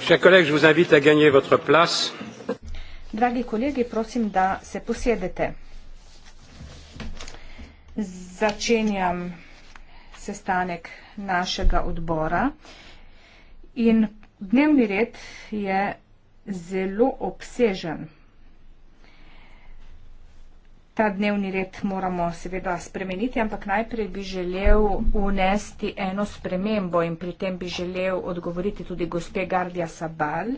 Chers collègues, je vous invite à gagner votre place. Dragi kolegi, prosim, da se posedete. Začenjam sestanek našega odbora in dnevni red je zelo obsežen ta dnevni red moramo seveda spremeniti, ampak najprej bi želel unesti eno spremembo in pri tem bi želel odgovoriti tudi gospe Gardija Sabal,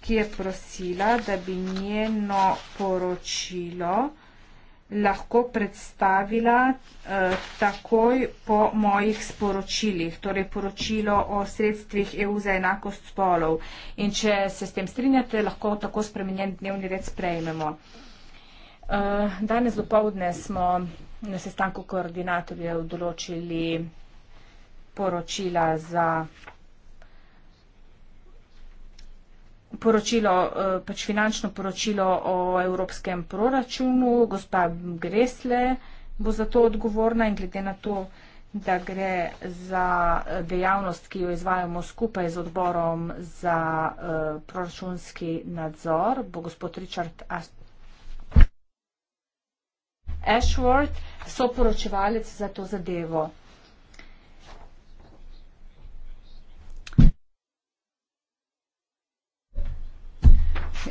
ki je prosila, da bi njeno poročilo lahko predstavila eh, takoj po mojih sporočilih, torej poročilo o sredstvih EU za enakost spolov. In če se s tem strinjate, lahko tako spremenjen dnevni red sprejmemo. Eh, Eh, danes dopoledne smo na sestanku koordinatorjev določili poročila za poročilo, eh, pač finančno poročilo o evropskem proračunu. Gospa Gresle bo za to odgovorna in glede na to, da gre za eh, dejavnost, ki jo izvajamo skupaj z odborom za proračunski nadzor, bo gospod Richard Ashworth, soporočevalec za to zadevo.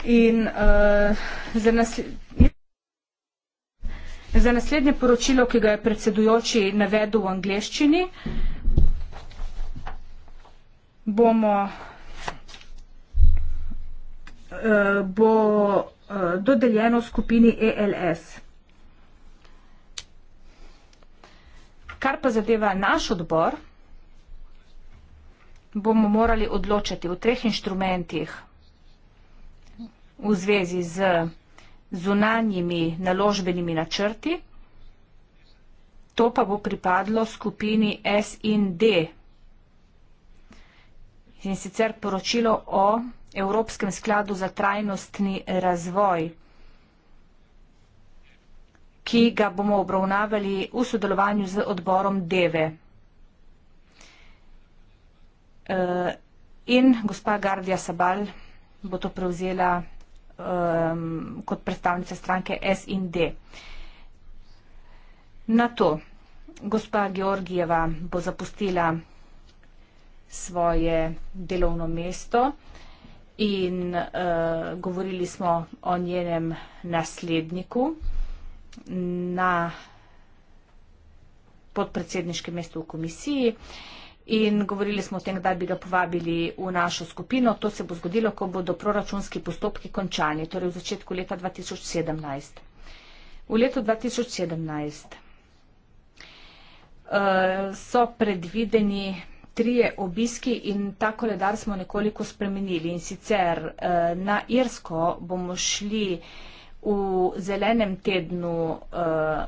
In uh, za, nasle za naslednje poročilo, ki ga je predsedujoči navedel v angleščini, bomo uh, bo, uh, dodeljeno skupini ELS. Kar pa zadeva naš odbor, bomo morali odločati v treh inštrumentih v zvezi z zunanjimi naložbenimi načrti. To pa bo pripadlo skupini S in D. In sicer poročilo o Evropskem skladu za trajnostni razvoj ki ga bomo obravnavali v sodelovanju z odborom DEVE. E, in gospa Gardija Sabal bo to prevzela um, kot predstavnica stranke SND. Na to gospa Georgijeva bo zapustila svoje delovno mesto in uh, govorili smo o njenem nasledniku na podpredsedniškem mestu v komisiji in govorili smo o tem, da bi ga povabili v našo skupino. To se bo zgodilo, ko bodo proračunski postopki končani, torej v začetku leta 2017. V letu 2017 uh, eh, so predvideni trije obiski in ta koledar smo nekoliko spremenili. In sicer uh, na Irsko bomo šli uh, v zelenem tednu uh,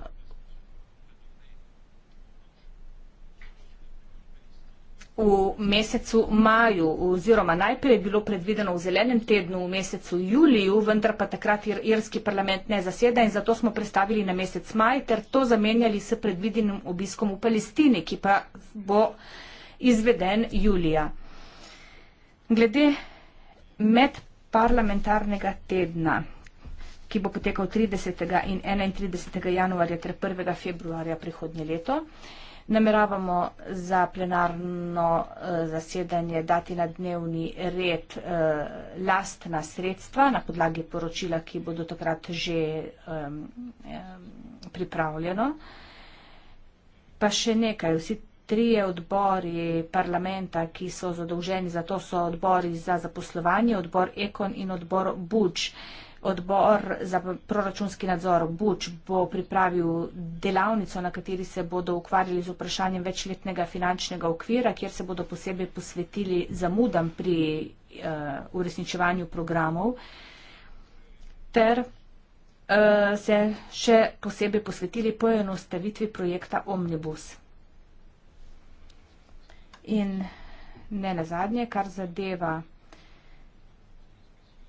v mesecu maju oziroma najprej je bilo predvideno v zelenem tednu v mesecu juliju, vendar pa takrat ir, irski parlament ne zaseda in zato smo predstavili na mesec maj ter to zamenjali s predvidenim obiskom v Palestini, ki pa bo izveden julija. Glede medparlamentarnega tedna ki bo potekal 30. in 31. januarja ter 1. februarja prihodnje leto. Nameravamo za plenarno eh, zasedanje dati na dnevni red eh, lastna sredstva na podlagi poročila, ki bodo takrat že pripravljeno. Pa še nekaj. Vsi trije odbori parlamenta, ki so zadolženi za to, so odbori za zaposlovanje, odbor Ekon in odbor Buč. Odbor za proračunski nadzor Buč bo pripravil delavnico, na kateri se bodo ukvarjali z vprašanjem večletnega finančnega okvira, kjer se bodo posebej posvetili zamudam pri uh, uresničevanju programov, ter uh, se še posebej posvetili poenostavitvi projekta Omnibus. In ne nazadnje, kar zadeva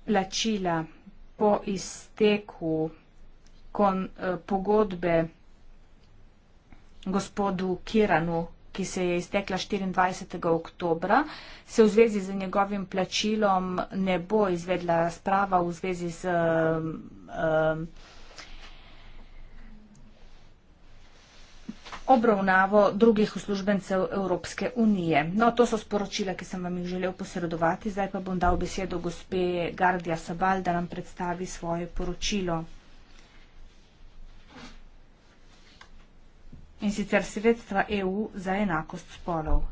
plačila po izteku kon, eh, pogodbe gospodu Kiranu, ki se je iztekla 24. oktober, se v zvezi z njegovim plačilom ne bo izvedla razprava v zvezi z. Eh, eh, obravnavo drugih uslužbencev Evropske unije. No, to so sporočila, ki sem vam jih želel posredovati. Zdaj pa bom dal besedo gospe Gardija Sabal, da nam predstavi svoje poročilo. In sicer sredstva EU za enakost spolov.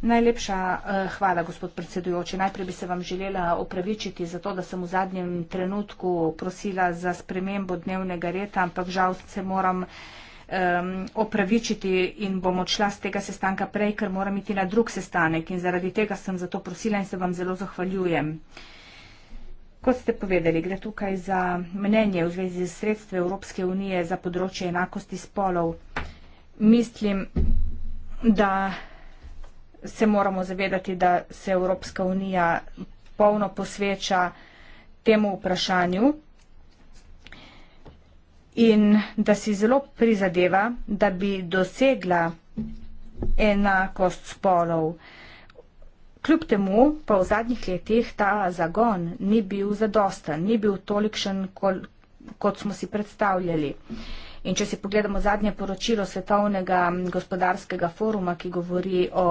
Najlepša uh, hvala, gospod predsedujoči. Najprej bi se vam želela opravičiti za to, da sem v zadnjem trenutku prosila za spremembo dnevnega reda, ampak žal se moram um, opravičiti in bom odšla z tega sestanka prej, ker moram iti na drug sestanek in zaradi tega sem za to prosila in se vam zelo zahvaljujem. Kot ste povedali, gre tukaj za mnenje v zvezi z sredstvi Evropske unije za področje enakosti spolov. Mislim, da se moramo zavedati, da se Evropska unija polno posveča temu vprašanju in da si zelo prizadeva, da bi dosegla enakost spolov. Kljub temu pa v zadnjih letih ta zagon ni bil zadosten, ni bil tolikšen, kot smo si predstavljali. Uh, In če si pogledamo zadnje poročilo Svetovnega gospodarskega foruma, ki govori o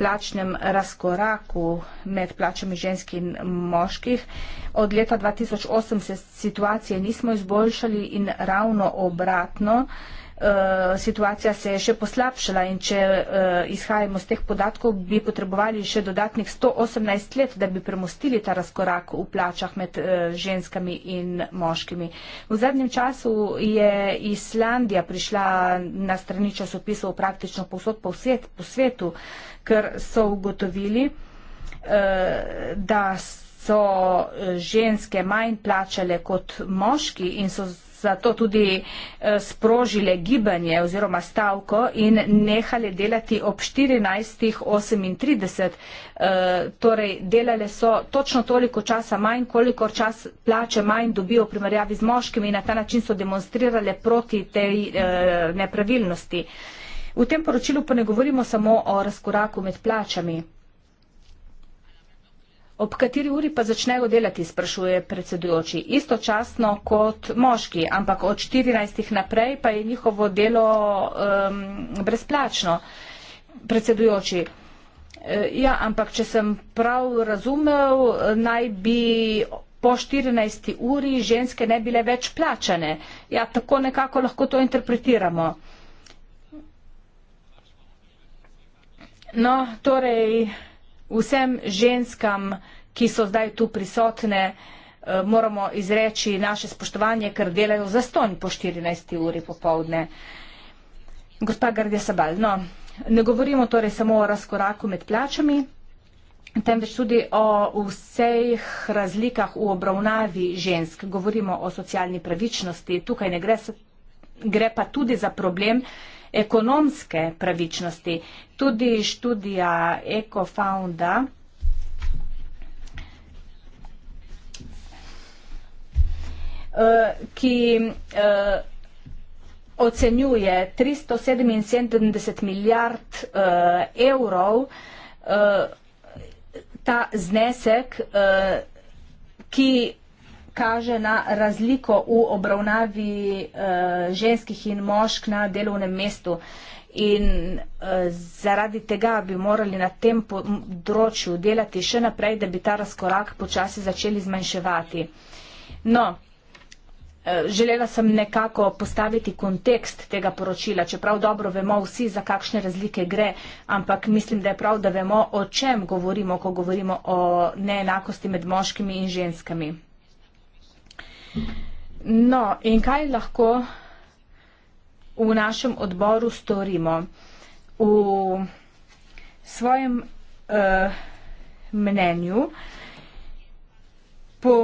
plačnem razkoraku med plačami žensk in moških, od leta 2008 se situacije nismo izboljšali in ravno obratno. Eh, situacija se je še poslabšala in če eh, izhajamo z teh podatkov, bi potrebovali še dodatnih 118 let, da bi premostili ta razkorak v plačah med eh, ženskami in moškimi. V zadnjem času je Islandija prišla na strani časopisov praktično posod po, svet, po svetu, ker so ugotovili, da so ženske manj plačale kot moški in so zato tudi eh, sprožile gibanje oziroma stavko in nehale delati ob 14.38. Eh, torej, delale so točno toliko časa manj, kolikor čas plače manj dobijo v primerjavi z moškimi in na ta način so demonstrirale proti tej eh, nepravilnosti. V tem poročilu pa ne govorimo samo o razkoraku med plačami. Ob kateri uri pa začnejo delati, sprašuje predsedujoči. Istočasno kot moški, ampak od 14. naprej pa je njihovo delo um, brezplačno. Predsedujoči. Eh, ja, ampak če sem prav razumel, naj bi po 14. uri ženske ne bile več plačane. Ja, tako nekako lahko to interpretiramo. No, torej vsem ženskam, ki so zdaj tu prisotne, eh, moramo izreči naše spoštovanje, ker delajo za stonj po 14. uri popovdne. Gospa Gardja Sabal, no, ne govorimo torej samo o razkoraku med plačami, temveč tudi o vseh razlikah v obravnavi žensk. Govorimo o socialni pravičnosti, tukaj ne gre, gre pa tudi za problem, ekonomske pravičnosti. Tudi študija Ecofounda eh, ki uh, ocenjuje 377 milijard uh, evrov uh, ta znesek, uh, ki kaže na razliko v obravnavi uh, ženskih in mošk na delovnem mestu. In uh, zaradi tega bi morali na tem področju delati še naprej, da bi ta razkorak počasi začeli zmanjševati. No, eh, Želela sem nekako postaviti kontekst tega poročila, čeprav dobro vemo vsi, za kakšne razlike gre, ampak mislim, da je prav, da vemo, o čem govorimo, ko govorimo o neenakosti med moškimi in ženskami. No, in kaj lahko v našem odboru storimo? V svojem uh, mnenju po,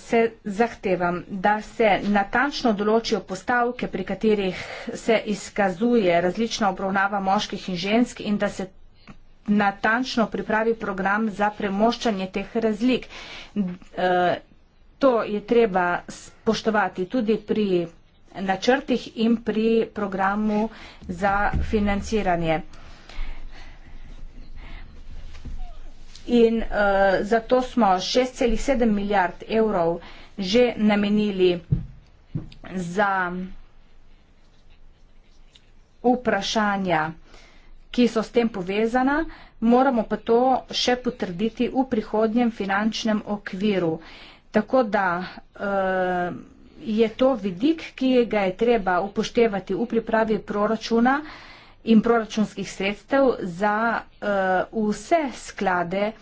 se zahtevam, da se natančno določijo postavke, pri katerih se izkazuje različna obravnava moških in žensk in da se natančno pripravi program za premoščanje teh razlik. Uh, to je treba spoštovati tudi pri načrtih in pri programu za financiranje. In uh, zato smo 6,7 milijard evrov že namenili za vprašanja, ki so s tem povezana, moramo pa to še potrditi v prihodnjem finančnem okviru. Uh, Tako da eh, je to vidik, ki ga je treba upoštevati v pripravi proračuna in proračunskih sredstev za eh, vse sklade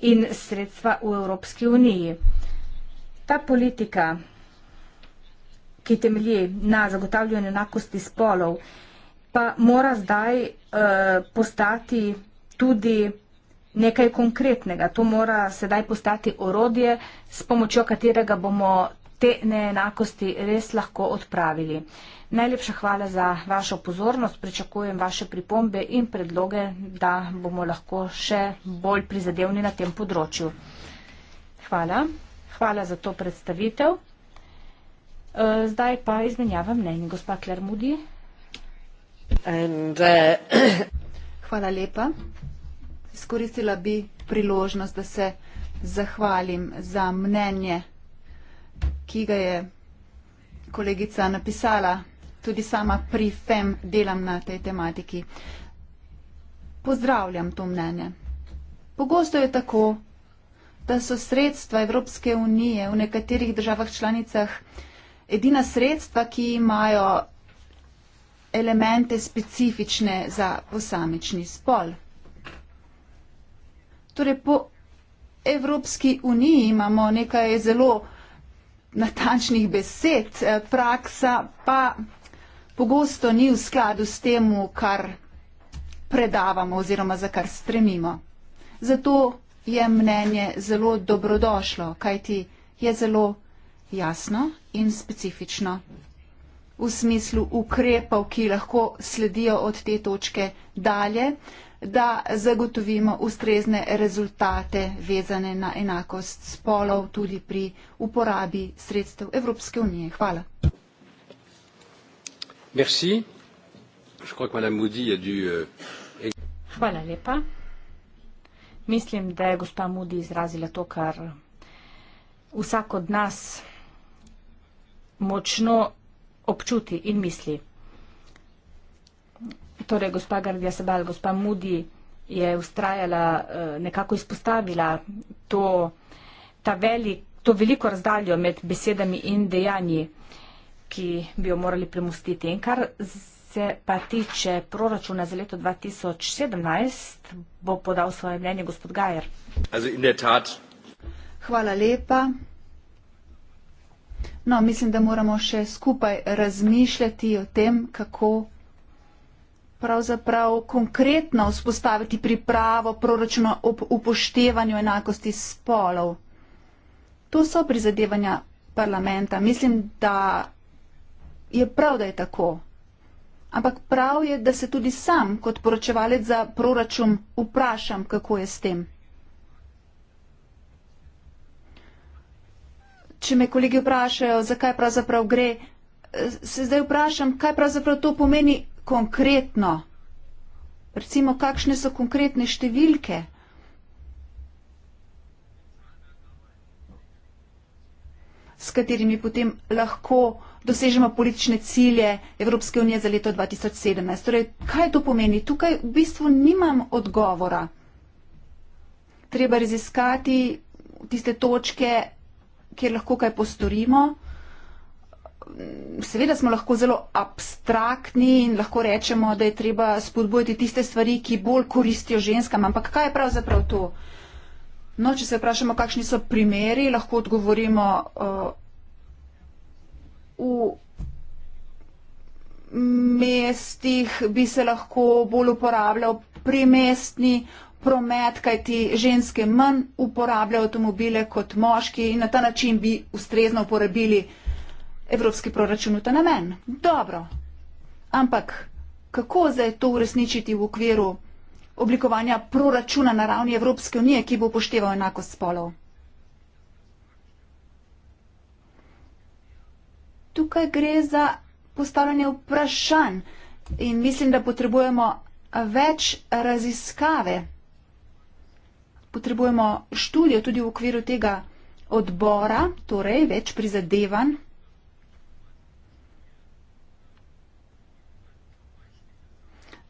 in sredstva v Evropski uniji. Ta politika, ki temelji na zagotavljanju enakosti spolov, pa mora zdaj eh, postati tudi politika, nekaj konkretnega. To mora sedaj postati orodje, s pomočjo katerega bomo te neenakosti res lahko odpravili. Najlepša hvala za vašo pozornost, pričakujem vaše pripombe in predloge, da bomo lahko še bolj prizadevni na tem področju. Hvala, hvala za to predstavitev. E, zdaj pa izmenjava mnenje. Gospa Klermudi. And, uh... Hvala lepa. Izkoristila bi priložnost, da se zahvalim za mnenje, ki ga je kolegica napisala. Tudi sama pri FEM delam na tej tematiki. Pozdravljam to mnenje. Pogosto je tako, da so sredstva Evropske unije v nekaterih državah članicah edina sredstva, ki imajo elemente specifične za posamični spol. Torej, po Evropski uniji imamo nekaj zelo natančnih besed, eh, praksa pa pogosto ni v skladu s tem, kar predavamo oziroma za kar stremimo. Zato je mnenje zelo dobrodošlo, kajti je zelo jasno in specifično v smislu ukrepov, ki lahko sledijo od te točke dalje da zagotovimo ustrezne rezultate vezane na enakost spolov tudi pri uporabi sredstev Evropske unije. Hvala. Merci. Je crois que Madame Moody a dû, euh... Hvala lepa. Mislim, da je gospa Moody izrazila to, kar vsak od nas močno občuti in misli torej gospa Gardija Sebal, gospa Mudi je ustrajala, eh, nekako izpostavila to, velik, to veliko razdaljo med besedami in dejanji, ki bi jo morali premustiti. In kar se pa tiče proračuna za leto 2017, bo podal svoje mnenje gospod Gajer. Hvala lepa. No, mislim, da moramo še skupaj razmišljati o tem, kako pravzaprav konkretno vzpostaviti pripravo proračuna ob upoštevanju enakosti spolov. To so prizadevanja parlamenta. Mislim, da je prav, da je tako. Ampak prav je, da se tudi sam kot poročevalec za proračun vprašam, kako je s tem. Če me kolegi vprašajo, zakaj pravzaprav gre, eh, se zdaj vprašam, kaj pravzaprav to pomeni konkretno? Recimo, kakšne so konkretne številke? s katerimi potem lahko dosežemo politične cilje Evropske unije za leto 2017. Torej, kaj to pomeni? Tukaj v bistvu nimam odgovora. Treba raziskati tiste točke, kjer lahko kaj postorimo seveda smo lahko zelo abstraktni in lahko rečemo, da je treba spodbojiti tiste stvari, ki bolj koristijo ženskam, ampak kaj je pravzaprav to? No, če se vprašamo, kakšni so primeri, lahko odgovorimo uh, v mestih bi se lahko bolj uporabljal primestni promet, kajti ženske manj uporabljajo avtomobile kot moški in na ta način bi ustrezno uporabili uh, evropski proračun v ta namen. Dobro. Ampak kako zdaj to uresničiti v okviru oblikovanja proračuna na ravni Evropske unije, ki bo upošteval enakost spolov? Tukaj gre za postavljanje vprašanj in mislim, da potrebujemo več raziskave. Potrebujemo študijo tudi v okviru tega odbora, torej več prizadevanj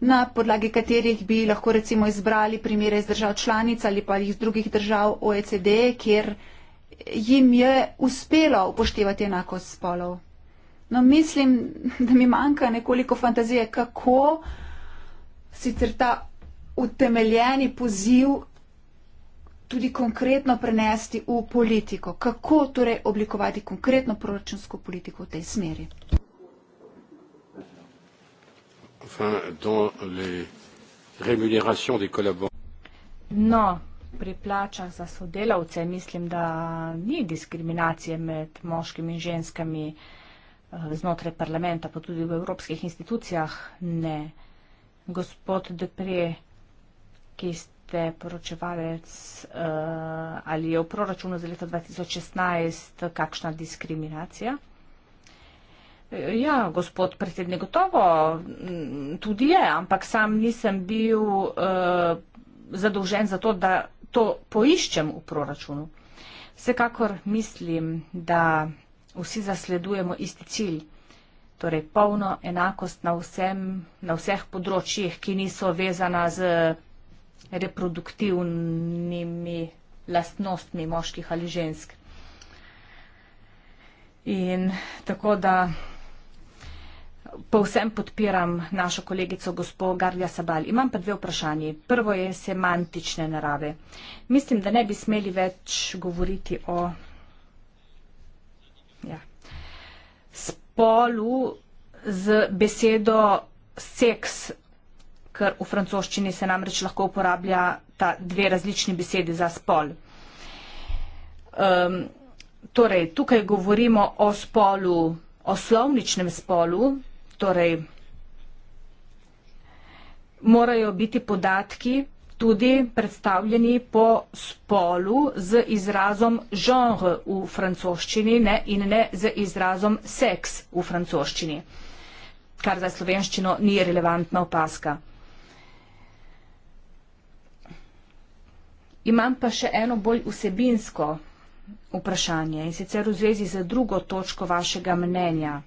na podlagi katerih bi lahko recimo izbrali primere iz držav članic ali pa iz drugih držav OECD, kjer jim je uspelo upoštevati enakost spolov. No, mislim, da mi manjka nekoliko fantazije, kako sicer ta utemeljeni poziv tudi konkretno prenesti v politiko, kako torej oblikovati konkretno proračunsko politiko v tej smeri enfin dans les rémunérations des collaborateurs. No. Pri plačah za sodelavce mislim, da ni diskriminacije med moškimi in ženskami eh, znotraj parlamenta, pa tudi v evropskih institucijah. Ne. Gospod Depre, ki ste poročevalec, eh, ali je v proračunu za leto 2016 kakšna diskriminacija? Ja, gospod predsednik, gotovo mm, tudi je, ampak sam nisem bil uh, zadolžen za to, da to poiščem v proračunu. Vsekakor mislim, da vsi zasledujemo isti cilj, torej polno enakost na, vsem, na vseh področjih, ki niso vezana z reproduktivnimi lastnostmi moških ali žensk. In tako da povsem podpiram našo kolegico gospo Garja Sabal. Imam pa dve vprašanji. Prvo je semantične narave. Mislim, da ne bi smeli več govoriti o ja, spolu z besedo seks, ker v francoščini se namreč lahko uporablja ta dve različni besedi za spol. Um, torej, tukaj govorimo o spolu, o slovničnem spolu, torej morajo biti podatki tudi predstavljeni po spolu z izrazom genre v francoščini ne, in ne z izrazom seks v francoščini, kar za slovenščino ni relevantna opaska. Imam pa še eno bolj vsebinsko vprašanje in sicer v zvezi z drugo točko vašega mnenja.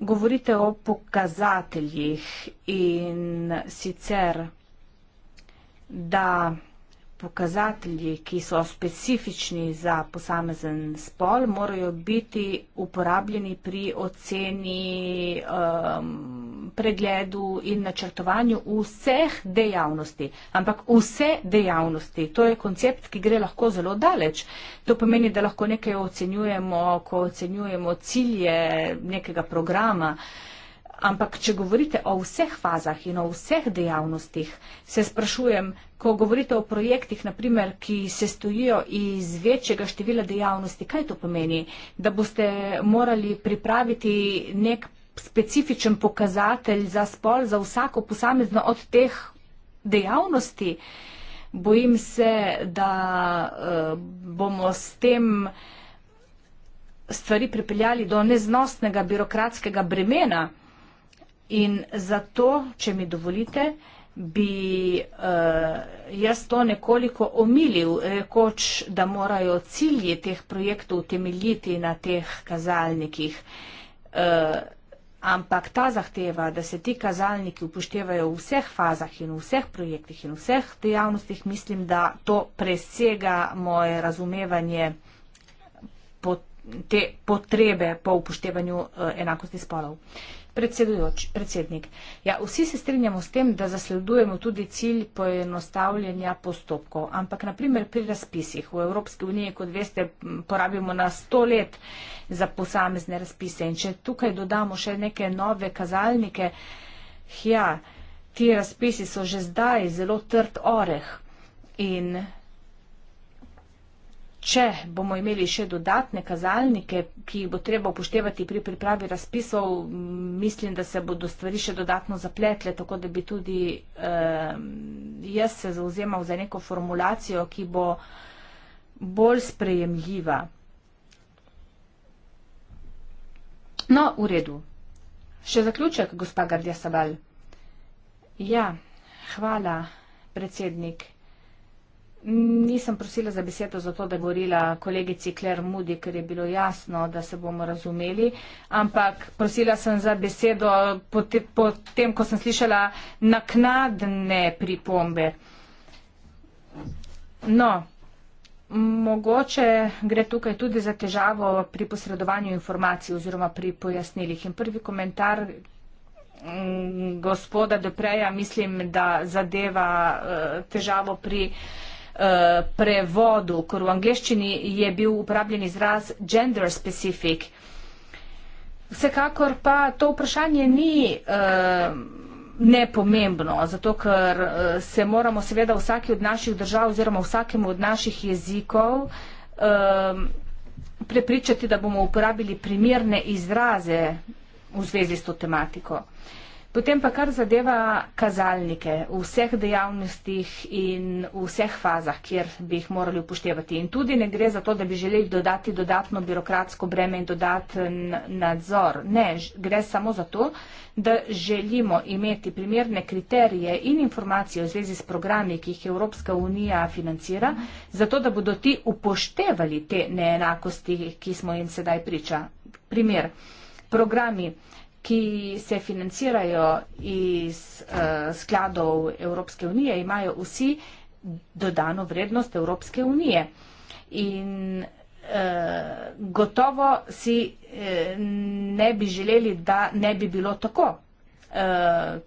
Govorite o pokazateljih in sicer, da pokazatelji, ki so specifični za posamezen spol, morajo biti uporabljeni pri oceni, um, pregledu in načrtovanju vseh dejavnosti. Ampak vse dejavnosti, to je koncept, ki gre lahko zelo daleč. To pomeni, da lahko nekaj ocenjujemo, ko ocenjujemo cilje nekega programa. Uh, Ampak, če govorite o vseh fazah in o vseh dejavnostih, se sprašujem, ko govorite o projektih, naprimer, ki se stojijo iz večjega števila dejavnosti, kaj to pomeni? Da boste morali pripraviti nek specifičen pokazatelj za spol, za vsako posamezno od teh dejavnosti? Bojim se, da eh, bomo s tem eh, stvari pripeljali do neznosnega birokratskega bremena. In zato, če mi dovolite, bi eh, jaz to nekoliko omilil, rekoč, da morajo cilji teh projektov temeljiti na teh kazalnikih. Eh, ampak ta zahteva, da se ti kazalniki upoštevajo v vseh fazah in v vseh projektih in v vseh dejavnostih, mislim, da to presega moje razumevanje po, te potrebe po upoštevanju eh, enakosti spolov. Predsedujoč, predsednik, ja, vsi se strinjamo s tem, da zasledujemo tudi cilj poenostavljanja postopkov, ampak naprimer pri razpisih v Evropski uniji, kot veste, porabimo na sto let za posamezne razpise in če tukaj dodamo še neke nove kazalnike, ja, ti razpisi so že zdaj zelo trd oreh in Če bomo imeli še dodatne kazalnike, ki jih bo treba upoštevati pri pripravi razpisov, mislim, da se bodo stvari še dodatno zapletle, tako da bi tudi eh, jaz se zauzemal za neko formulacijo, ki bo bolj sprejemljiva. No, v redu. Še zaključek, gospa Gardja Sabal. Ja, hvala, predsednik. Nisem prosila za besedo zato, da govorila kolegici Kler Mudi, ker je bilo jasno, da se bomo razumeli, ampak prosila sem za besedo po tem, ko sem slišala naknadne pripombe. No, mogoče gre tukaj tudi za težavo pri posredovanju informacij oziroma pri pojasnilih. In prvi komentar mm, gospoda Depreja mislim, da zadeva eh, težavo pri. Eh, prevodu, ker v angleščini je bil uporabljen izraz gender specific. Vsekakor pa to vprašanje ni uh, nepomembno, zato ker eh, se moramo seveda vsaki od naših držav oziroma vsakemu od naših jezikov uh, prepričati, da bomo uporabili primirne izraze v zvezi s to tematiko. Uh, Potem pa kar zadeva kazalnike v vseh dejavnostih in v vseh fazah, kjer bi jih morali upoštevati. In tudi ne gre za to, da bi želeli dodati dodatno birokratsko breme in dodaten nadzor. Ne, gre samo za to, da želimo imeti primerne kriterije in informacije v zvezi s programi, ki jih Evropska unija financira, zato da bodo ti upoštevali te neenakosti, ki smo jim sedaj priča. Primer. Programi ki se financirajo iz uh, skladov Evropske unije, imajo vsi dodano vrednost Evropske unije. In uh, gotovo si uh, ne bi želeli, da ne bi bilo tako, uh,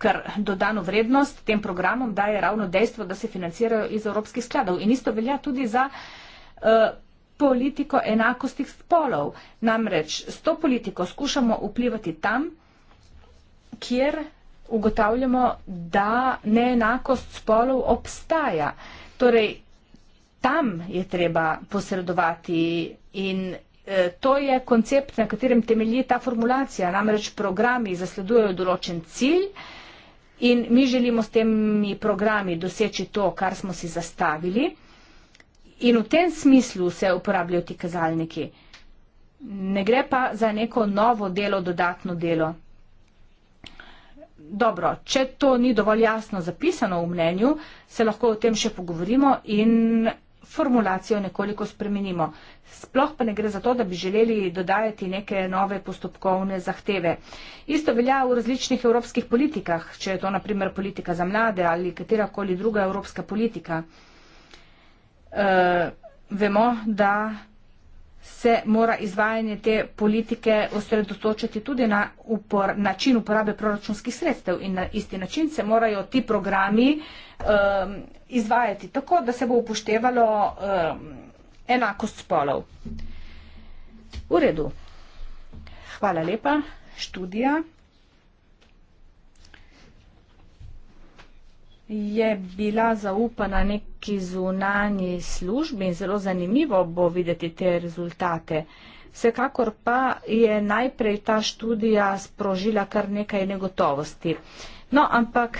ker dodano vrednost tem programom daje ravno dejstvo, da se financirajo iz Evropskih skladov. In isto velja tudi za. Uh, politiko enakostih spolov. Namreč s to politiko skušamo vplivati tam, kjer ugotavljamo, da neenakost spolov obstaja. Torej, tam je treba posredovati in eh, to je koncept, na katerem temelji ta formulacija. Namreč programi zasledujejo določen cilj in mi želimo s temi programi doseči to, kar smo si zastavili. In v tem smislu se uporabljajo ti kazalniki. Ne gre pa za neko novo delo, dodatno delo. Dobro, če to ni dovolj jasno zapisano v mnenju, se lahko o tem še pogovorimo in formulacijo nekoliko spremenimo. Sploh pa ne gre za to, da bi želeli dodajati neke nove postopkovne zahteve. Isto velja v različnih evropskih politikah, če je to naprimer politika za mlade ali katerakoli druga evropska politika uh, vemo, da se mora izvajanje te politike osredotočiti tudi na upor, način uporabe proračunskih sredstev in na isti način se morajo ti programi um, izvajati tako, da se bo upoštevalo um, enakost spolov. V redu. Hvala lepa. Študija. Je bila zaupana neki zunani službi in zelo zanimivo bo videti te rezultate. Vsekakor pa je najprej ta študija sprožila kar nekaj negotovosti. No, ampak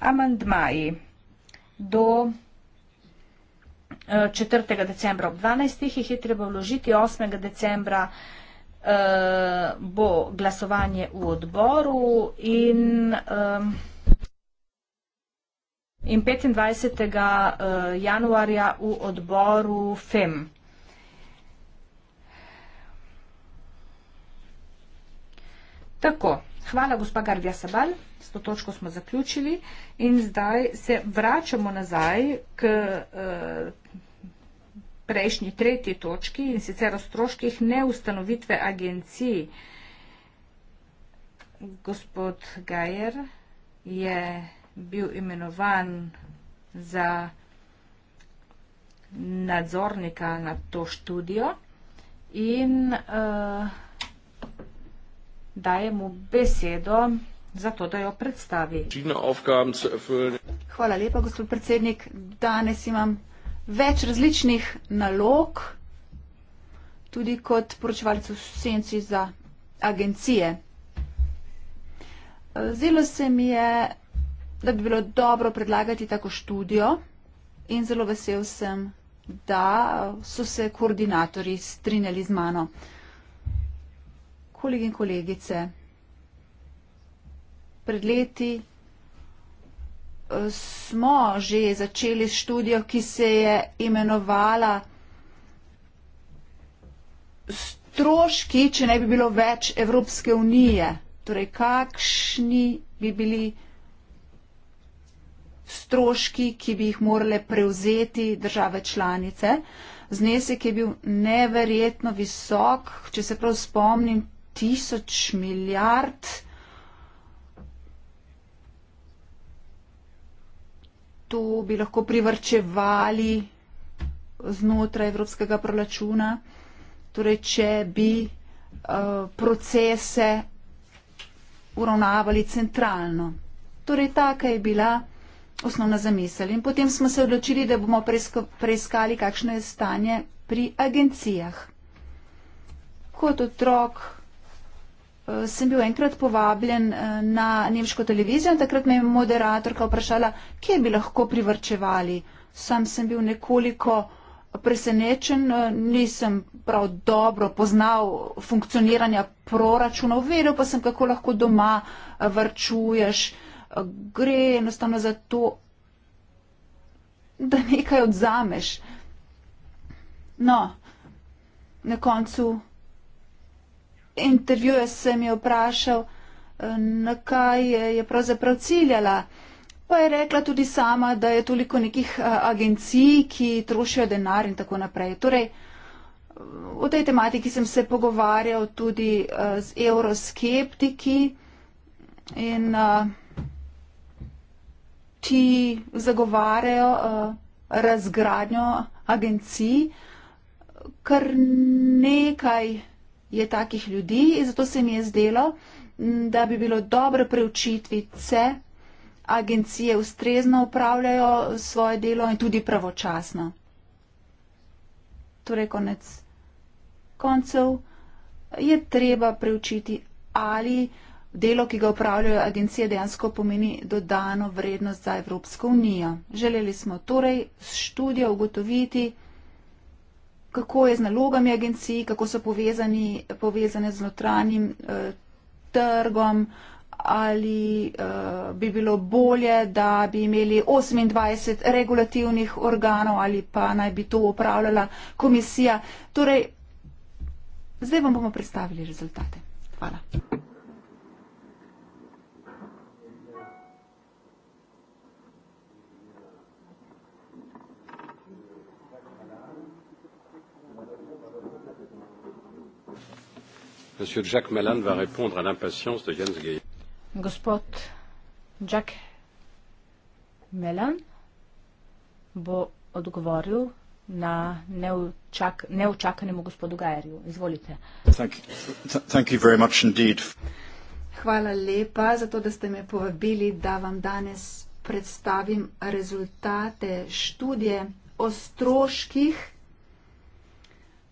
amandmaji do 4. Eh, decembra ob 12. jih je treba vložiti, 8. decembra eh, bo glasovanje v odboru in. Um, in 25. Eh, januarja v odboru FEM. Tako, hvala gospa Gardija Sabal, s to točko smo zaključili in zdaj se vračamo nazaj k eh, prejšnji tretji točki in sicer o stroških neustanovitve agencij. Gospod Gajer je bil imenovan za nadzornika na to študijo in uh, daje mu besedo za to, da jo predstavi. Hvala lepa, gospod predsednik. Danes imam več različnih nalog, tudi kot poročevalec v senci za agencije. Eh, Zelo se mi je da bi bilo dobro predlagati tako študijo in zelo vesel sem, da so se koordinatorji strinjali z mano. Kolegi in kolegice, pred leti eh, smo že začeli študijo, ki se je imenovala stroški, če ne bi bilo več Evropske unije. Torej, kakšni bi bili stroški, ki bi jih morale prevzeti države članice. Znesek je bil neverjetno visok, če se prav spomnim, tisoč milijard. To bi lahko privrčevali znotraj evropskega proračuna. Torej, če bi uh, procese uravnavali centralno. Torej, taka je bila osnovna zamisel. In potem smo se odločili, da bomo preiskali, kakšno je stanje pri agencijah. Kot otrok eh, sem bil enkrat povabljen eh, na nemško televizijo in takrat me je moderatorka vprašala, kje bi lahko privrčevali. Sam sem bil nekoliko presenečen, eh, nisem prav dobro poznal funkcioniranja proračunov, vedel pa sem, kako lahko doma vrčuješ gre enostavno za to, da nekaj odzameš. No, na koncu intervjuja sem jo vprašal, na kaj je pravzaprav ciljala. Pa je rekla tudi sama, da je toliko nekih agencij, ki trošijo denar in tako naprej. Torej, o tej tematiki sem se pogovarjal tudi z euroskeptiki in uh, ti zagovarjajo eh, razgradnjo agencij, kar nekaj je takih ljudi in zato se mi je zdelo, da bi bilo dobro preučitvi vse agencije ustrezno upravljajo svoje delo in tudi pravočasno. Torej, konec koncev je treba preučiti ali delo, ki ga upravljajo agencije, dejansko pomeni dodano vrednost za Evropsko unijo. Želeli smo torej s študijo ugotoviti, kako je z nalogami agencij, kako so povezani, povezane z notranjim eh, trgom, ali eh, bi bilo bolje, da bi imeli 28 regulativnih organov ali pa naj bi to upravljala komisija. Torej, zdaj vam bomo predstavili rezultate. Hvala. Monsieur Jack Mellan va répondre à l'impatience de Jens Gay. Gospod Jack Mellan bo odgovoril na neučak, neučakanemu gospodu Gajerju. Izvolite. Thank you. Thank you very much indeed. Hvala lepa za to, da ste me povabili, da vam danes predstavim rezultate študije o stroških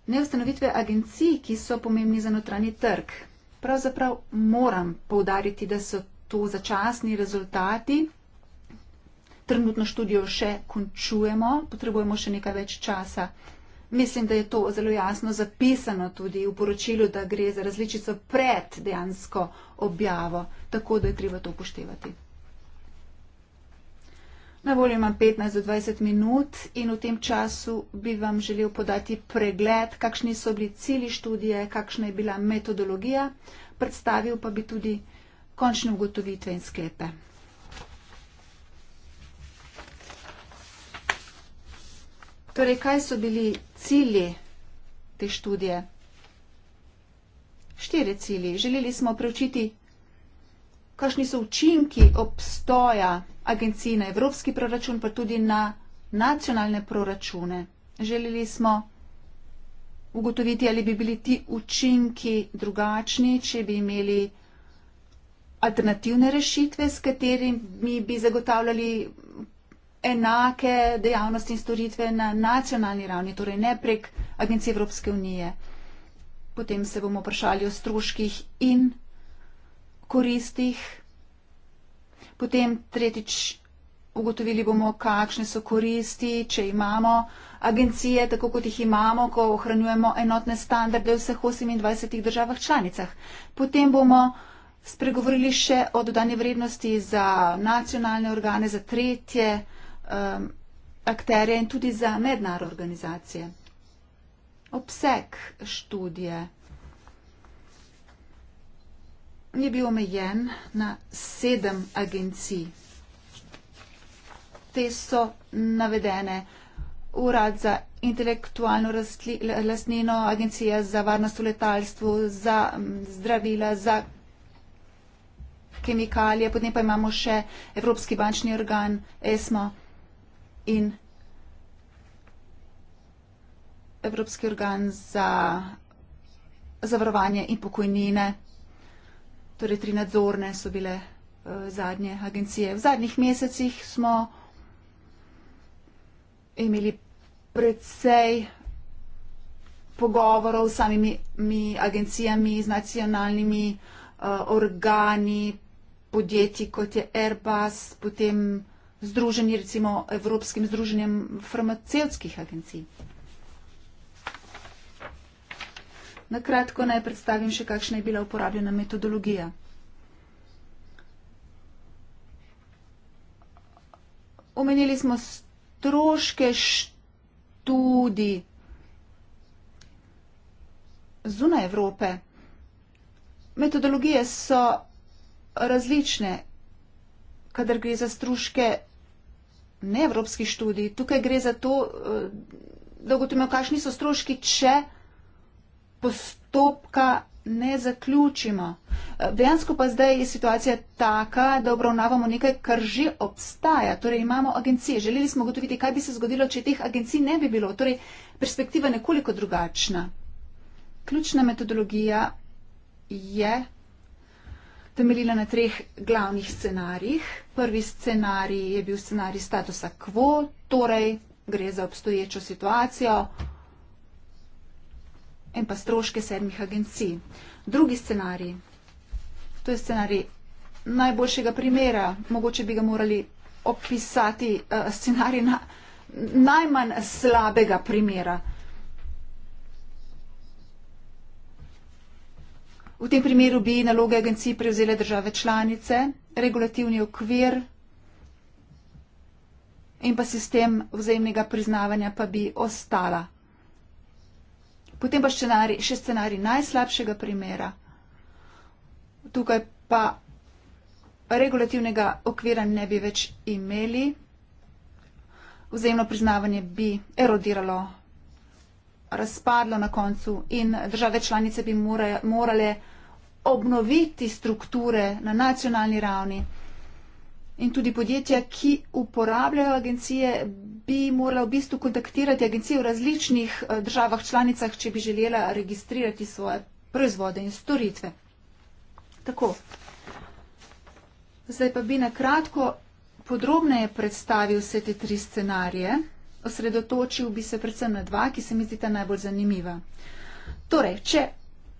neustanovitve agencij, ki so pomembni za notranji trg. Pravzaprav moram povdariti, da so to začasni rezultati. Trenutno študijo še končujemo, potrebujemo še nekaj več časa. Mislim, da je to zelo jasno zapisano tudi v poročilu, da gre za različico pred dejansko objavo, tako da je treba to upoštevati. Na voljo imam 15 do 20 minut in v tem času bi vam želel podati pregled, kakšni so bili cili študije, kakšna je bila metodologija, predstavil pa bi tudi končne ugotovitve in sklepe. Torej, kaj so bili cilji te študije? Štiri cilji. Želeli smo preučiti kakšni so učinki obstoja agencij na evropski proračun, pa tudi na nacionalne proračune. Želeli smo ugotoviti, ali bi bili ti učinki drugačni, če bi imeli alternativne rešitve, s katerimi bi zagotavljali enake dejavnosti in storitve na nacionalni ravni, torej ne prek agencij Evropske unije. Potem se bomo vprašali o stroških in koristih, potem tretjič ugotovili bomo, kakšne so koristi, če imamo agencije, tako kot jih imamo, ko ohranjujemo enotne standarde v vseh 28 državah članicah. Potem bomo spregovorili še o dodani vrednosti za nacionalne organe, za tretje um, akterje in tudi za mednarodne organizacije. Obseg študije je bil omejen na sedem agencij. Te so navedene Urad za intelektualno lasnino, Agencija za varnost v letalstvu, za zdravila, za kemikalije, potem pa imamo še Evropski bančni organ, ESMO in Evropski organ za zavarovanje in pokojnine torej tri nadzorne so bile uh, zadnje agencije. V zadnjih mesecih smo imeli predvsej pogovorov s samimi agencijami, z nacionalnimi uh, organi, podjetji kot je Airbus, potem združeni recimo Evropskim združenjem farmacevskih agencij. Na kratko naj predstavim še, kakšna je bila uporabljena metodologija. Omenili smo stroške študij zunaj Evrope. Metodologije so različne, kadar gre za stroške neevropskih študij. Tukaj gre za to, eh, da ugotovimo, kakšni so stroški, če postopka ne zaključimo. Eh, dejansko pa zdaj je situacija taka, da obravnavamo nekaj, kar že obstaja. Torej imamo agencije. Želeli smo gotoviti, kaj bi se zgodilo, če teh agencij ne bi bilo. Torej perspektiva je nekoliko drugačna. Ključna metodologija je temeljila na treh glavnih scenarijih. Prvi scenarij je bil scenarij statusa quo, torej gre za obstoječo situacijo, in pa stroške sedmih agencij. Drugi scenarij, to je scenarij najboljšega primera, mogoče bi ga morali opisati uh, scenarij na najmanj slabega primera. V tem primeru bi naloge agencij prevzele države članice, regulativni okvir in pa sistem vzajemnega priznavanja pa bi ostala Potem pa scenarij, še scenarij najslabšega primera. Tukaj pa regulativnega okvira ne bi več imeli. Vzajemno priznavanje bi erodiralo, razpadlo na koncu in države članice bi morale obnoviti strukture na nacionalni ravni in tudi podjetja, ki uporabljajo agencije, bi morala v bistvu kontaktirati agencije v različnih eh, državah članicah, če bi želela registrirati svoje proizvode in storitve. Tako. Zdaj pa bi na kratko podrobneje predstavil vse te tri scenarije. Osredotočil bi se predvsem na dva, ki se mi zdita najbolj zanimiva. Torej, če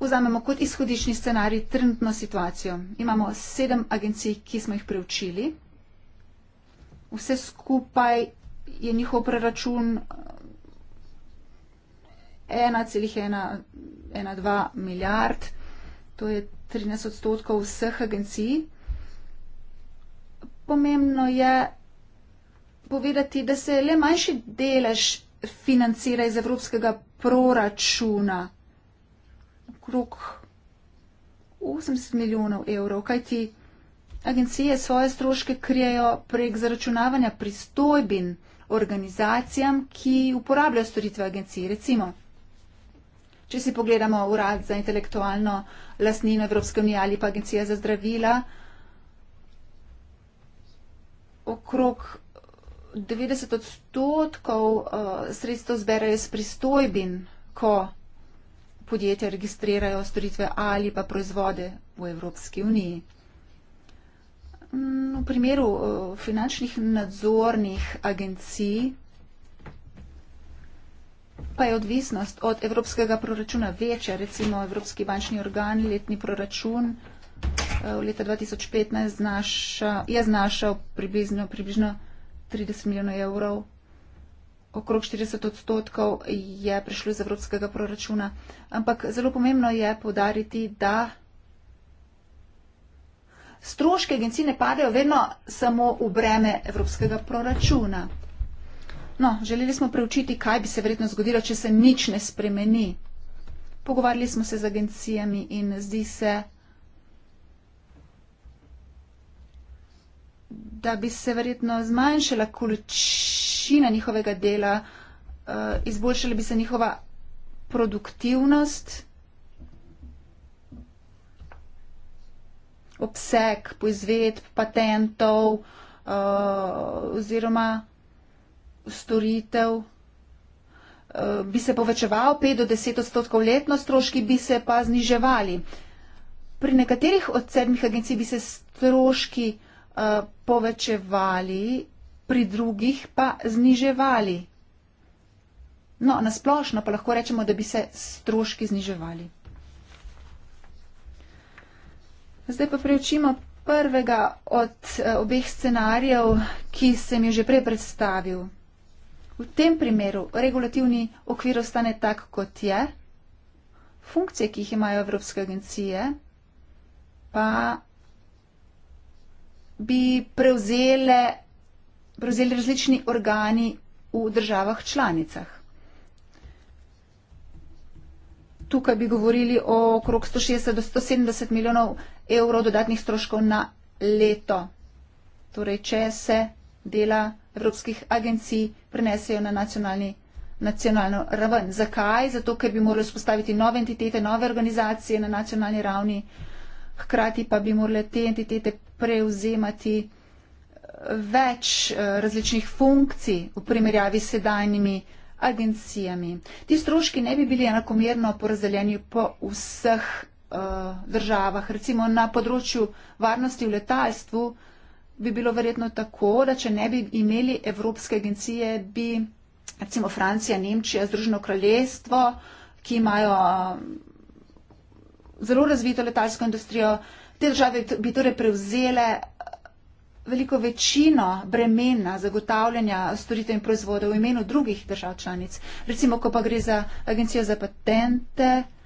vzamemo kot izhodišnji scenarij trenutno situacijo, imamo sedem agencij, ki smo jih preučili, vse skupaj je njihov preračun 1,12 eh, milijard, to je 13 odstotkov vseh agencij. Pomembno je povedati, da se le manjši delež financira iz evropskega proračuna, okrog 80 milijonov evrov, kajti Agencije svoje stroške krijejo prek zaračunavanja pristojbin organizacijam, ki uporabljajo storitve agencij. Recimo, če si pogledamo Urad za intelektualno lasnino Evropske unije ali pa Agencija za zdravila, okrog 90 odstotkov eh, sredstev zberajo iz pristojbin, ko podjetja registrirajo storitve ali pa proizvode v Evropski uniji. Mm, v primeru eh, finančnih nadzornih agencij pa je odvisnost od evropskega proračuna večja. Recimo Evropski bančni organ, letni proračun eh, v leta 2015 znaša, je znašal približno, približno 30 milijonov evrov. Okrog 40 odstotkov je prišlo iz evropskega proračuna. Ampak zelo pomembno je povdariti, da stroške agencij ne padejo vedno samo v breme evropskega proračuna. No, želeli smo preučiti, kaj bi se verjetno zgodilo, če se nič ne spremeni. Pogovarjali smo se z agencijami in zdi se, da bi se verjetno zmanjšala količina njihovega dela, eh, izboljšala bi se njihova produktivnost. obseg poizvedb, patentov uh, oziroma storitev eh, bi se povečeval 5 do 10 odstotkov letno, stroški bi se pa zniževali. Pri nekaterih od sedmih agencij bi se stroški uh, povečevali, pri drugih pa zniževali. No, nasplošno pa lahko rečemo, da bi se stroški zniževali. Zdaj pa preučimo prvega od eh, obeh scenarijev, ki sem jo že prej predstavil. V tem primeru regulativni okvir ostane tak, kot je, funkcije, ki jih imajo Evropske agencije, pa bi prevzele, prevzeli različni organi v državah članicah. Tukaj bi govorili o okrog 160 do 170 milijonov evrov dodatnih stroškov na leto. Torej, če se dela evropskih agencij prenesejo na nacionalni, nacionalno raven. Zakaj? Zato, ker bi morali spostaviti nove entitete, nove organizacije na nacionalni ravni, hkrati pa bi morali te entitete prevzemati eh, več eh, različnih funkcij v primerjavi s sedajnimi agencijami. Ti stroški ne bi bili enakomerno porazdeljeni po vseh uh, državah. Recimo na področju varnosti v letalstvu bi bilo verjetno tako, da če ne bi imeli Evropske agencije, bi recimo Francija, Nemčija, Združeno kraljestvo, ki imajo uh, zelo razvito letalsko industrijo, te države bi torej prevzele eh, veliko večino bremena zagotavljanja storitev in proizvodov v imenu drugih držav članic. Recimo, ko pa gre za agencijo za patente, uh,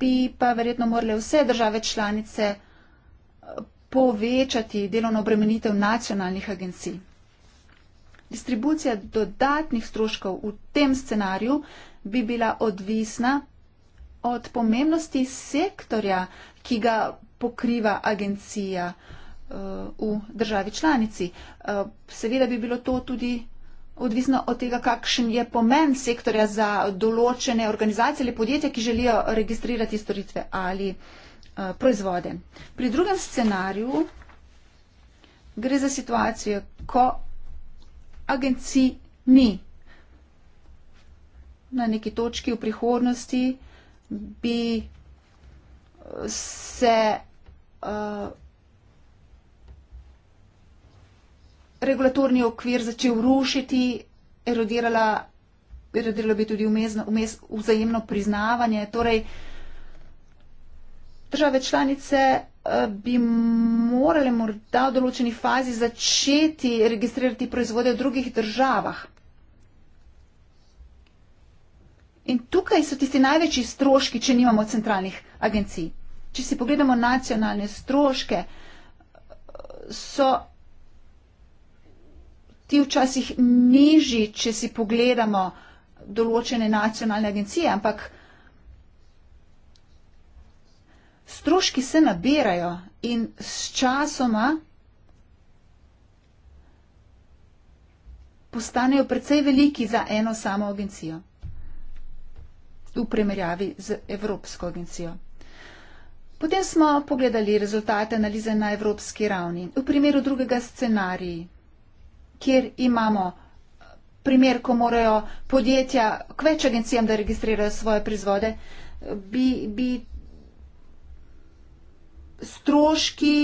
bi pa verjetno morale vse države članice eh, povečati delovno obremenitev nacionalnih agencij. Distribucija dodatnih stroškov v tem scenariju bi bila odvisna od pomembnosti sektorja, ki ga pokriva agencija eh, v državi članici. Eh, seveda bi bilo to tudi odvisno od tega, kakšen je pomen sektorja za določene organizacije ali podjetja, ki želijo registrirati storitve ali eh, proizvode. Pri drugem scenariju gre za situacijo, ko agenciji ni. Na neki točki v prihodnosti bi eh, se uh, regulatorni okvir začel rušiti, erodirala, erodiralo bi tudi umezno, umez, vzajemno priznavanje. Torej, države članice eh, bi morale morda v določeni fazi začeti registrirati proizvode v drugih državah. In tukaj so tisti največji stroški, če nimamo centralnih agencij. Če si pogledamo nacionalne stroške, so ti včasih nižji, če si pogledamo določene nacionalne agencije, ampak stroški se nabirajo in s časoma postanejo precej veliki za eno samo agencijo v primerjavi z Evropsko agencijo. Potem smo pogledali rezultate analize na evropski ravni. V primeru drugega scenarija kjer imamo eh, primer, ko morajo podjetja k več agencijam, da registrirajo svoje prizvode, eh, bi, bi stroški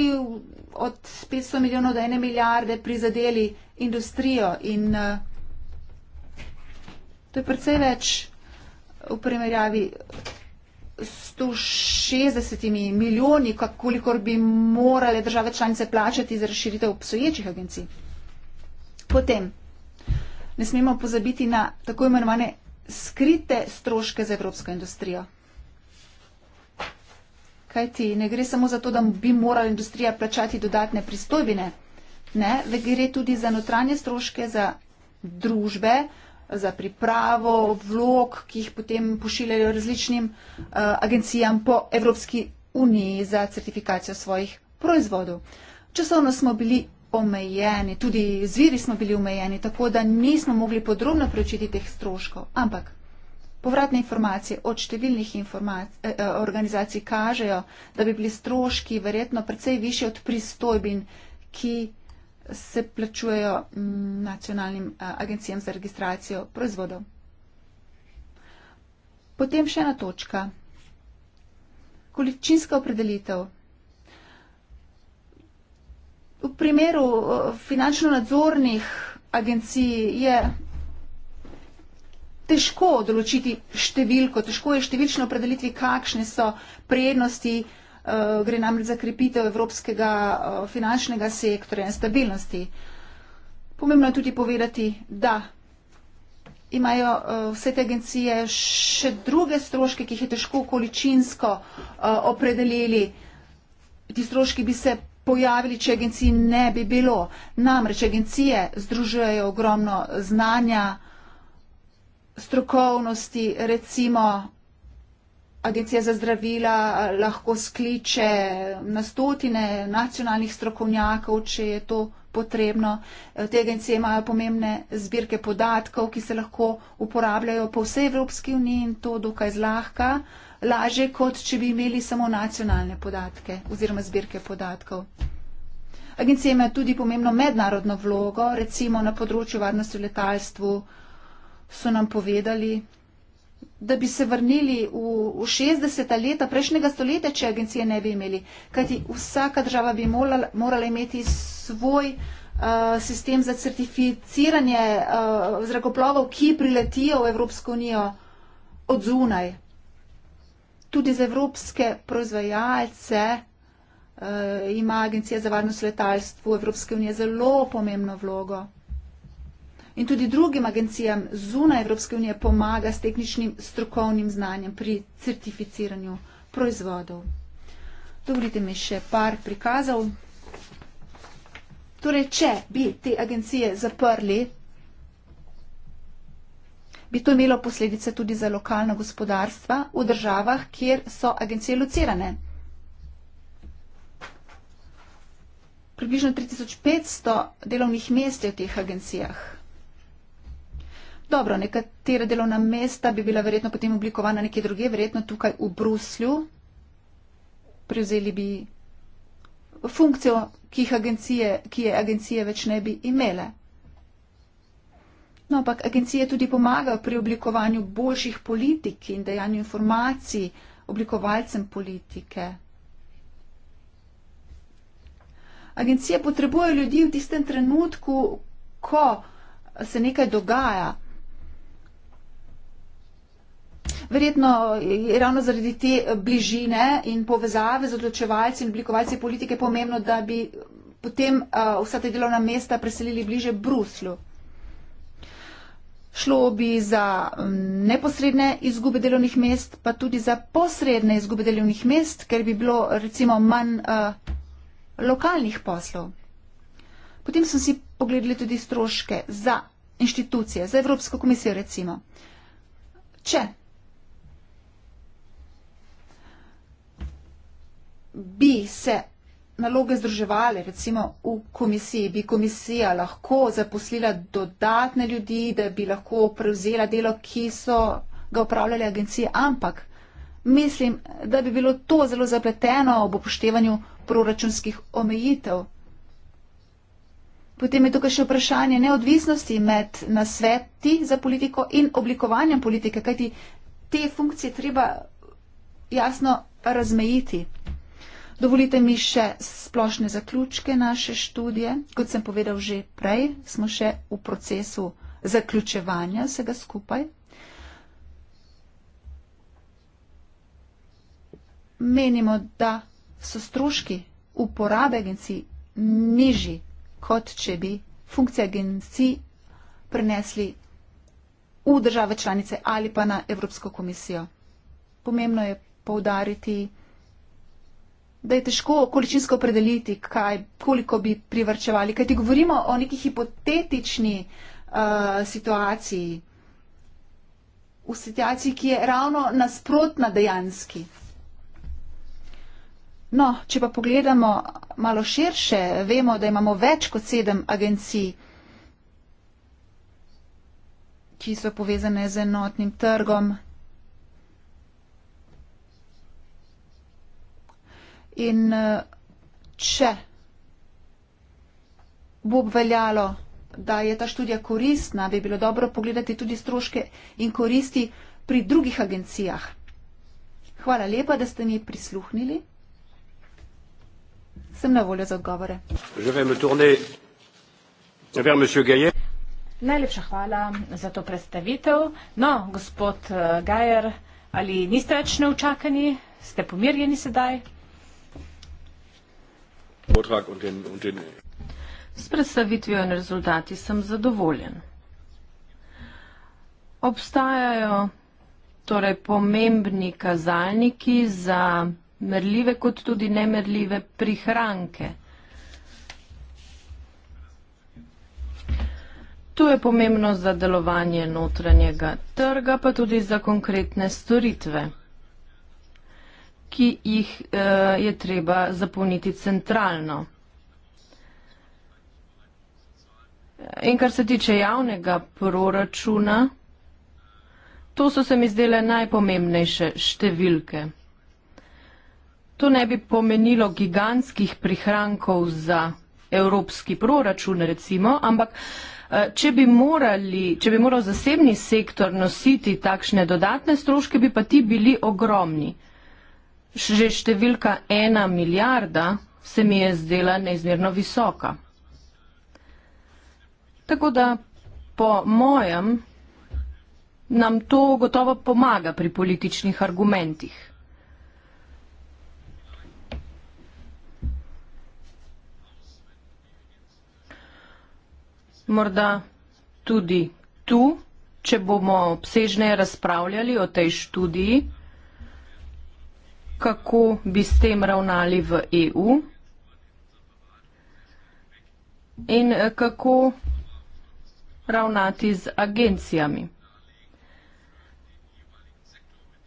od 500 milijonov do 1 milijarde prizadeli industrijo in eh, to je predvsej več v primerjavi. 160 milijoni, kolikor bi morale države članice plačati za razširitev obstoječih agencij. Potem ne smemo pozabiti na tako imenovane skrite stroške za evropsko industrijo. Kaj ti, ne gre samo za to, da bi morala industrija plačati dodatne pristojbine, ne, da gre tudi za notranje stroške za družbe, za pripravo vlog, ki jih potem pošiljajo različnim uh, agencijam po Evropski uniji za certifikacijo svojih proizvodov. Časovno smo bili omejeni, tudi zviri smo bili omejeni, tako da nismo mogli podrobno preučiti teh stroškov. Ampak povratne informacije od številnih informac, eh, eh, organizacij kažejo, da bi bili stroški verjetno precej više od pristojbin, ki se plačujejo mm, nacionalnim eh, agencijam za registracijo proizvodov. Potem še ena točka. Količinska opredelitev primeru eh, finančno-nadzornih agencij je težko določiti številko, težko je številčno opredeliti, kakšne so prednosti, eh, gre namreč za krepitev evropskega eh, finančnega sektorja in stabilnosti. Pomembno je tudi povedati, da imajo vse te agencije še druge stroške, ki jih je težko količinsko opredeljeli. Ti stroški bi se pojavili, če agencij ne bi bilo. Namreč agencije združujejo ogromno znanja, strokovnosti, recimo agencija za zdravila lahko skliče na stotine nacionalnih strokovnjakov, če je to potrebno. Te agencije imajo pomembne zbirke podatkov, ki se lahko uporabljajo po vsej Evropski uniji in to dokaj zlahka. Uh, lažje, kot če bi imeli samo nacionalne podatke oziroma zbirke podatkov. Agencija ima tudi pomembno mednarodno vlogo, recimo na področju varnosti v letalstvu so nam povedali, da bi se vrnili v, v 60. leta prejšnjega stoletja, če agencije ne bi imeli, kajti vsaka država bi morala, morala imeti svoj eh, sistem za certificiranje uh, zrakoplovov, ki priletijo v Evropsko unijo od zunaj tudi za evropske proizvajalce uh, ima Agencija za varnost letalstvo Evropske unije zelo pomembno vlogo. In tudi drugim agencijam zunaj Evropske unije pomaga s tehničnim strokovnim znanjem pri certificiranju proizvodov. Dovolite mi še par prikazov. Torej, če bi te agencije zaprli, bi to imelo posledice tudi za lokalno gospodarstva v državah, kjer so agencije locirane. Približno 3500 delovnih mest je v teh agencijah. Dobro, nekatera delovna mesta bi bila verjetno potem oblikovana nekje druge, verjetno tukaj v Bruslju. Prevzeli bi funkcijo, ki, agencije, ki je agencije več ne bi imele. No, ampak agencije tudi pomagajo pri oblikovanju boljših politik in dejanju informacij oblikovalcem politike. Agencije potrebujejo ljudi v tistem trenutku, ko se nekaj dogaja. Verjetno je ravno zaradi te bližine in povezave z odločevalci in oblikovalci politike pomembno, da bi potem uh, vsa ta delovna mesta preselili bliže Bruslu. Šlo bi za mm, neposredne izgube delovnih mest, pa tudi za posredne izgube delovnih mest, ker bi bilo recimo manj uh, lokalnih poslov. Potem sem si pogledali tudi stroške za inštitucije, za Evropsko komisijo recimo. Če bi se naloge združevale. Recimo v komisiji bi komisija lahko zaposlila dodatne ljudi, da bi lahko prevzela delo, ki so ga upravljali agencije, ampak mislim, da bi bilo to zelo zapleteno ob upoštevanju proračunskih omejitev. Potem je tukaj še vprašanje neodvisnosti med nasveti za politiko in oblikovanjem politike, kajti te funkcije treba jasno razmejiti. Dovolite mi še splošne zaključke naše študije. Kot sem povedal že prej, smo še v procesu zaključevanja vsega skupaj. Menimo, da so stroški uporabe agencij nižji, kot če bi funkcije agencij prenesli v države članice ali pa na Evropsko komisijo. Pomembno je poudariti, da je težko količinsko predeliti, kaj, koliko bi privrčevali. Kaj ti govorimo o neki hipotetični uh, situaciji, v situaciji, ki je ravno nasprotna dejanski. No, če pa pogledamo malo širše, vemo, da imamo več kot sedem agencij, ki so povezane z enotnim trgom, In eh, če bo obveljalo, da je ta študija koristna, bi bilo dobro pogledati tudi stroške in koristi pri drugih agencijah. Hvala lepa, da ste mi prisluhnili. Sem na voljo za odgovore. Najlepša hvala za to predstavitev. No, gospod eh, Gajer, ali niste več neučakani? Ste pomirjeni sedaj? Vortrag und den, und den S predstavitvijo in rezultati sem zadovoljen. Obstajajo torej pomembni kazalniki za merljive kot tudi nemerljive prihranke. To je pomembno za delovanje notranjega trga, pa tudi za konkretne storitve ki jih eh, je treba zapolniti centralno. In kar se tiče javnega proračuna, to so se mi zdele najpomembnejše številke. To ne bi pomenilo gigantskih prihrankov za evropski proračun, recimo, ampak eh, če bi, morali, če bi moral zasebni sektor nositi takšne dodatne stroške, bi pa ti bili ogromni že številka ena milijarda se mi je zdela neizmerno visoka. Tako da po mojem nam to gotovo pomaga pri političnih argumentih. Morda tudi tu, če bomo obsežneje razpravljali o tej študiji kako bi s tem ravnali v EU in eh, kako ravnati z agencijami.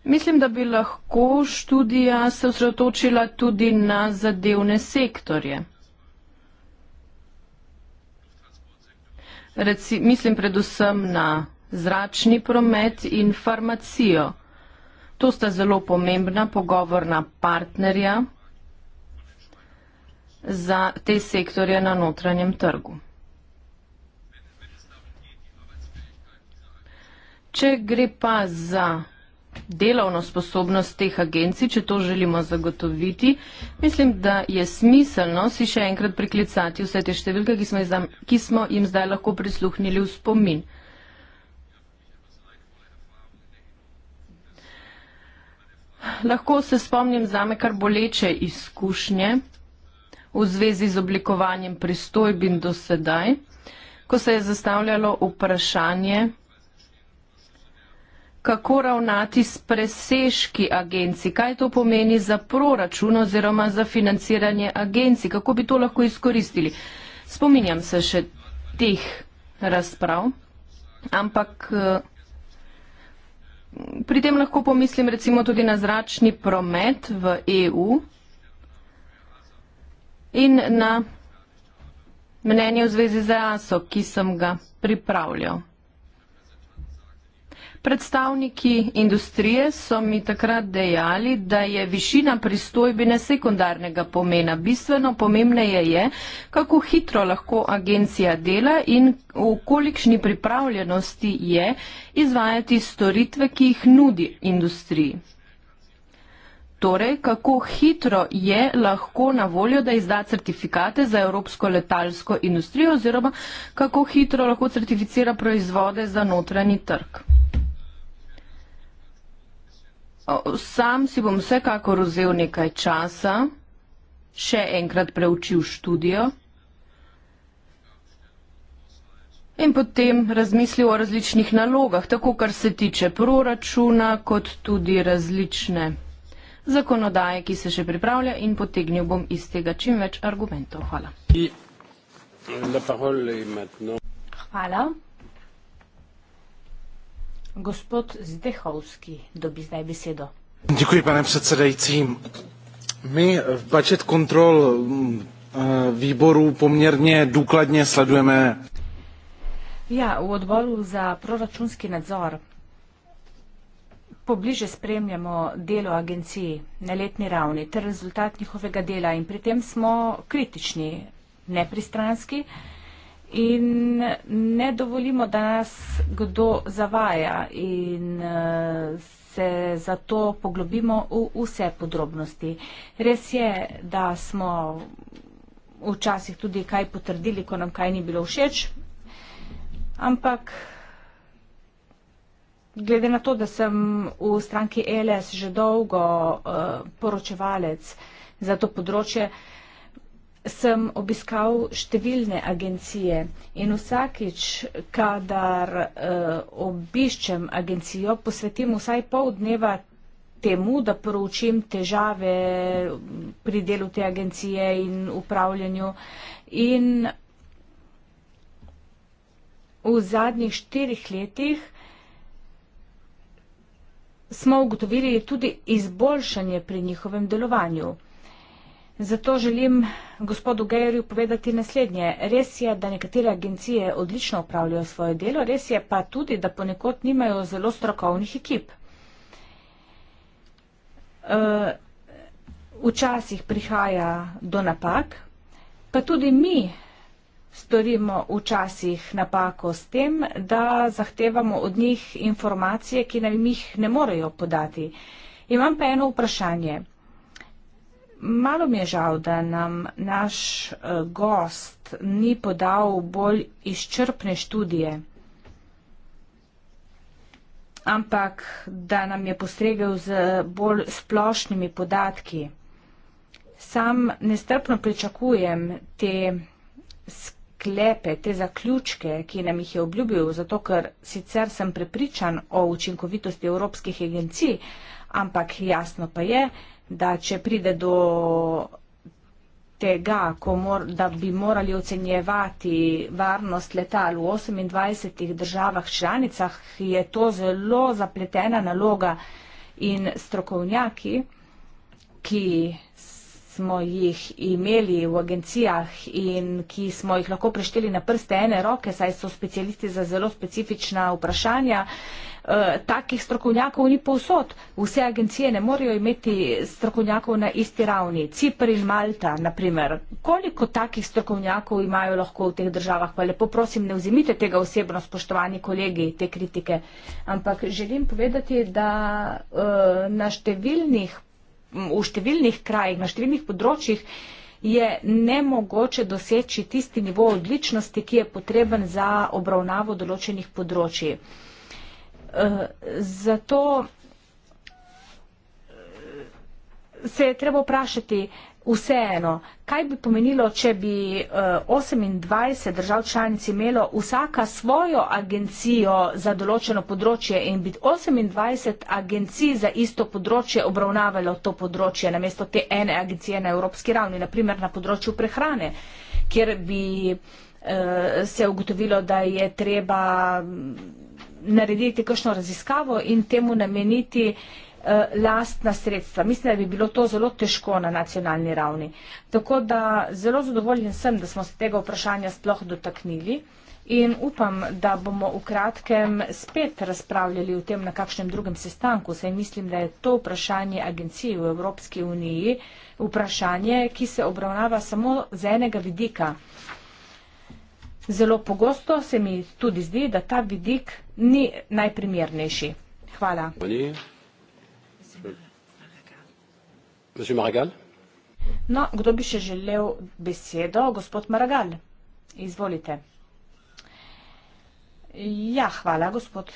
Mislim, da bi lahko študija se osredotočila tudi na zadevne sektorje. Reci, mislim predvsem na zračni promet in farmacijo. To sta zelo pomembna pogovorna partnerja za te sektorje na notranjem trgu. Če gre pa za delovno sposobnost teh agencij, če to želimo zagotoviti, mislim, da je smiselno si še enkrat priklicati vse te številke, ki smo jim zdaj lahko prisluhnili v spomin. lahko se spomnim zame kar boleče izkušnje v zvezi z oblikovanjem pristojbin do sedaj, ko se je zastavljalo vprašanje, kako ravnati s preseški agenci, kaj to pomeni za proračun oziroma za financiranje agenci, kako bi to lahko izkoristili. Spominjam se še teh razprav, ampak eh, Pri tem lahko pomislim recimo tudi na zračni promet v EU in na mnenje v zvezi z EASO, ki sem ga pripravljal. Predstavniki industrije so mi takrat dejali, da je višina pristojbine sekundarnega pomena. Bistveno pomembneje je, kako hitro lahko agencija dela in v kolikšni pripravljenosti je izvajati storitve, ki jih nudi industriji. Torej, kako hitro je lahko na voljo, da izda certifikate za evropsko letalsko industrijo oziroma kako hitro lahko certificira proizvode za notranji trg. Sam si bom vsekakor vzel nekaj časa, še enkrat preučil študijo in potem razmislil o različnih nalogah, tako kar se tiče proračuna, kot tudi različne zakonodaje, ki se še pripravlja in potegnil bom iz tega čim več argumentov. Hvala. Hvala. Gospod Zdehovski dobi zdaj besedo. Děkuji, pane předsedající. My v budget kontrol eh, výboru poměrně důkladně sledujeme. Ja, v odboru za proračunski nadzor pobliže spremljamo delo agenciji na letni ravni ter rezultat njihovega dela in pri tem smo kritični, nepristranski. pristranski, in ne dovolimo, da nas kdo zavaja in eh, se zato poglobimo v vse podrobnosti. Res je, da smo včasih tudi kaj potrdili, ko nam kaj ni bilo všeč, ampak glede na to, da sem v stranki e LS že dolgo uh, poročevalec za to področje, uh, sem obiskal številne agencije in vsakič, kadar uh, obiščem agencijo, posvetim vsaj pol dneva temu, da proučim težave pri delu te agencije in upravljanju. In v zadnjih štirih letih smo ugotovili tudi izboljšanje pri njihovem delovanju. Zato želim gospodu Gejerju povedati naslednje. Res je, da nekatere agencije odlično upravljajo svoje delo, res je pa tudi, da ponekod nimajo zelo strokovnih ekip. Eh, včasih prihaja do napak, pa tudi mi storimo včasih napako s tem, da zahtevamo od njih informacije, ki nam jih ne morejo podati. Imam pa eno vprašanje. Malo mi je žal, da nam naš eh, gost ni podal bolj izčrpne študije, ampak da nam je postregel z bolj splošnimi podatki. Sam nestrpno pričakujem te sklepe, te zaključke, ki nam jih je obljubil, zato ker sicer sem prepričan o učinkovitosti evropskih agencij, ampak jasno pa je, da če pride do tega, mor, da bi morali ocenjevati varnost letal v 28 državah članicah, je to zelo zapletena naloga in strokovnjaki, ki smo jih imeli v agencijah in ki smo jih lahko prešteli na prste ene roke, saj so specialisti za zelo specifična vprašanja. Uh, takih strokovnjakov ni povsod. Vse agencije ne morejo imeti strokovnjakov na isti ravni. Cipr in Malta, naprimer. Koliko takih strokovnjakov imajo lahko v teh državah? Pa lepo prosim, ne vzemite tega osebno, spoštovani kolegi, te kritike. Ampak želim povedati, da uh, na številnih v številnih krajih, na številnih področjih je nemogoče doseči tisti nivo odličnosti, ki je potreben za obravnavo določenih področji. Eh, zato se je treba vprašati, Vseeno, kaj bi pomenilo, če bi 28 eh, držav članic imelo vsaka svojo agencijo za določeno področje in bi 28 agencij za isto področje obravnavalo to področje namesto te ene agencije na evropski ravni, naprimer na področju prehrane, kjer bi eh, se ugotovilo, da je treba mm, narediti kakšno raziskavo in temu nameniti Eh, lastna sredstva. Mislim, da bi bilo to zelo težko na nacionalni ravni. Tako da zelo zadovoljen sem, da smo se tega vprašanja sploh dotaknili in upam, da bomo v kratkem spet razpravljali o tem na kakšnem drugem sestanku, saj mislim, da je to vprašanje agencije v Evropski uniji vprašanje, ki se obravnava samo z enega vidika. Zelo pogosto se mi tudi zdi, da ta vidik ni najprimernejši. Hvala. Hvala. Gospod Maragal. No, kdo bi še želel besedo? Gospod Maragal, izvolite. Ja, hvala, gospod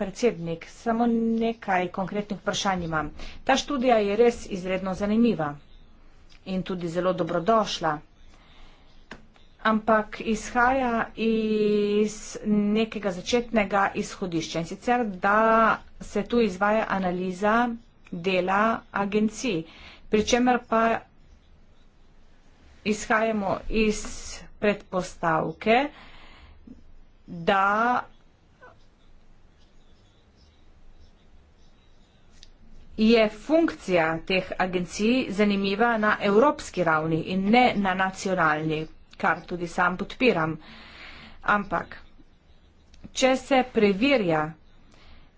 predsednik. Samo nekaj konkretnih vprašanj imam. Ta študija je res izredno zanimiva in tudi zelo dobrodošla, ampak izhaja iz nekega začetnega izhodišča. In sicer, da se tu izvaja analiza dela agencij. Pričemer pa izhajamo iz predpostavke, da je funkcija teh agencij zanimiva na evropski ravni in ne na nacionalni, kar tudi sam podpiram. Ampak, če se preverja,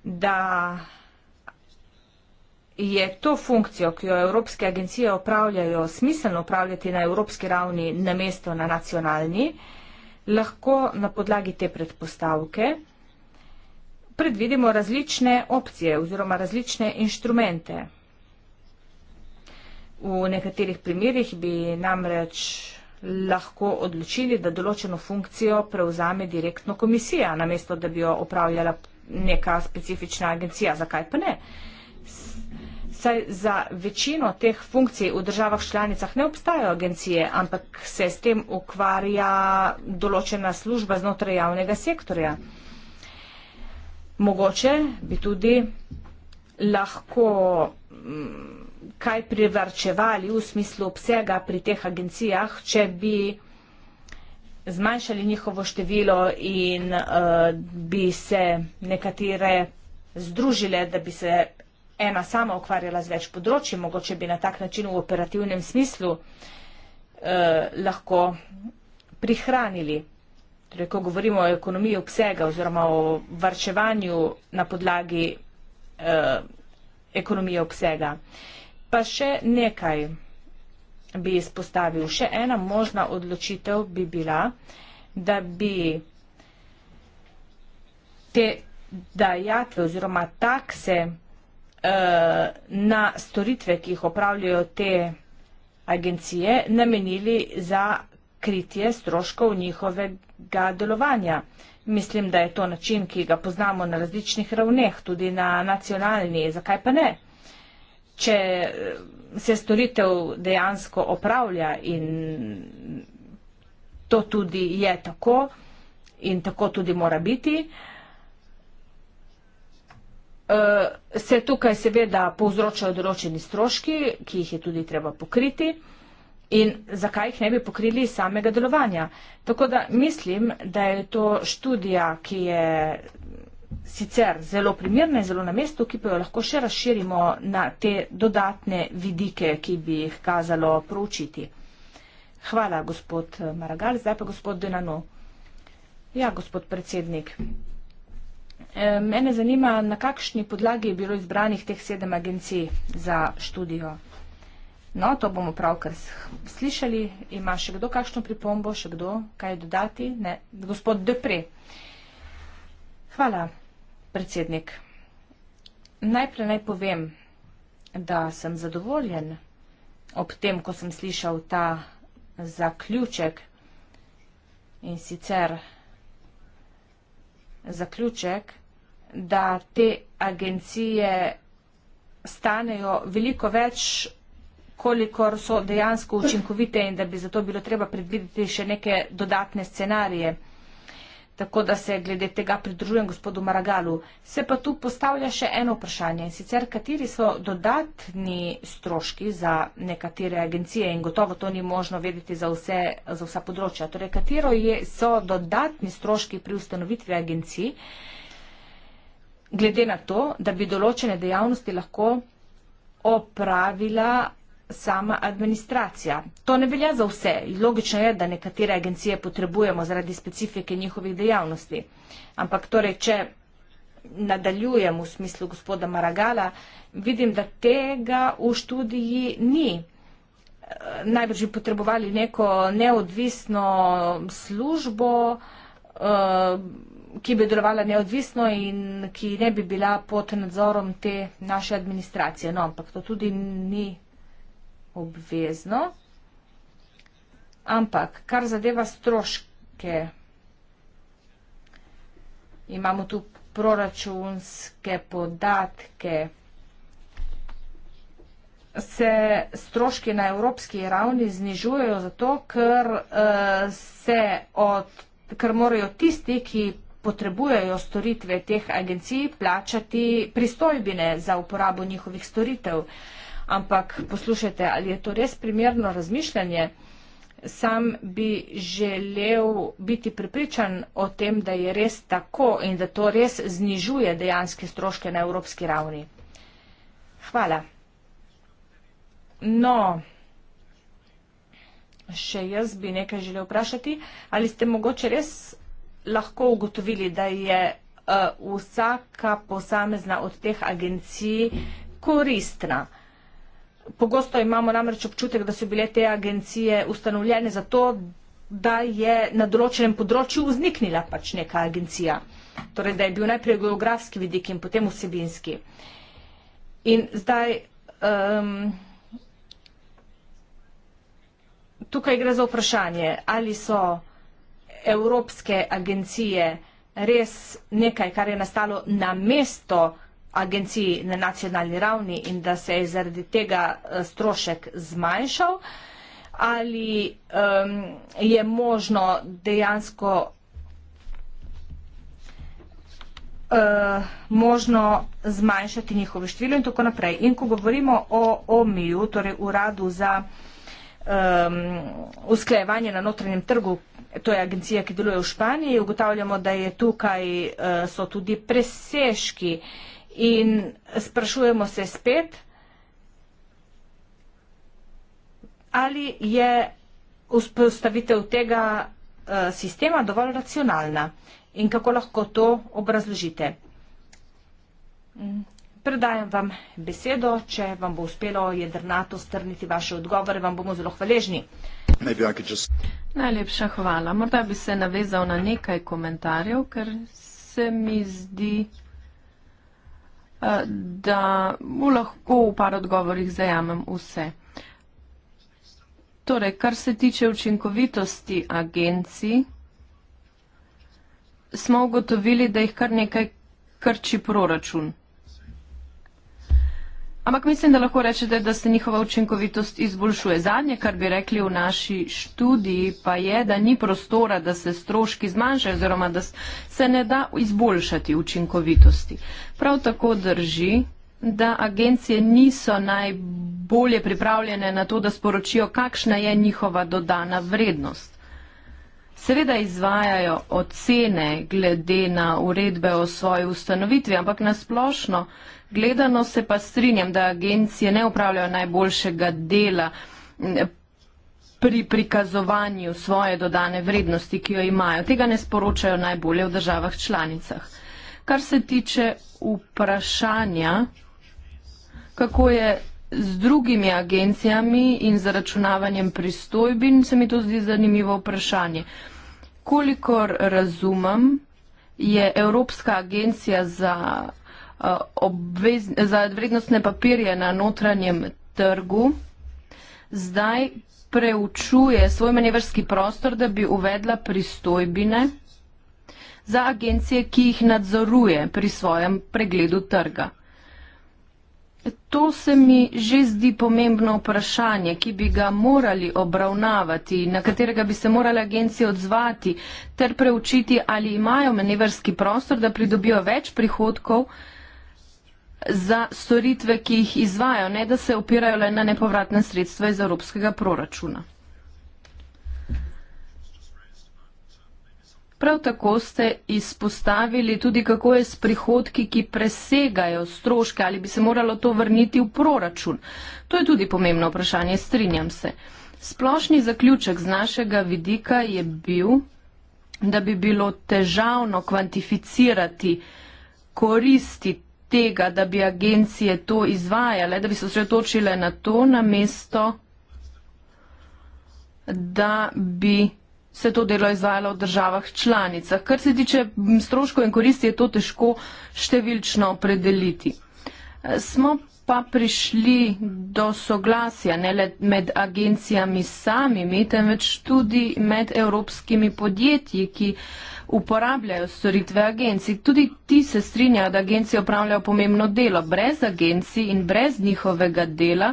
da je to funkcijo, ki jo evropske agencije opravljajo, smiselno upravljati na evropski ravni, namesto na nacionalni, lahko na podlagi te predpostavke predvidimo različne opcije oziroma različne inštrumente. V nekaterih primerjih bi namreč lahko odločili, da določeno funkcijo prevzame direktno komisija, namesto da bi jo opravljala neka specifična agencija. Zakaj pa ne? Uh, saj za večino teh funkcij v državah članicah ne obstajajo agencije, ampak se s tem ukvarja določena služba znotraj javnega sektorja. Mogoče bi tudi lahko mm, kaj privrčevali v smislu obsega pri teh agencijah, če bi zmanjšali njihovo število in uh, bi se nekatere združile, da bi se ena sama ukvarjala z več področji, mogoče bi na tak način v operativnem smislu eh, lahko prihranili. Torej, ko govorimo o ekonomiji obsega oziroma o varčevanju na podlagi eh, ekonomije obsega. Pa še nekaj bi izpostavil. Še ena možna odločitev bi bila, da bi te dajatve oziroma takse Eh, na storitve, ki jih opravljajo te agencije, namenili za kritje stroškov njihovega delovanja. Mislim, da je to način, ki ga poznamo na različnih ravneh, tudi na nacionalni, zakaj pa ne? Če eh, se storitev dejansko opravlja in to tudi je tako in tako tudi mora biti, uh, Eh, se tukaj seveda povzročajo določeni stroški, ki jih je tudi treba pokriti in zakaj jih ne bi pokrili iz samega delovanja. Tako da mislim, da je to študija, ki je sicer zelo primerna in zelo na mestu, ki pa jo lahko še razširimo na te dodatne vidike, ki bi jih kazalo proučiti. Hvala, gospod Maragal. Zdaj pa gospod Denano. Ja, gospod predsednik, Eh, mene zanima, na kakšni podlagi je bilo izbranih teh sedem agencij za študijo. No, to bomo pravkar slišali. Ima še kdo kakšno pripombo, še kdo kaj dodati? Ne, gospod Depre. Hvala, predsednik. Najprej naj povem, da sem zadovoljen ob tem, ko sem slišal ta zaključek in sicer zaključek, da te agencije stanejo veliko več, kolikor so dejansko učinkovite in da bi zato bilo treba predvideti še neke dodatne scenarije. Tako da se glede tega pridružujem gospodu Maragalu. Se pa tu postavlja še eno vprašanje in sicer, kateri so dodatni stroški za nekatere agencije in gotovo to ni možno vedeti za, vse, za vsa področja. Torej, katero je, so dodatni stroški pri ustanovitvi agencij? Uh, glede na to, da bi določene dejavnosti lahko opravila sama administracija. To ne velja za vse. Logično je, da nekatere agencije potrebujemo zaradi specifike njihovih dejavnosti. Ampak torej, če nadaljujem v smislu gospoda Maragala, vidim, da tega v študiji ni. Najbrž bi potrebovali neko neodvisno službo, eh, ki bi delovala neodvisno in ki ne bi bila pod nadzorom te naše administracije. No, ampak to tudi ni obvezno. Ampak, kar zadeva stroške, imamo tu proračunske podatke, se stroški na evropski ravni znižujejo zato, ker, uh, se od, ker morajo tisti, ki potrebujejo storitve teh agencij, plačati pristojbine za uporabo njihovih storitev. Ampak poslušajte, ali je to res primerno razmišljanje? Sam bi želel biti pripričan o tem, da je res tako in da to res znižuje dejanske stroške na evropski ravni. Hvala. No, še jaz bi nekaj želel vprašati, ali ste mogoče res lahko ugotovili, da je uh, vsaka posamezna od teh agencij koristna. Pogosto imamo namreč občutek, da so bile te agencije ustanovljene zato, da je na določenem področju vzniknila pač neka agencija. Torej, da je bil najprej geografski vidik in potem vsebinski. In zdaj um, tukaj gre za vprašanje, ali so Evropske agencije res nekaj, kar je nastalo na mesto agenciji na nacionalni ravni in da se je zaradi tega eh, strošek zmanjšal, ali um, je možno dejansko uh, možno zmanjšati njihovo število in tako naprej. In ko govorimo o OMIU, torej uradu za um, usklejevanje na notranjem trgu, to je agencija, ki deluje v Španiji, ugotavljamo, da je tukaj eh, so tudi preseški in sprašujemo se spet, ali je vzpostavitev tega eh, sistema dovolj racionalna in kako lahko to obrazložite. Mm. Predajam vam besedo, če vam bo uspelo jedrnato strniti vaše odgovore, vam bomo zelo hvaležni. Najlepša hvala. Morda bi se navezal na nekaj komentarjev, ker se mi zdi, eh, da mu lahko v par odgovorih zajamem vse. Torej, kar se tiče učinkovitosti agencij, smo ugotovili, da jih kar nekaj krči proračun. Ampak mislim, da lahko rečete, da se njihova učinkovitost izboljšuje. Zadnje, kar bi rekli v naši študiji, pa je, da ni prostora, da se stroški zmanjšajo oziroma da se ne da izboljšati učinkovitosti. Prav tako drži, da agencije niso najbolje pripravljene na to, da sporočijo, kakšna je njihova dodana vrednost. Seveda izvajajo ocene glede na uredbe o svoji ustanovitvi, ampak nasplošno gledano se pa strinjam, da agencije ne upravljajo najboljšega dela pri prikazovanju svoje dodane vrednosti, ki jo imajo. Tega ne sporočajo najbolje v državah članicah. Kar se tiče vprašanja, kako je z drugimi agencijami in zaračunavanjem pristojbin, se mi to zdi zanimivo vprašanje. Kolikor razumem, je Evropska agencija za Eh, obvez, za vrednostne papirje na notranjem trgu, zdaj preučuje svoj manevrski prostor, da bi uvedla pristojbine za agencije, ki jih nadzoruje pri svojem pregledu trga. To se mi že zdi pomembno vprašanje, ki bi ga morali obravnavati, na katerega bi se morali agencije odzvati ter preučiti, ali imajo manevrski prostor, da pridobijo več prihodkov, uh, za storitve, ki jih izvajo, ne da se opirajo le na nepovratne sredstva iz evropskega proračuna. Prav tako ste izpostavili tudi, kako je s prihodki, ki presegajo stroške, ali bi se moralo to vrniti v proračun. To je tudi pomembno vprašanje, strinjam se. Splošni zaključek z našega vidika je bil, da bi bilo težavno kvantificirati koristi tega, da bi agencije to izvajale, da bi se osredotočile na to namesto, da bi se to delo izvajalo v državah članicah. Kar se tiče stroškov in koristi, je to težko številčno opredeliti. Smo pa prišli do soglasja ne le med agencijami samimi, temveč tudi med evropskimi podjetji, ki uporabljajo storitve agencij. Tudi ti se strinjajo, da agencije upravljajo pomembno delo. Brez agencij in brez njihovega dela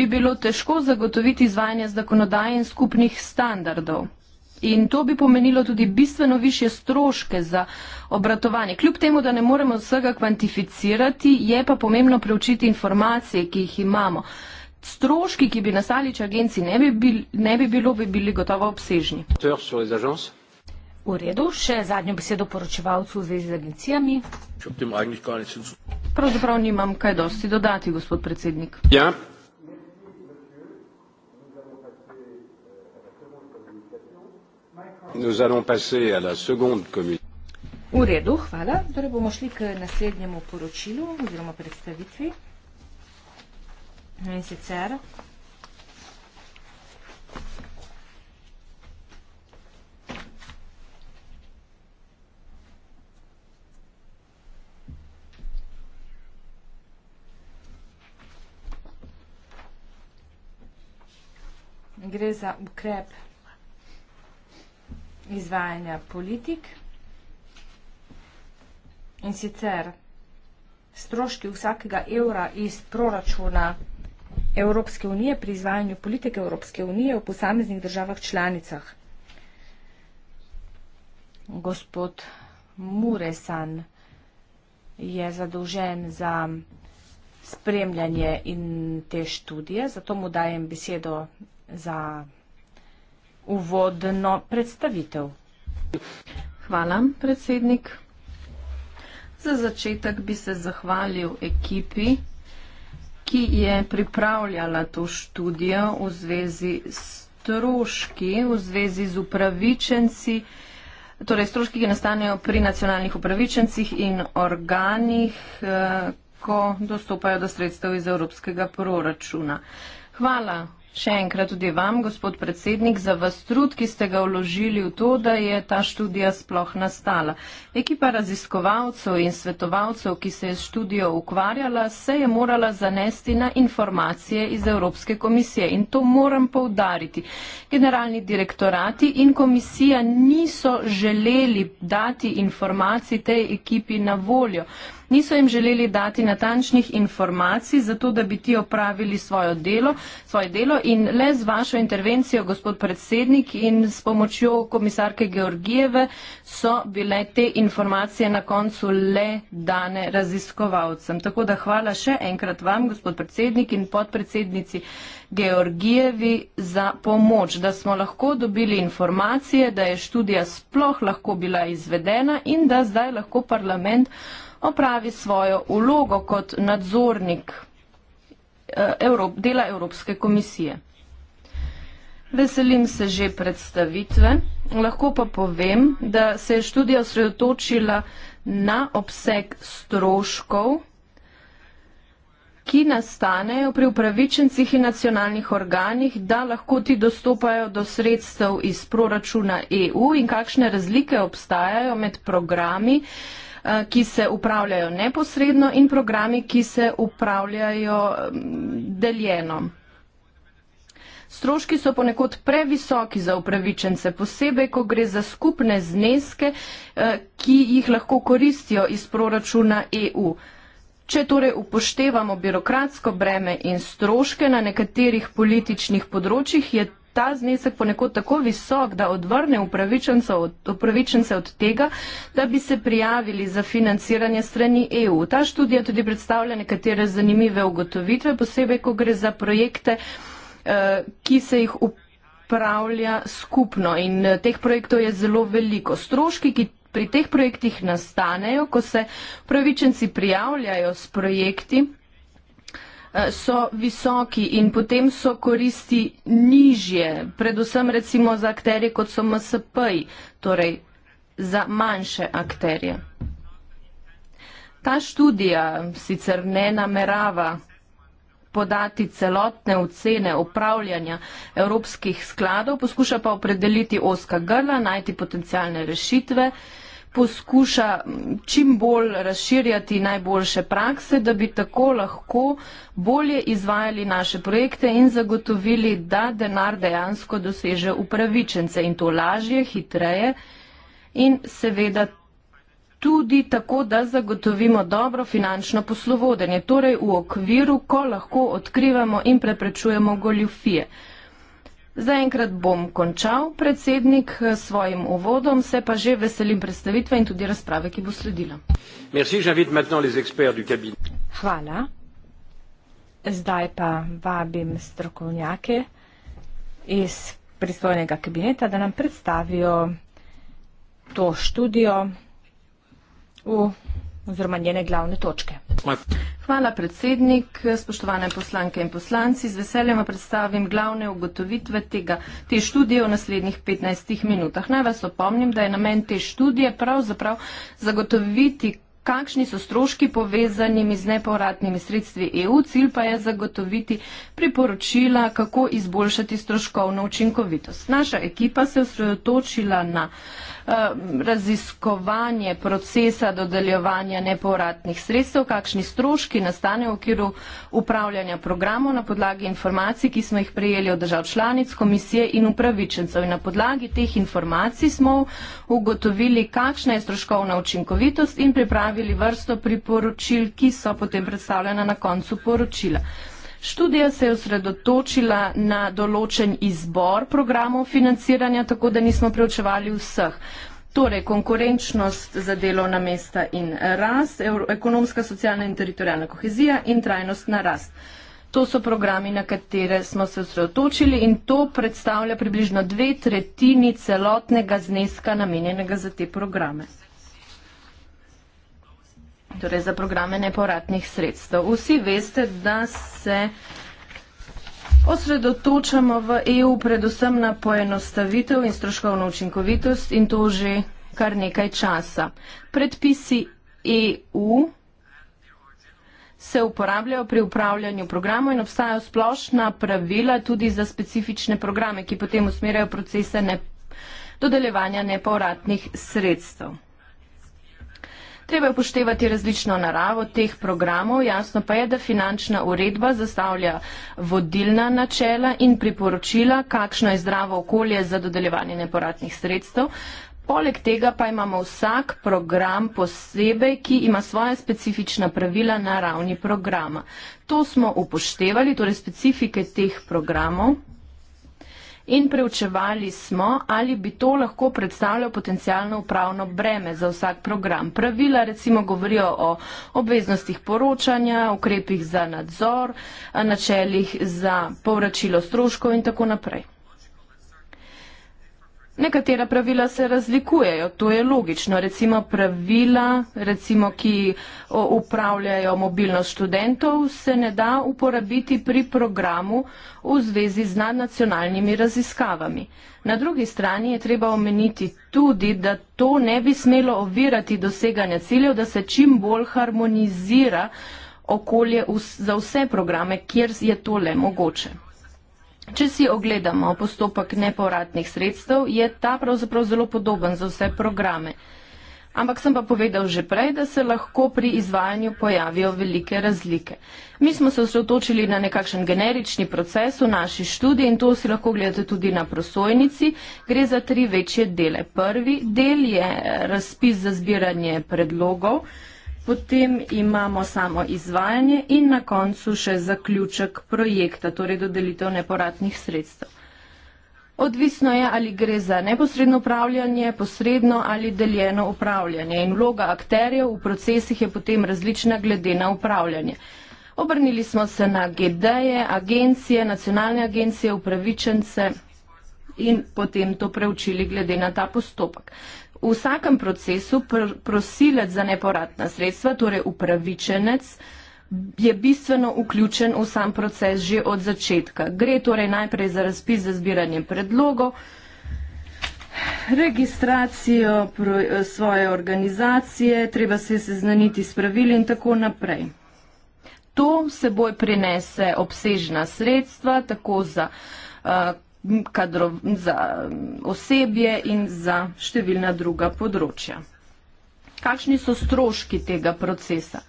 bi bilo težko zagotoviti izvajanje zakonodaje in skupnih standardov. In to bi pomenilo tudi bistveno više stroške za obratovanje. Kljub temu, da ne moremo vsega kvantificirati, je pa pomembno preučiti informacije, ki jih imamo. Stroški, ki bi nastali, če agenciji ne bi, bil, ne bi bilo, bi bili gotovo obsežni. V redu, še zadnjo besedo poročevalcu v zvezi z agencijami. Pravzaprav nimam kaj dosti dodati, gospod predsednik. Ja, Nous allons passer à la seconde commune. V redu, hvala. Torej bomo šli k naslednjemu poročilu oziroma predstavitvi. In sicer gre za ukrep izvajanja politik. In sicer stroški vsakega evra iz proračuna Evropske unije pri izvajanju politike Evropske unije v posameznih državah članicah. Gospod Muresan je zadolžen za spremljanje in te študije, zato mu dajem besedo za uvodno predstavitev. Hvala, predsednik. Za začetek bi se zahvalil ekipi, ki je pripravljala to študijo v zvezi s stroški, v zvezi z upravičenci, torej stroški, ki nastanejo pri nacionalnih upravičencih in organih, eh, ko dostopajo do sredstev iz evropskega proračuna. Hvala Še enkrat tudi vam, gospod predsednik, za vas trud, ki ste ga vložili v to, da je ta študija sploh nastala. Ekipa raziskovalcev in svetovalcev, ki se je s študijo ukvarjala, se je morala zanesti na informacije iz Evropske komisije. In to moram povdariti. Generalni direktorati in komisija niso želeli dati informacij tej ekipi na voljo niso jim želeli dati natančnih informacij, zato da bi ti opravili svoje delo, svoje delo in le z vašo intervencijo, gospod predsednik, in s pomočjo komisarke Georgijeve so bile te informacije na koncu le dane raziskovalcem. Tako da hvala še enkrat vam, gospod predsednik in podpredsednici Georgijevi za pomoč, da smo lahko dobili informacije, da je študija sploh lahko bila izvedena in da zdaj lahko parlament opravi svojo vlogo kot nadzornik eh, dela Evropske komisije. Veselim se že predstavitve, lahko pa povem, da se je študija osredotočila na obseg stroškov, ki nastanejo pri upravičencih in nacionalnih organih, da lahko ti dostopajo do sredstev iz proračuna EU in kakšne razlike obstajajo med programi, uh, Eh, ki se upravljajo neposredno in programi, ki se upravljajo mm, deljeno. Stroški so ponekod previsoki za upravičence, posebej, ko gre za skupne zneske, eh, ki jih lahko koristijo iz proračuna EU. Če torej upoštevamo birokratsko breme in stroške na nekaterih političnih področjih, je ta znesek ponekod tako visok, da odvrne upravičence od tega, da bi se prijavili za financiranje strani EU. Ta študija tudi predstavlja nekatere zanimive ugotovitve, posebej, ko gre za projekte, eh, ki se jih upravlja skupno in eh, teh projektov je zelo veliko. Stroški, ki pri teh projektih nastanejo, ko se pravičenci prijavljajo s projekti, Eh, so visoki in potem so koristi nižje, predvsem recimo za akterje, kot so MSP, torej za manjše akterje. Ta študija sicer ne namerava podati celotne ocene upravljanja evropskih skladov, poskuša pa opredeliti oska grla, najti potencijalne rešitve poskuša čim bolj razširjati najboljše prakse, da bi tako lahko bolje izvajali naše projekte in zagotovili, da denar dejansko doseže upravičence in to lažje, hitreje in seveda tudi tako, da zagotovimo dobro finančno poslovodenje, torej v okviru, ko lahko odkrivamo in preprečujemo goljufije. Zaenkrat bom končal, predsednik, s svojim uvodom, se pa že veselim predstavitve in tudi razprave, ki bo sledila. Hvala. Zdaj pa vabim strokovnjake iz pristojnega kabineta, da nam predstavijo to študijo v oziroma njene glavne točke. Hvala predsednik, spoštovane poslanke in poslanci. Z veseljem predstavim glavne ugotovitve tega, te študije v naslednjih 15 minutah. Naj vas opomnim, da je namen te študije pravzaprav zagotoviti, kakšni so stroški povezanimi z nepovratnimi sredstvi EU. Cilj pa je zagotoviti priporočila, kako izboljšati stroškovno učinkovitost. Naša ekipa se osredotočila na. Eh, raziskovanje procesa dodeljevanja nepovratnih sredstev, kakšni stroški nastanejo v okviru upravljanja programov na podlagi informacij, ki smo jih prejeli od držav članic, komisije in upravičencev. In na podlagi teh informacij smo ugotovili, kakšna je stroškovna učinkovitost in pripravili vrsto priporočil, ki so potem predstavljena na koncu poročila. Študija se je osredotočila na določen izbor programov financiranja, tako da nismo preučevali vseh. Torej, konkurenčnost za delovna mesta in rast, ekonomska, socialna in teritorijalna kohezija in trajnost na rast. To so programi, na katere smo se osredotočili in to predstavlja približno dve tretjini celotnega zneska namenjenega za te programe torej za programe neporatnih sredstev. Vsi veste, da se osredotočamo v EU predvsem na poenostavitev in stroškovno učinkovitost in to že kar nekaj časa. Predpisi EU se uporabljajo pri upravljanju programov in obstajajo splošna pravila tudi za specifične programe, ki potem usmerjajo procese ne, dodeljevanja nepovratnih sredstev. Treba je upoštevati različno naravo teh programov. Jasno pa je, da finančna uredba zastavlja vodilna načela in priporočila, kakšno je zdravo okolje za dodeljevanje neporatnih sredstev. Poleg tega pa imamo vsak program posebej, ki ima svoje specifična pravila na ravni programa. To smo upoštevali, torej specifike teh programov in preučevali smo, ali bi to lahko predstavljal potencijalno upravno breme za vsak program. Pravila recimo govorijo o obveznostih poročanja, ukrepih za nadzor, načelih za povračilo stroškov in tako naprej. Nekatera pravila se razlikujejo, to je logično. Recimo pravila, recimo, ki upravljajo mobilnost študentov, se ne da uporabiti pri programu v zvezi z nadnacionalnimi raziskavami. Na drugi strani je treba omeniti tudi, da to ne bi smelo ovirati doseganja ciljev, da se čim bolj harmonizira okolje za vse programe, kjer je to le mogoče. Če si ogledamo postopek nepovratnih sredstev, je ta pravzaprav zelo podoben za vse programe. Ampak sem pa povedal že prej, da se lahko pri izvajanju pojavijo velike razlike. Mi smo se osredotočili na nekakšen generični proces v naši študiji in to si lahko gledate tudi na prosojnici. Gre za tri večje dele. Prvi del je razpis za zbiranje predlogov potem imamo samo izvajanje in na koncu še zaključek projekta, torej dodelitev neporatnih sredstev. Odvisno je, ali gre za neposredno upravljanje, posredno ali deljeno upravljanje in vloga akterjev v procesih je potem različna glede na upravljanje. Obrnili smo se na GD-je, agencije, nacionalne agencije, upravičence in potem to preučili glede na ta postopek v vsakem procesu pr prosilec za neporatna sredstva, torej upravičenec, je bistveno vključen v sam proces že od začetka. Gre torej najprej za razpis za zbiranje predlogov, registracijo svoje organizacije, treba se seznaniti s pravili in tako naprej. To seboj prinese obsežna sredstva, tako za uh, kadro, za mm, osebje in za številna druga področja. Kakšni so stroški tega procesa?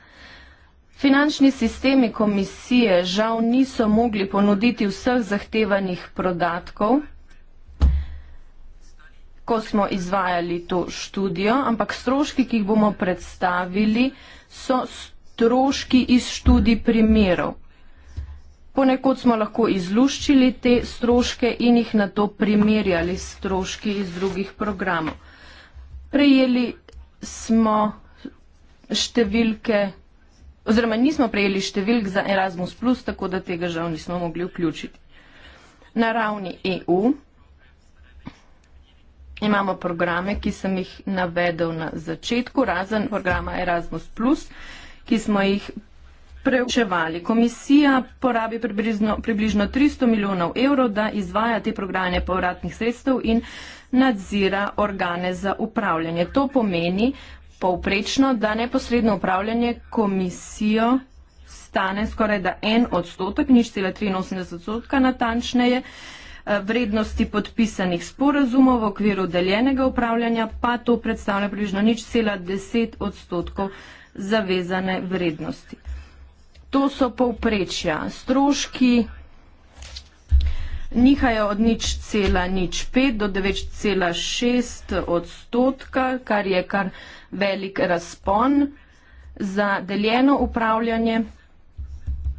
Finančni sistemi komisije žal niso mogli ponuditi vseh zahtevanih podatkov, ko smo izvajali to študijo, ampak stroški, ki jih bomo predstavili, so stroški iz študij primerov. Ponekod smo lahko izluščili te stroške in jih na to primerjali s stroški iz drugih programov. Prejeli smo številke, oziroma nismo prejeli številk za Erasmus+, Plus, tako da tega žal nismo mogli vključiti. Na ravni EU imamo programe, ki sem jih navedel na začetku, razen programa Erasmus+, Plus, ki smo jih preučevali. Komisija porabi približno, približno 300 milijonov evrov, da izvaja te programe povratnih sredstev in nadzira organe za upravljanje. To pomeni povprečno, da neposredno upravljanje komisijo stane skoraj da en odstotek, nič cela 83 odstotka natančneje, eh, vrednosti podpisanih sporazumov v okviru deljenega upravljanja pa to predstavlja približno nič cela 10 odstotkov zavezane vrednosti. To so povprečja. Stroški nihajo od nič cela nič pet do 9,6 odstotka, kar je kar velik razpon. Za deljeno upravljanje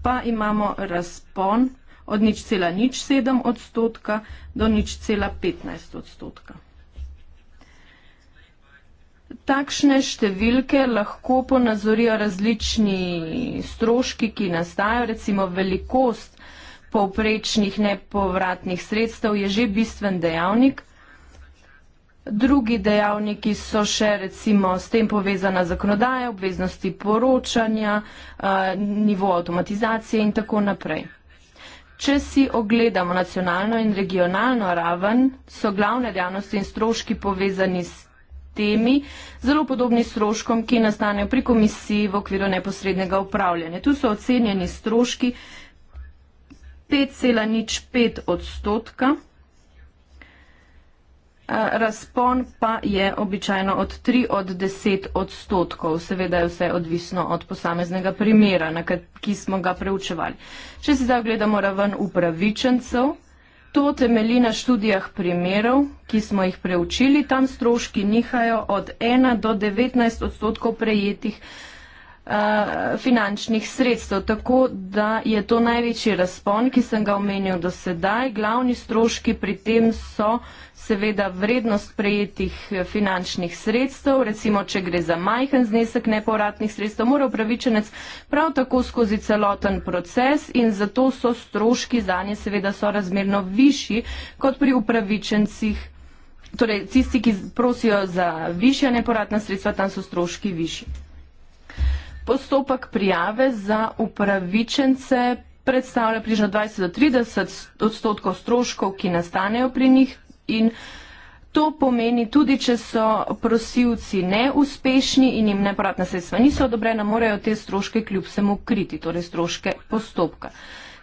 pa imamo razpon od nič cela nič sedem odstotka do nič cela petnajst odstotka. Takšne številke lahko ponazorijo različni stroški, ki nastajajo, recimo velikost povprečnih nepovratnih sredstev je že bistven dejavnik. Drugi dejavniki so še recimo s tem povezana zakonodaja, obveznosti poročanja, nivo avtomatizacije in tako naprej. Če si ogledamo nacionalno in regionalno raven, so glavne dejavnosti in stroški povezani s temi, zelo podobni stroškom, ki nastanejo pri komisiji v okviru neposrednega upravljanja. Tu so ocenjeni stroški 5,05 odstotka. Razpon pa je običajno od 3 od 10 odstotkov, seveda je vse odvisno od posameznega primera, ki smo ga preučevali. Če si zdaj ogledamo raven upravičencev, To temelji na študijah primerov, ki smo jih preučili, tam stroški nihajo od 1 do 19 odstotkov prejetih eh, finančnih sredstev, tako da je to največji razpon, ki sem ga omenil do sedaj. Glavni stroški pri tem so uh, seveda vrednost prejetih eh, finančnih sredstev, recimo, če gre za majhen znesek nepovratnih sredstev, mora upravičenec prav tako skozi celoten proces in zato so stroški za nje seveda sorazmerno višji kot pri upravičencih. Torej, tisti, ki prosijo za višja neporatna sredstva, tam so stroški višji. Postopek prijave za upravičence predstavlja približno 20 do 30 odstotkov stroškov, ki nastanejo pri njih, In to pomeni, tudi če so prosilci neuspešni in jim nepovratna sredstva niso odobrena, morajo te stroške kljub vsemu kriti, torej stroške postopka.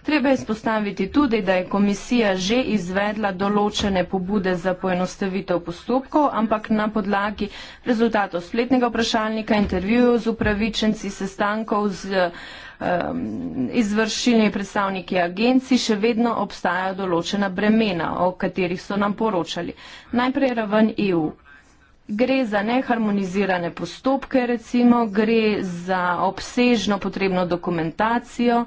Treba izpostaviti tudi, da je komisija že izvedla določene pobude za poenostavitev postopkov, ampak na podlagi rezultatov spletnega vprašalnika, intervjujev z upravičenci, sestankov z uh, um, izvršilni predstavniki agencij še vedno obstajajo določena bremena, o katerih so nam poročali. Najprej raven EU. Gre za neharmonizirane postopke, recimo, gre za obsežno potrebno dokumentacijo,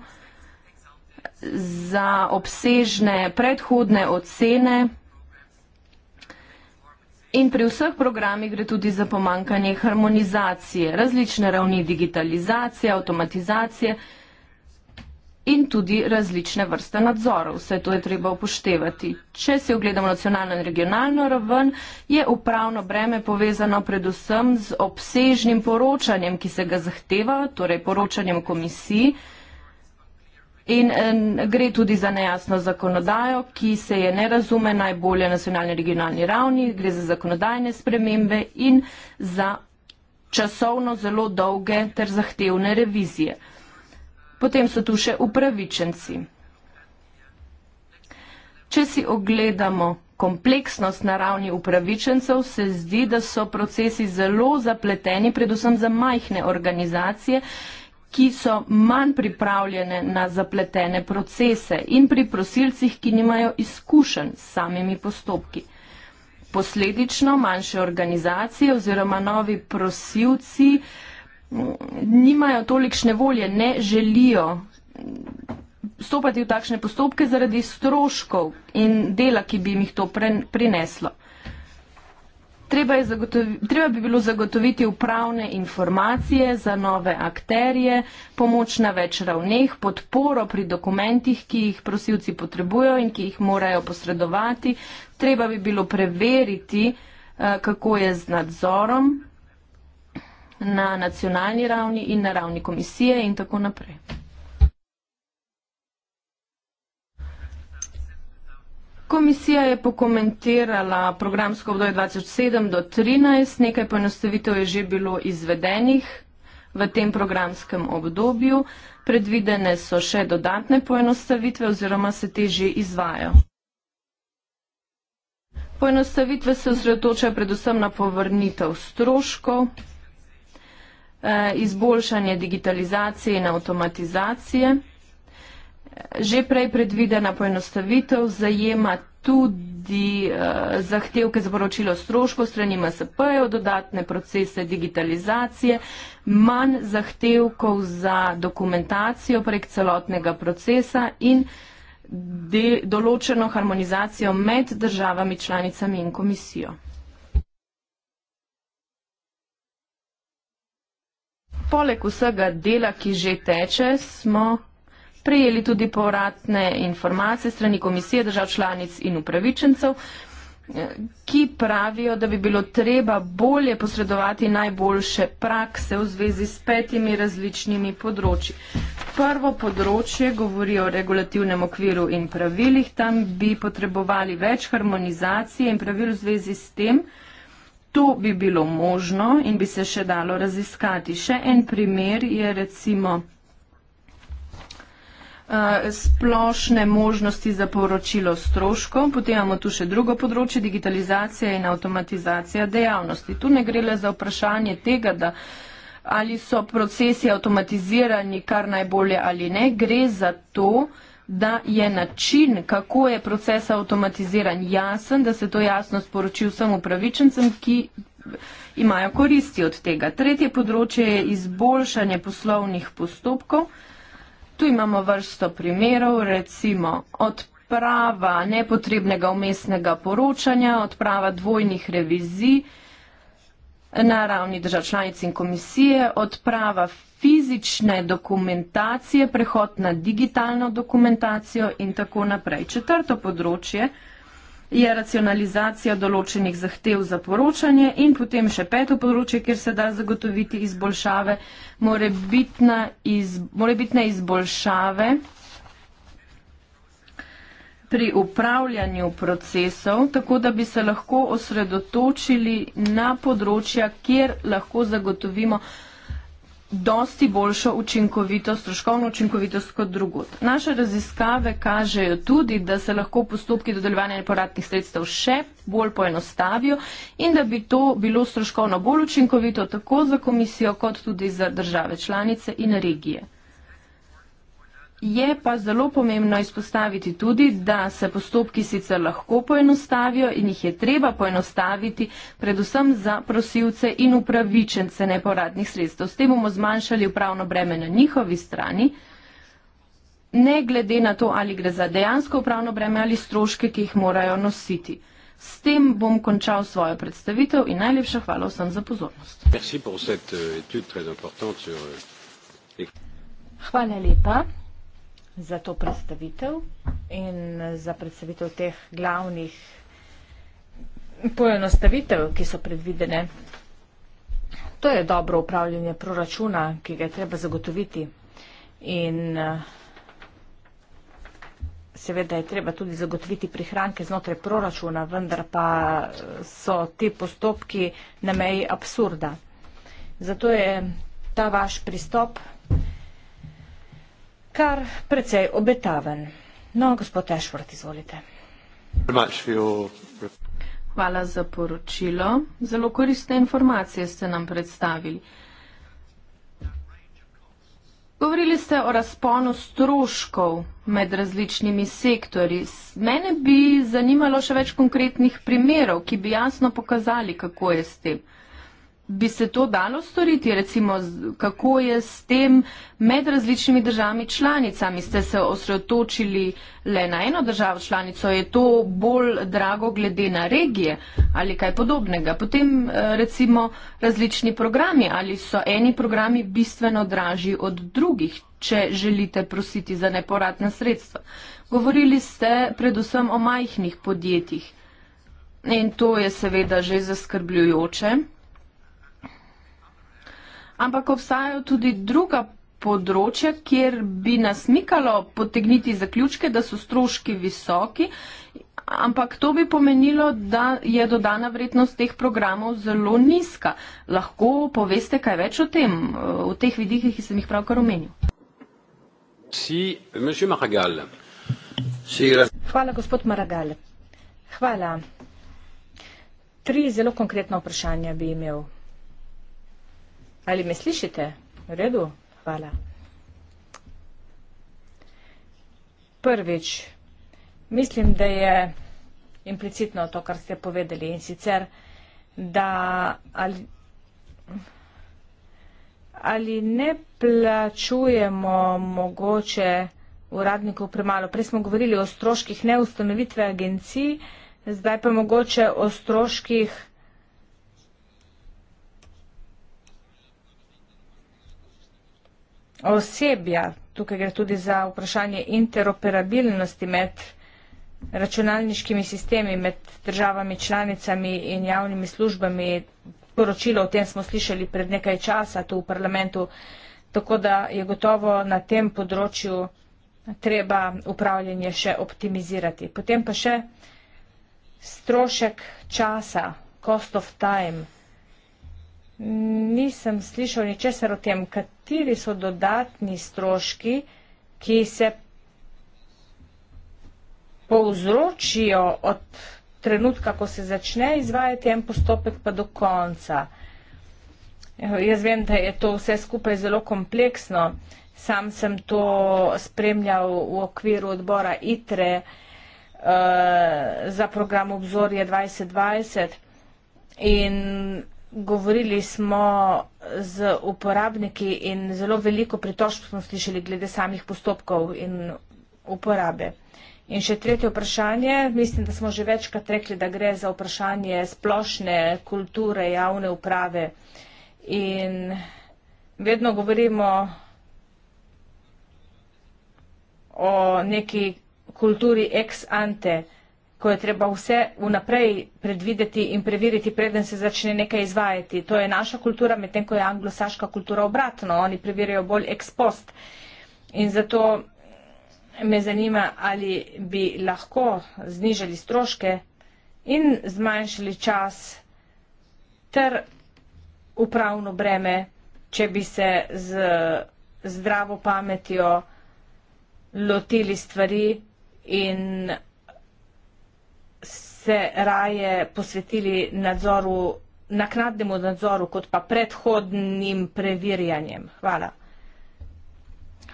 za obsežne predhodne ocene. In pri vseh programih gre tudi za pomankanje harmonizacije, različne ravni digitalizacije, avtomatizacije in tudi različne vrste nadzorov. Vse to je treba upoštevati. Če si ogledamo nacionalno in regionalno raven, je upravno breme povezano predvsem z obsežnim poročanjem, ki se ga zahteva, torej poročanjem komisiji, In gre tudi za nejasno zakonodajo, ki se je ne razume najbolje na nacionalni in regionalni ravni, gre za zakonodajne spremembe in za časovno zelo dolge ter zahtevne revizije. Potem so tu še upravičenci. Če si ogledamo kompleksnost na ravni upravičencev, se zdi, da so procesi zelo zapleteni, predvsem za majhne organizacije ki so manj pripravljene na zapletene procese in pri prosilcih, ki nimajo izkušenj s samimi postopki. Posledično manjše organizacije oziroma novi prosilci mm, nimajo tolikšne volje, ne želijo stopati v takšne postopke zaradi stroškov in dela, ki bi jim jih to preneslo. Treba, treba bi bilo zagotoviti upravne informacije za nove akterje, pomoč na več ravneh, podporo pri dokumentih, ki jih prosilci potrebujo in ki jih morajo posredovati. Treba bi bilo preveriti, eh, kako je z nadzorom na nacionalni ravni in na ravni komisije in tako naprej. komisija je pokomentirala programsko obdobje 2007 do 2013, nekaj poenostavitev je že bilo izvedenih v tem programskem obdobju, predvidene so še dodatne poenostavitve oziroma se te že izvajo. Poenostavitve se osredotočajo predvsem na povrnitev stroškov, eh, izboljšanje digitalizacije in avtomatizacije že prej predvidena poenostavitev zajema tudi uh, zahtevke za poročilo stroškov strani MSP-jev, dodatne procese digitalizacije, manj zahtevkov za dokumentacijo prek celotnega procesa in de, določeno harmonizacijo med državami članicami in komisijo. Poleg vsega dela, ki že teče, smo prejeli tudi povratne informacije strani komisije držav članic in upravičencev, ki pravijo, da bi bilo treba bolje posredovati najboljše prakse v zvezi s petimi različnimi področji. Prvo področje govori o regulativnem okviru in pravilih, tam bi potrebovali več harmonizacije in pravil v zvezi s tem. To bi bilo možno in bi se še dalo raziskati. Še en primer je recimo Eh, splošne možnosti za poročilo stroškov, potem imamo tu še drugo področje, digitalizacija in avtomatizacija dejavnosti. Tu ne gre le za vprašanje tega, da ali so procesi avtomatizirani kar najbolje ali ne, gre za to, da je način, kako je proces avtomatiziran jasen, da se to jasno sporoči vsem upravičencem, ki imajo koristi od tega. Tretje področje je izboljšanje poslovnih postopkov. Tu imamo vrsto primerov, recimo odprava nepotrebnega umestnega poročanja, odprava dvojnih revizij na ravni držav članic in komisije, odprava fizične dokumentacije, prehod na digitalno dokumentacijo in tako naprej. Četrto področje je racionalizacija določenih zahtev za poročanje in potem še peto področje, kjer se da zagotoviti izboljšave, morebitne iz, izboljšave pri upravljanju procesov, tako da bi se lahko osredotočili na področja, kjer lahko zagotovimo dosti boljšo učinkovitost, stroškovno učinkovitost kot drugot. Naše raziskave kažejo tudi, da se lahko postopki dodeljevanja neporatnih sredstev še bolj poenostavijo in da bi to bilo stroškovno bolj učinkovito tako za komisijo kot tudi za države članice in regije. Je pa zelo pomembno izpostaviti tudi, da se postopki sicer lahko poenostavijo in jih je treba poenostaviti predvsem za prosilce in upravičence neporadnih sredstev. S tem bomo zmanjšali upravno breme na njihovi strani, ne glede na to, ali gre za dejansko upravno breme ali stroške, ki jih morajo nositi. S tem bom končal svojo predstavitev in najlepša hvala vsem za pozornost. Euh, euh, hvala lepa za to predstavitev in za predstavitev teh glavnih poenostavitev, ki so predvidene. To je dobro upravljanje proračuna, ki ga je treba zagotoviti. In eh, seveda je treba tudi zagotoviti prihranke znotraj proračuna, vendar pa so ti postopki na meji absurda. Zato je ta vaš pristop kar precej obetaven. No, gospod Ešvrt, izvolite. Hvala za poročilo. Zelo koriste informacije ste nam predstavili. Govorili ste o razponu stroškov med različnimi sektori. Mene bi zanimalo še več konkretnih primerov, ki bi jasno pokazali, kako je s tem. Bi se to dalo storiti, recimo, kako je s tem med različnimi državami članicami? Ste se osredotočili le na eno državo članico, je to bolj drago glede na regije ali kaj podobnega? Potem eh, recimo različni programi, ali so eni programi bistveno dražji od drugih, če želite prositi za neporatna sredstva? Govorili ste predvsem o majhnih podjetjih in to je seveda že zaskrbljujoče ampak obstajajo tudi druga področja, kjer bi nas mikalo potegniti zaključke, da so stroški visoki, ampak to bi pomenilo, da je dodana vrednost teh programov zelo nizka. Lahko poveste kaj več o tem, o teh vidikih, ki sem jih pravkar omenil. Si, Hvala, gospod Maragal. Hvala. Tri zelo konkretna vprašanja bi imel. Ali me slišite? V redu? Hvala. Prvič, mislim, da je implicitno to, kar ste povedali in sicer, da ali, ali ne plačujemo mogoče uradnikov premalo. Prej smo govorili o stroških neustanovitve agencij, zdaj pa mogoče o stroških. osebja, tukaj gre tudi za vprašanje interoperabilnosti med računalniškimi sistemi, med državami, članicami in javnimi službami. Poročilo o tem smo slišali pred nekaj časa tu v parlamentu, tako da je gotovo na tem področju treba upravljanje še optimizirati. Potem pa še strošek časa, cost of time. Nisem slišal ničesar o tem, kateri so dodatni stroški, ki se povzročijo od trenutka, ko se začne izvajati en postopek, pa do konca. Jaz vem, da je to vse skupaj zelo kompleksno. Sam sem to spremljal v okviru odbora ITRE eh, za program Obzorje 2020 in govorili smo z uporabniki in zelo veliko pritožb smo slišali glede samih postopkov in uporabe. In še tretje vprašanje, mislim, da smo že večkrat rekli, da gre za vprašanje splošne kulture javne uprave in vedno govorimo o neki kulturi ex ante, ko je treba vse vnaprej predvideti in preveriti, preden se začne nekaj izvajati. To je naša kultura, medtem ko je anglosaška kultura obratno. Oni preverjajo bolj ex post. In zato me zanima, ali bi lahko znižali stroške in zmanjšali čas ter upravno breme, če bi se z zdravo pametjo lotili stvari in se raje posvetili nadzoru, naknadnemu nadzoru, kot pa predhodnim preverjanjem. Hvala.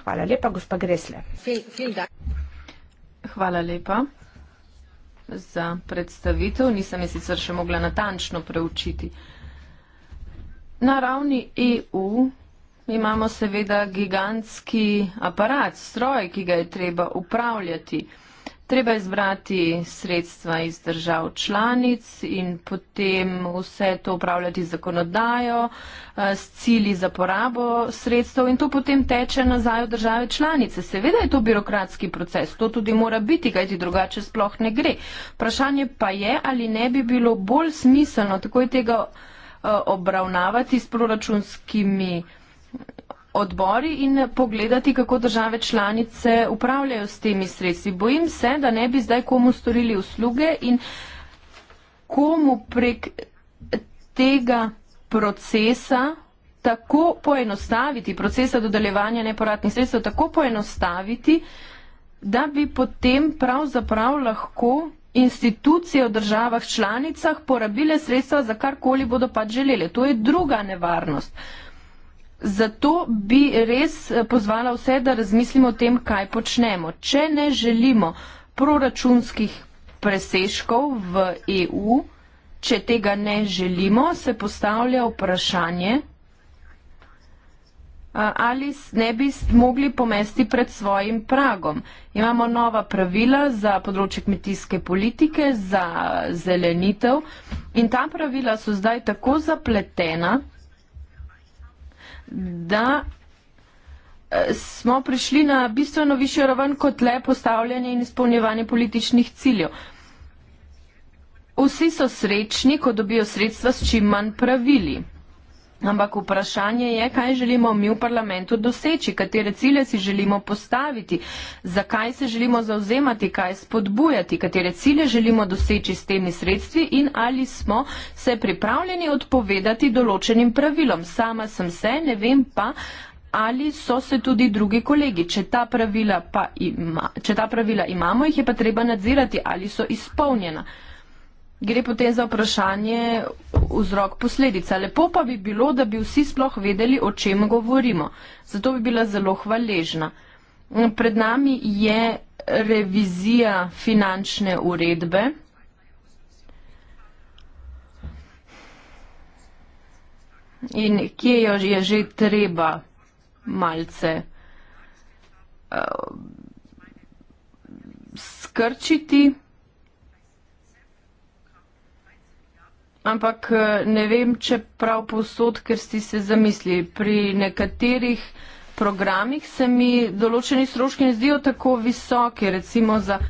Hvala lepa, gospa Gresle. Hvala lepa za predstavitev. Nisem je sicer še mogla natančno preučiti. Na ravni EU imamo seveda gigantski aparat, stroj, ki ga je treba upravljati. Treba je zbrati sredstva iz držav članic in potem vse to upravljati zakonodajo eh, s cili za porabo sredstev in to potem teče nazaj v države članice. Seveda je to birokratski proces, to tudi mora biti, kajti drugače sploh ne gre. Vprašanje pa je, ali ne bi bilo bolj smiselno takoj tega eh, obravnavati s proračunskimi odbori in pogledati, kako države članice upravljajo s temi sredstvi. Bojim se, da ne bi zdaj komu storili usluge in komu prek tega procesa tako poenostaviti, procesa dodeljevanja neporatnih sredstev tako poenostaviti, da bi potem pravzaprav lahko institucije v državah članicah porabile sredstva za karkoli bodo pač želele. To je druga nevarnost. Zato bi res pozvala vse, da razmislimo o tem, kaj počnemo. Če ne želimo proračunskih presežkov v EU, če tega ne želimo, se postavlja vprašanje, ali ne bi mogli pomesti pred svojim pragom. Imamo nova pravila za področje kmetijske politike, za zelenitev in ta pravila so zdaj tako zapletena, da eh, smo prišli na bistveno višjo raven kot le postavljanje in izpolnjevanje političnih ciljev. Vsi so srečni, ko dobijo sredstva s čim manj pravili. Ampak vprašanje je, kaj želimo mi v parlamentu doseči, katere cilje si želimo postaviti, zakaj se želimo zauzemati, kaj spodbujati, katere cilje želimo doseči s temi sredstvi in ali smo se pripravljeni odpovedati določenim pravilom. Sama sem se, ne vem pa, ali so se tudi drugi kolegi. Če ta pravila, ima, če ta pravila imamo, jih je pa treba nadzirati, ali so izpolnjena gre potem za vprašanje vzrok posledica. Lepo pa bi bilo, da bi vsi sploh vedeli, o čem govorimo. Zato bi bila zelo hvaležna. Pred nami je revizija finančne uredbe. In kje jo je že treba malce uh, skrčiti, ampak eh, ne vem, če prav posod, ker ste se zamislili. Pri nekaterih programih se mi določeni stroški ne zdijo tako visoki, recimo za.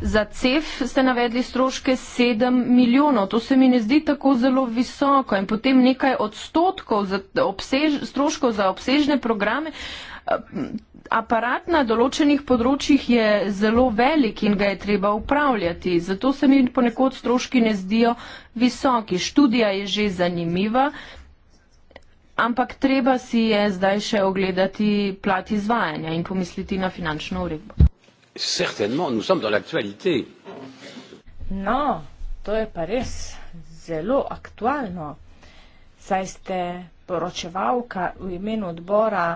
Za CEF ste navedli stroške 7 milijonov, to se mi ne zdi tako zelo visoko in potem nekaj odstotkov za obsež, stroškov za obsežne programe, eh, aparat na določenih področjih je zelo velik in ga je treba upravljati. Zato se mi ponekod stroški ne zdijo visoki. Študija je že zanimiva, ampak treba si je zdaj še ogledati plat izvajanja in pomisliti na finančno uredbo. No, to je pa res zelo aktualno. Saj ste poročevalka v imenu odbora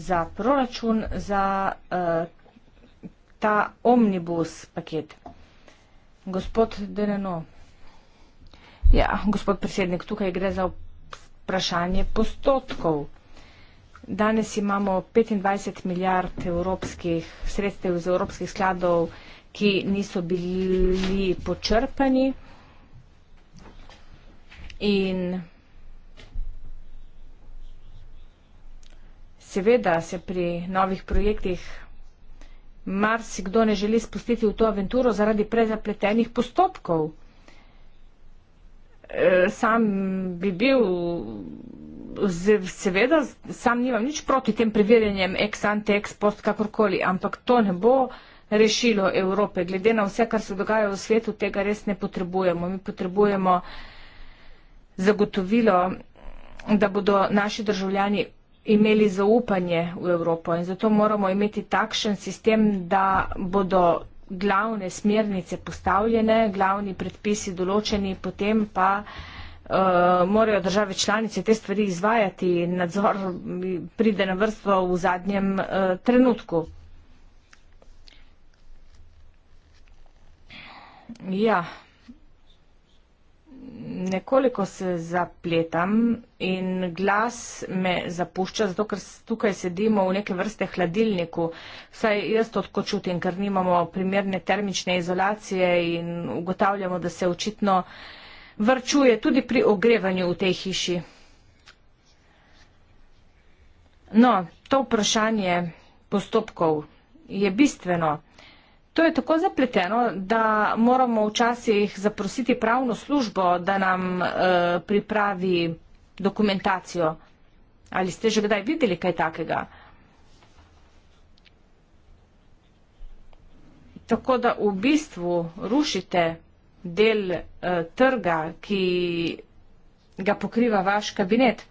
za proračun za eh, ta omnibus paket. Gospod Deneno. Ja, gospod predsednik, tukaj gre za vprašanje postotkov. Danes imamo 25 milijard evropskih sredstev iz evropskih skladov, ki niso bili počrpani. In Seveda se pri novih projektih marsikdo ne želi spustiti v to aventuro zaradi prezapletenih postopkov. E, sam bi bil, seveda, sam nimam nič proti tem preverjanjem ex ante, ex post, kakorkoli, ampak to ne bo rešilo Evrope. Glede na vse, kar se dogaja v svetu, tega res ne potrebujemo. Mi potrebujemo zagotovilo, da bodo naši državljani imeli zaupanje v Evropo in zato moramo imeti takšen sistem, da bodo glavne smernice postavljene, glavni predpisi določeni, potem pa uh, morajo države članice te stvari izvajati in nadzor eh, pride na vrsto v zadnjem uh, trenutku. Ja nekoliko se zapletam in glas me zapušča, zato ker tukaj sedimo v neke vrste hladilniku. Vsaj jaz to tako čutim, ker nimamo primerne termične izolacije in ugotavljamo, da se očitno vrčuje tudi pri ogrevanju v tej hiši. No, to vprašanje postopkov je bistveno. To je tako zapleteno, da moramo včasih zaprositi pravno službo, da nam eh, pripravi dokumentacijo. Ali ste že kdaj videli kaj takega? Tako da v bistvu rušite del eh, trga, ki ga pokriva vaš kabinet.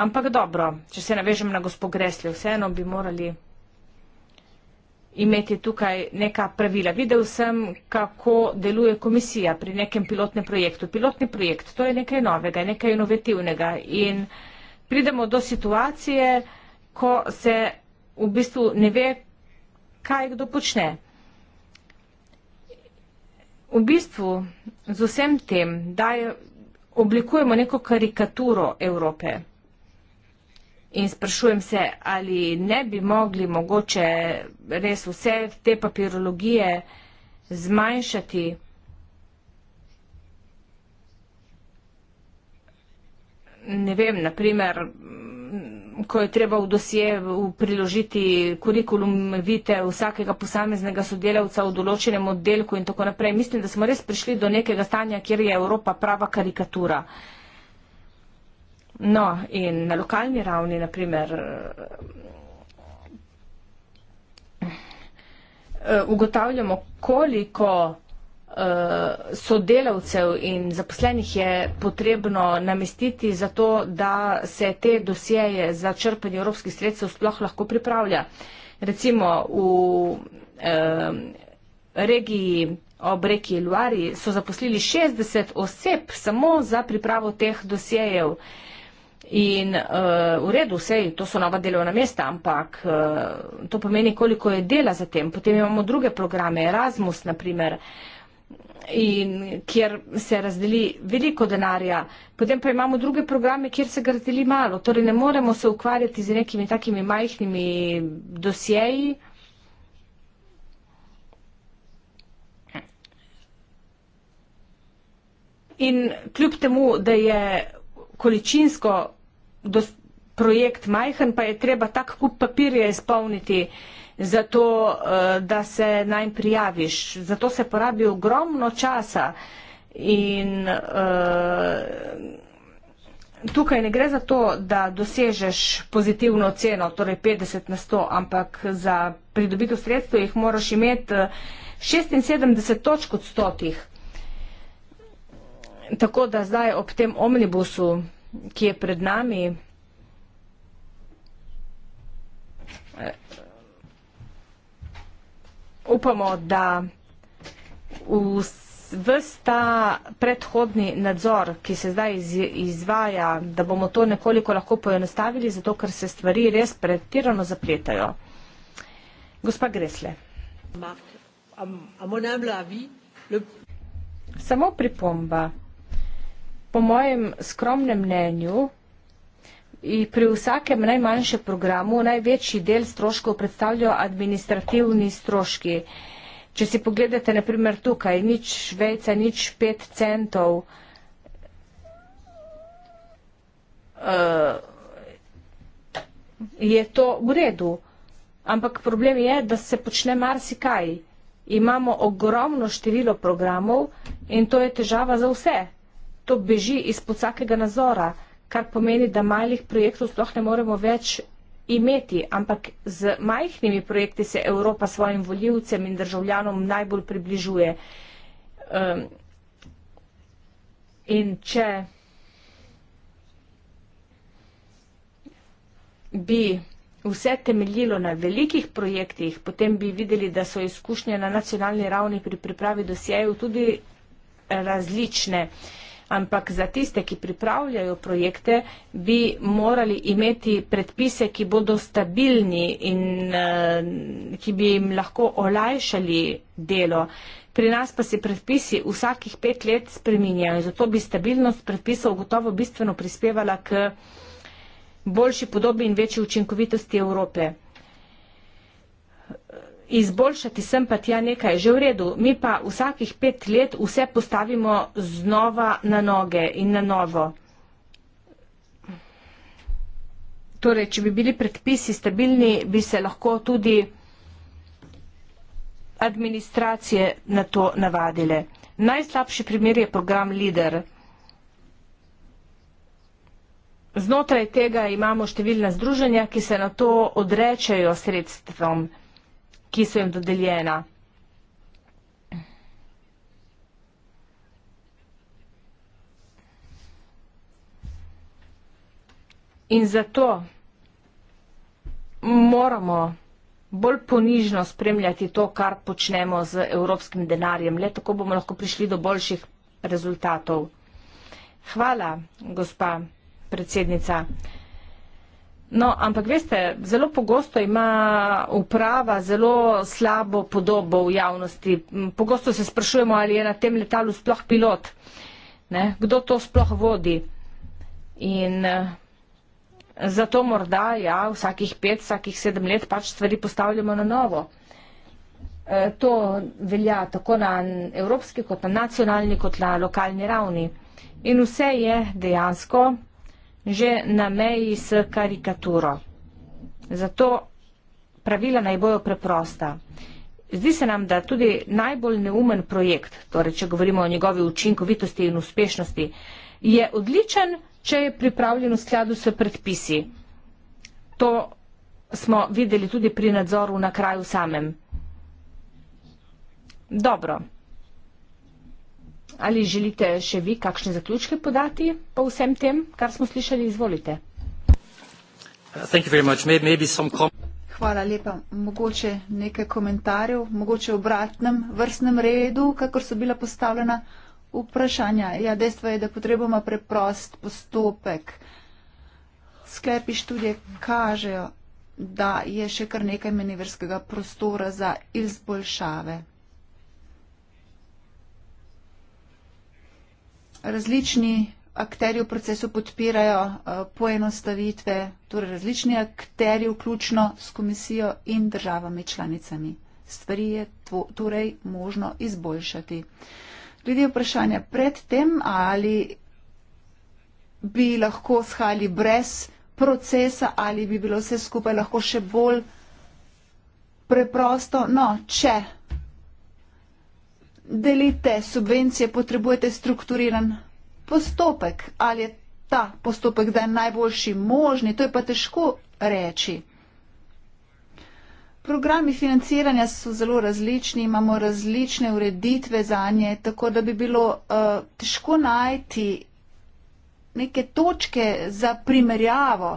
Ampak dobro, če se navežem na gospod Gresli, vseeno bi morali imeti tukaj neka pravila. Videl sem, kako deluje komisija pri nekem pilotnem projektu. Pilotni projekt, to je nekaj novega, nekaj inovativnega in pridemo do situacije, ko se v bistvu ne ve, kaj kdo počne. V bistvu z vsem tem, da oblikujemo neko karikaturo Evrope. In sprašujem se, ali ne bi mogli mogoče res vse te papirologije zmanjšati. Ne vem, naprimer, ko je treba v dosje priložiti kurikulum vite vsakega posameznega sodelavca v določenem oddelku in tako naprej. Mislim, da smo res prišli do nekega stanja, kjer je Evropa prava karikatura. Uh, No, in na lokalni ravni, naprimer, eh, eh, ugotavljamo, koliko eh, sodelavcev in zaposlenih je potrebno namestiti za to, da se te dosjeje za črpanje evropskih sredstev sploh lahko pripravlja. Recimo v regiji ob reki Luari so zaposlili 60 oseb samo za pripravo teh dosjejev. In uh, v redu, vse, to so nova delovna mesta, ampak uh, to pomeni, koliko je dela za tem. Potem imamo druge programe, Erasmus, naprimer, in, kjer se razdeli veliko denarja. Potem pa imamo druge programe, kjer se ga razdeli malo. Torej, ne moremo se ukvarjati z nekimi takimi majhnimi dosjeji. In kljub temu, da je količinsko projekt majhen, pa je treba tak kup papirja izpolniti za to, eh, da se naj prijaviš. Zato se porabi ogromno časa in eh, tukaj ne gre za to, da dosežeš pozitivno ceno, torej 50 na 100, ampak za pridobitev sredstva jih moraš imeti 76 eh, točk od stotih. Tako da zdaj ob tem omnibusu ki je pred nami. Eh, upamo, da vsta predhodni nadzor, ki se zdaj izvaja, da bomo to nekoliko lahko pojenostavili, zato ker se stvari res pretirano zapletajo. Gospa Gresle. Samo pripomba. Po mojem skromnem mnenju, In pri vsakem najmanjšem programu največji del stroškov predstavljajo administrativni stroški. Če si pogledate, naprimer, tukaj, nič Švejca, nič 5 centov, uh, je to v redu. Ampak problem je, da se počne marsikaj. Imamo ogromno število programov in to je težava za vse to beži izpod vsakega nazora, kar pomeni, da malih projektov sploh ne moremo več imeti, ampak z majhnimi projekti se Evropa svojim voljivcem in državljanom najbolj približuje. Um, in če bi vse temeljilo na velikih projektih, potem bi videli, da so izkušnje na nacionalni ravni pri pripravi dosjejev tudi različne. Uh, ampak za tiste, ki pripravljajo projekte, bi morali imeti predpise, ki bodo stabilni in eh, ki bi jim lahko olajšali delo. Pri nas pa se predpisi vsakih pet let spreminjajo in zato bi stabilnost predpisov gotovo bistveno prispevala k boljši podobi in večji učinkovitosti Evrope izboljšati sem pa tja nekaj, že v redu. Mi pa vsakih pet let vse postavimo znova na noge in na novo. Torej, če bi bili predpisi stabilni, bi se lahko tudi administracije na to navadile. Najslabši primer je program LIDER. Znotraj tega imamo številna združenja, ki se na to odrečajo sredstvom ki so jim dodeljena. In zato moramo bolj ponižno spremljati to, kar počnemo z evropskim denarjem. Le tako bomo lahko prišli do boljših rezultatov. Hvala, gospa predsednica. No, ampak veste, zelo pogosto ima uprava zelo slabo podobo v javnosti. Pogosto se sprašujemo, ali je na tem letalu sploh pilot. Ne? Kdo to sploh vodi? In eh, zato morda, ja, vsakih pet, vsakih sedem let pač stvari postavljamo na novo. Eh, to velja tako na evropski, kot na nacionalni, kot na lokalni ravni. In vse je dejansko že na meji s karikaturo. Zato pravila naj bojo preprosta. Zdi se nam, da tudi najbolj neumen projekt, torej če govorimo o njegovi učinkovitosti in uspešnosti, je odličen, če je pripravljen v skladu s predpisi. To smo videli tudi pri nadzoru na kraju samem. Dobro. Ali želite še vi kakšne zaključke podati po vsem tem, kar smo slišali? Izvolite. Hvala lepa. Mogoče nekaj komentarjev, mogoče v obratnem vrstnem redu, kakor so bila postavljena vprašanja. Ja, dejstvo je, da potrebujemo preprost postopek. Sklepi študije kažejo, da je še kar nekaj menivrskega prostora za izboljšave. različni akteri v procesu podpirajo eh, poenostavitve, torej različni akteri, vključno s komisijo in državami članicami. Stvari je torej možno izboljšati. Glede vprašanja predtem, ali bi lahko shali brez procesa, ali bi bilo vse skupaj lahko še bolj preprosto, no, če delite subvencije, potrebujete strukturiran postopek. Ali je ta postopek zdaj najboljši možni, to je pa težko reči. Programi financiranja so zelo različni, imamo različne ureditve za nje, tako da bi bilo uh, težko najti neke točke za primerjavo,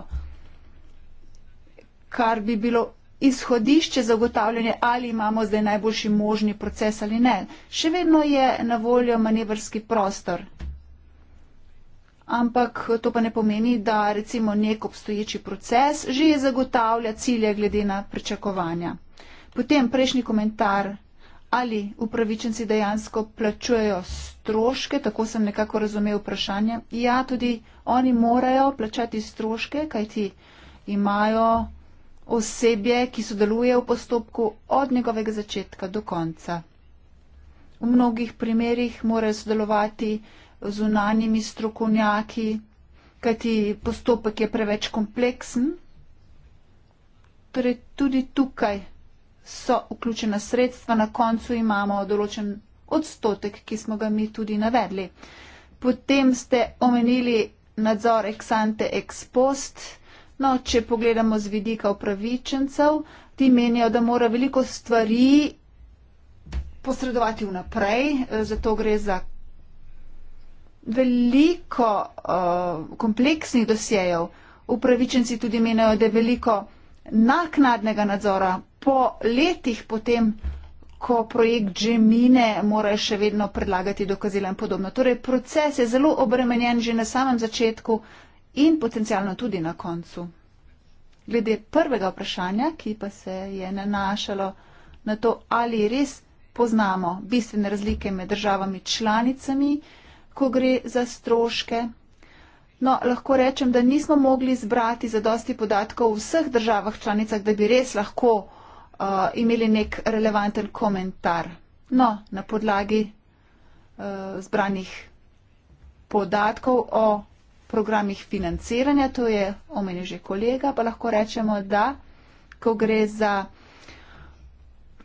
kar bi bilo izhodišče za ugotavljanje, ali imamo zdaj najboljši možni proces ali ne. Še vedno je na voljo manevrski prostor. Ampak to pa ne pomeni, da recimo nek obstoječi proces že zagotavlja cilje glede na pričakovanja. Potem prejšnji komentar, ali upravičenci dejansko plačujejo stroške, tako sem nekako razumel vprašanje. Ja, tudi oni morajo plačati stroške, kajti imajo osebje, ki sodeluje v postopku od njegovega začetka do konca. V mnogih primerjih morajo sodelovati zunanjimi strokovnjaki, kajti postopek je preveč kompleksen. Torej tudi tukaj so vključena sredstva, na koncu imamo določen odstotek, ki smo ga mi tudi navedli. Potem ste omenili nadzor ex ante ex post. No, če pogledamo z vidika upravičencev, ti menijo, da mora veliko stvari posredovati vnaprej, eh, zato gre za veliko uh, kompleksnih dosjejev. Upravičenci tudi menijo, da je veliko naknadnega nadzora po letih potem, ko projekt že mine, morajo še vedno predlagati dokazila in podobno. Torej, proces je zelo obremenjen že na samem začetku, uh, in potencialno tudi na koncu. Glede prvega vprašanja, ki pa se je nanašalo na to, ali res poznamo bistvene razlike med državami članicami, ko gre za stroške. No, lahko rečem, da nismo mogli zbrati zadosti podatkov v vseh državah članicah, da bi res lahko uh, imeli nek relevanten komentar. No, na podlagi uh, zbranih podatkov o programih financiranja, to je omenil že kolega, pa lahko rečemo, da ko gre za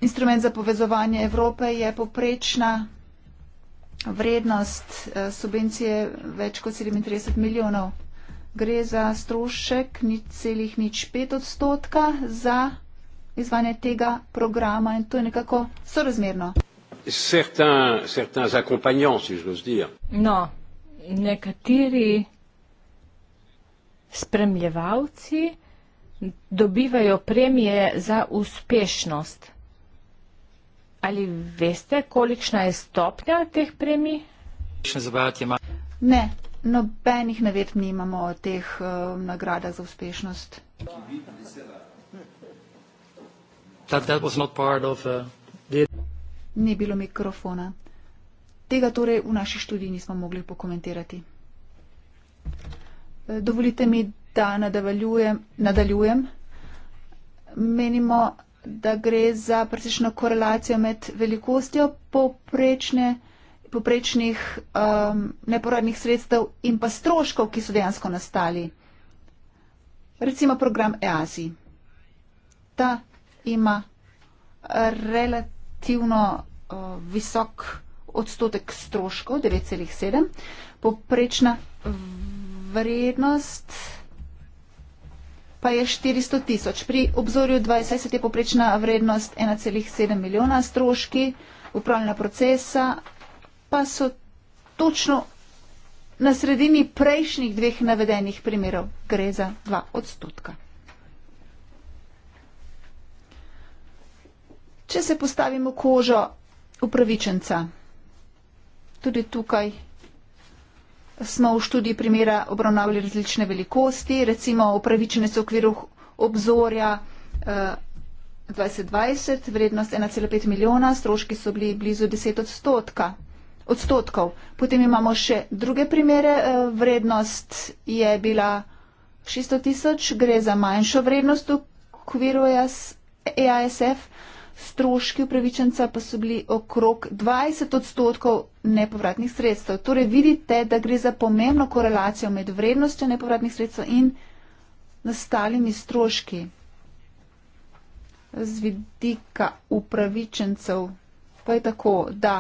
instrument za povezovanje Evrope, je poprečna vrednost eh, subvencije več kot 37 milijonov. Gre za strošek celih nič pet odstotka za izvanje tega programa in to je nekako sorazmerno. Certains, certains accompagnants, si j'ose dire. Non, nekateri spremljevalci dobivajo premije za uspešnost. Ali veste, kolikšna je stopnja teh premij? Ne, nobenih navedb nimamo o teh uh, nagradah za uspešnost. That, that was not part of, uh, the... Ni bilo mikrofona. Tega torej v naši študiji nismo mogli pokomentirati. Dovolite mi, da nadaljujem. nadaljujem. Menimo, da gre za precejšno korelacijo med velikostjo poprečne, poprečnih um, neporadnih sredstev in pa stroškov, ki so dejansko nastali. Recimo program EASI. Ta ima relativno uh, visok odstotek stroškov, 9,7. Poprečna vrednost pa je 400 tisoč. Pri obzorju 2020 je poprečna vrednost 1,7 milijona stroški, upravljena procesa pa so točno na sredini prejšnjih dveh navedenih primerov. Gre za 2 odstotka. Če se postavimo kožo upravičenca, tudi tukaj smo v študiji primera obravnavali različne velikosti, recimo upravičene so v okviru obzorja eh, 2020, vrednost 1,5 milijona, stroški so bili blizu 10 odstotka, odstotkov. Potem imamo še druge primere, eh, vrednost je bila 600 tisoč, gre za manjšo vrednost v okviru EASF. EAS, e stroški upravičenca pa so bili okrog 20 odstotkov nepovratnih sredstev. Torej vidite, da gre za pomembno korelacijo med vrednostjo nepovratnih sredstev in nastalimi stroški z vidika upravičencev. Pa je tako, da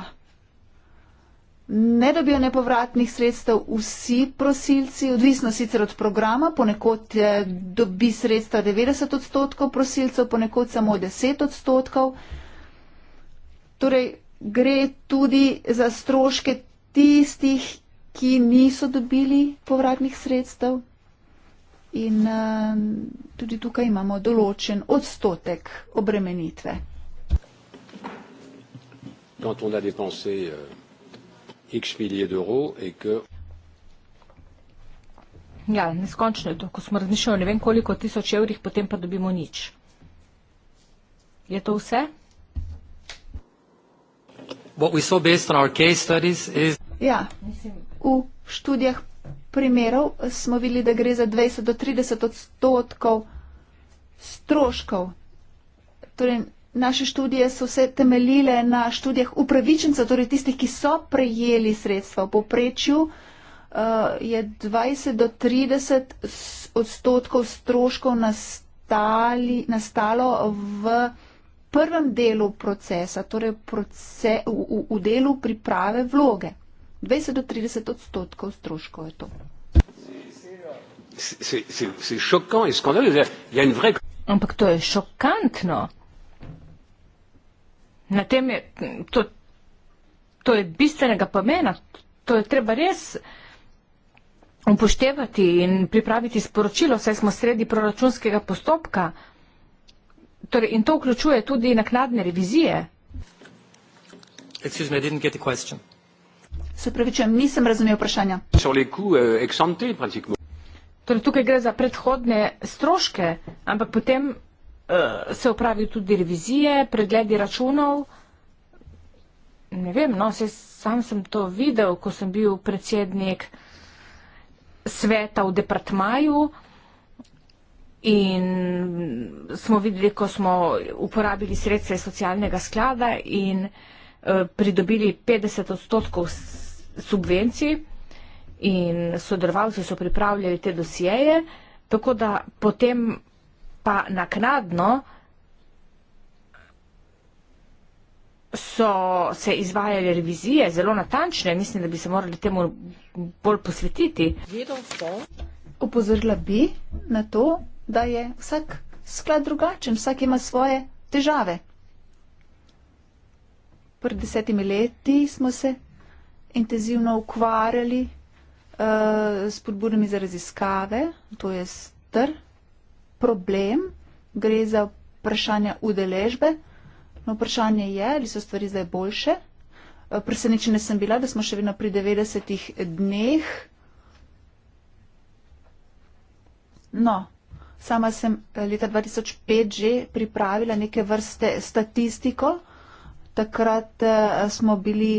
ne dobijo nepovratnih sredstev vsi prosilci, odvisno sicer od programa, ponekod eh, dobi sredstva 90 odstotkov prosilcev, ponekod samo 10 odstotkov. Torej, gre tudi za stroške tistih, ki niso dobili povratnih sredstev in eh, tudi tukaj imamo določen odstotek obremenitve. Quand on a dépensé euh, x milliers d'euros et que. Ja, neskončno je to. Ko smo razmišljali o ne vem koliko tisoč evrih, potem pa dobimo nič. Je to vse? Studies is... Ja, v študijah primerov smo videli, da gre za 20 do 30 odstotkov stroškov. Torej, Naše študije so se temeljile na študijah upravičencev, torej tistih, ki so prejeli sredstva. V poprečju uh, eh, je 20 do 30 odstotkov stroškov nastali, nastalo v prvem delu procesa, torej proces, v, v, v delu priprave vloge. 20 do 30 odstotkov stroškov je to. Ampak to je šokantno. Na tem je, to, to je bistvenega pomena, to je treba res upoštevati in pripraviti sporočilo, saj smo sredi proračunskega postopka torej, in to vključuje tudi naknadne revizije. Excuse me, I didn't get the question. Se pravičujem, nisem razumel vprašanja. Euh, torej, tukaj gre za predhodne stroške, ampak potem Eh, se opravijo tudi revizije, pregledi računov. Ne vem, no, se, sam sem to videl, ko sem bil predsednik sveta v departmaju in smo videli, ko smo uporabili sredstva iz socialnega sklada in eh, pridobili 50 odstotkov subvencij in sodelovalci so pripravljali te dosjeje, tako da potem pa naknadno so se izvajale revizije, zelo natančne, mislim, da bi se morali temu bolj posvetiti. Upozorila bi na to, da je vsak sklad drugačen, vsak ima svoje težave. Pred desetimi leti smo se intenzivno ukvarjali uh, s podbudami za raziskave, to je str, problem, gre za vprašanje udeležbe. No, vprašanje je, ali so stvari zdaj boljše. Eh, presenečena sem bila, da smo še vedno pri 90 dneh. No, sama sem eh, leta 2005 že pripravila neke vrste statistiko. Takrat eh, smo bili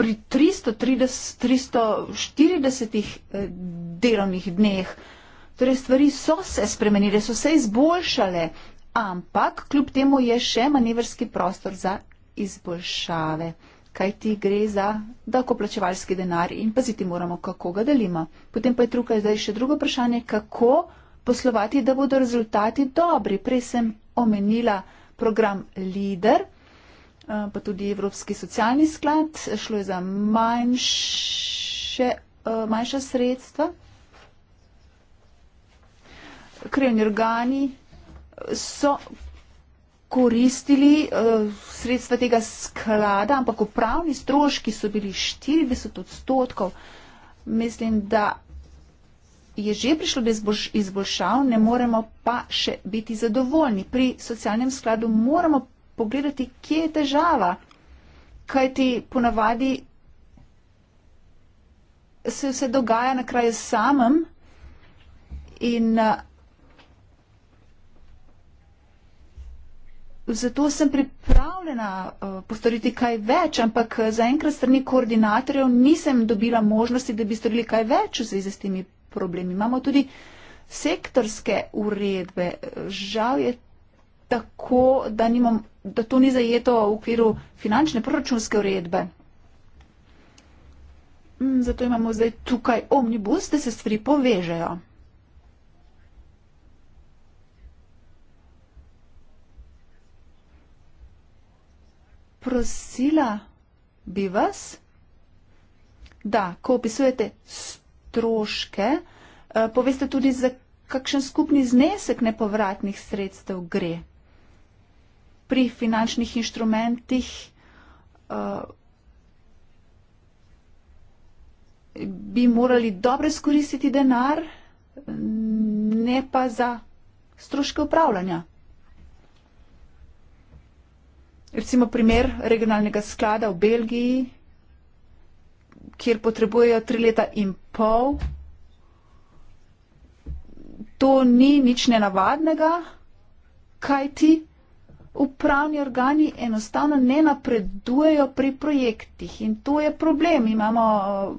pri 330, 340 delovnih dneh. Torej, stvari so se spremenile, so se izboljšale, ampak kljub temu je še manevrski prostor za izboljšave, kaj ti gre za dakoplačevalski denar in paziti moramo, kako ga delimo. Potem pa je tukaj zdaj še drugo vprašanje, kako poslovati, da bodo rezultati dobri. Prej sem omenila program LIDER, eh, pa tudi Evropski socialni sklad, šlo je za manjše, eh, manjša sredstva krvni organi so koristili uh, sredstva tega sklada, ampak upravni stroški so bili 40 odstotkov. Mislim, da je že prišlo do izboljšav, ne moremo pa še biti zadovoljni. Pri socialnem skladu moramo pogledati, kje je težava, kajti ponavadi se vse dogaja na kraju samem in uh, zato sem pripravljena eh, postoriti kaj več, ampak eh, zaenkrat strani koordinatorjev nisem dobila možnosti, da bi storili kaj več v zvezi s temi problemi. Imamo tudi sektorske uredbe. Žal je tako, da, nimam, da to ni zajeto v okviru finančne proračunske uredbe. Mm, zato imamo zdaj tukaj omnibus, da se stvari povežejo. prosila bi vas, da, ko opisujete stroške, eh, poveste tudi, za kakšen skupni znesek nepovratnih sredstev gre. Pri finančnih inštrumentih eh, bi morali dobro izkoristiti denar, ne pa za stroške upravljanja. Recimo primer regionalnega sklada v Belgiji, kjer potrebujejo tri leta in pol. To ni nič nenavadnega, kaj ti upravni organi enostavno ne napredujejo pri projektih in to je problem. Imamo uh,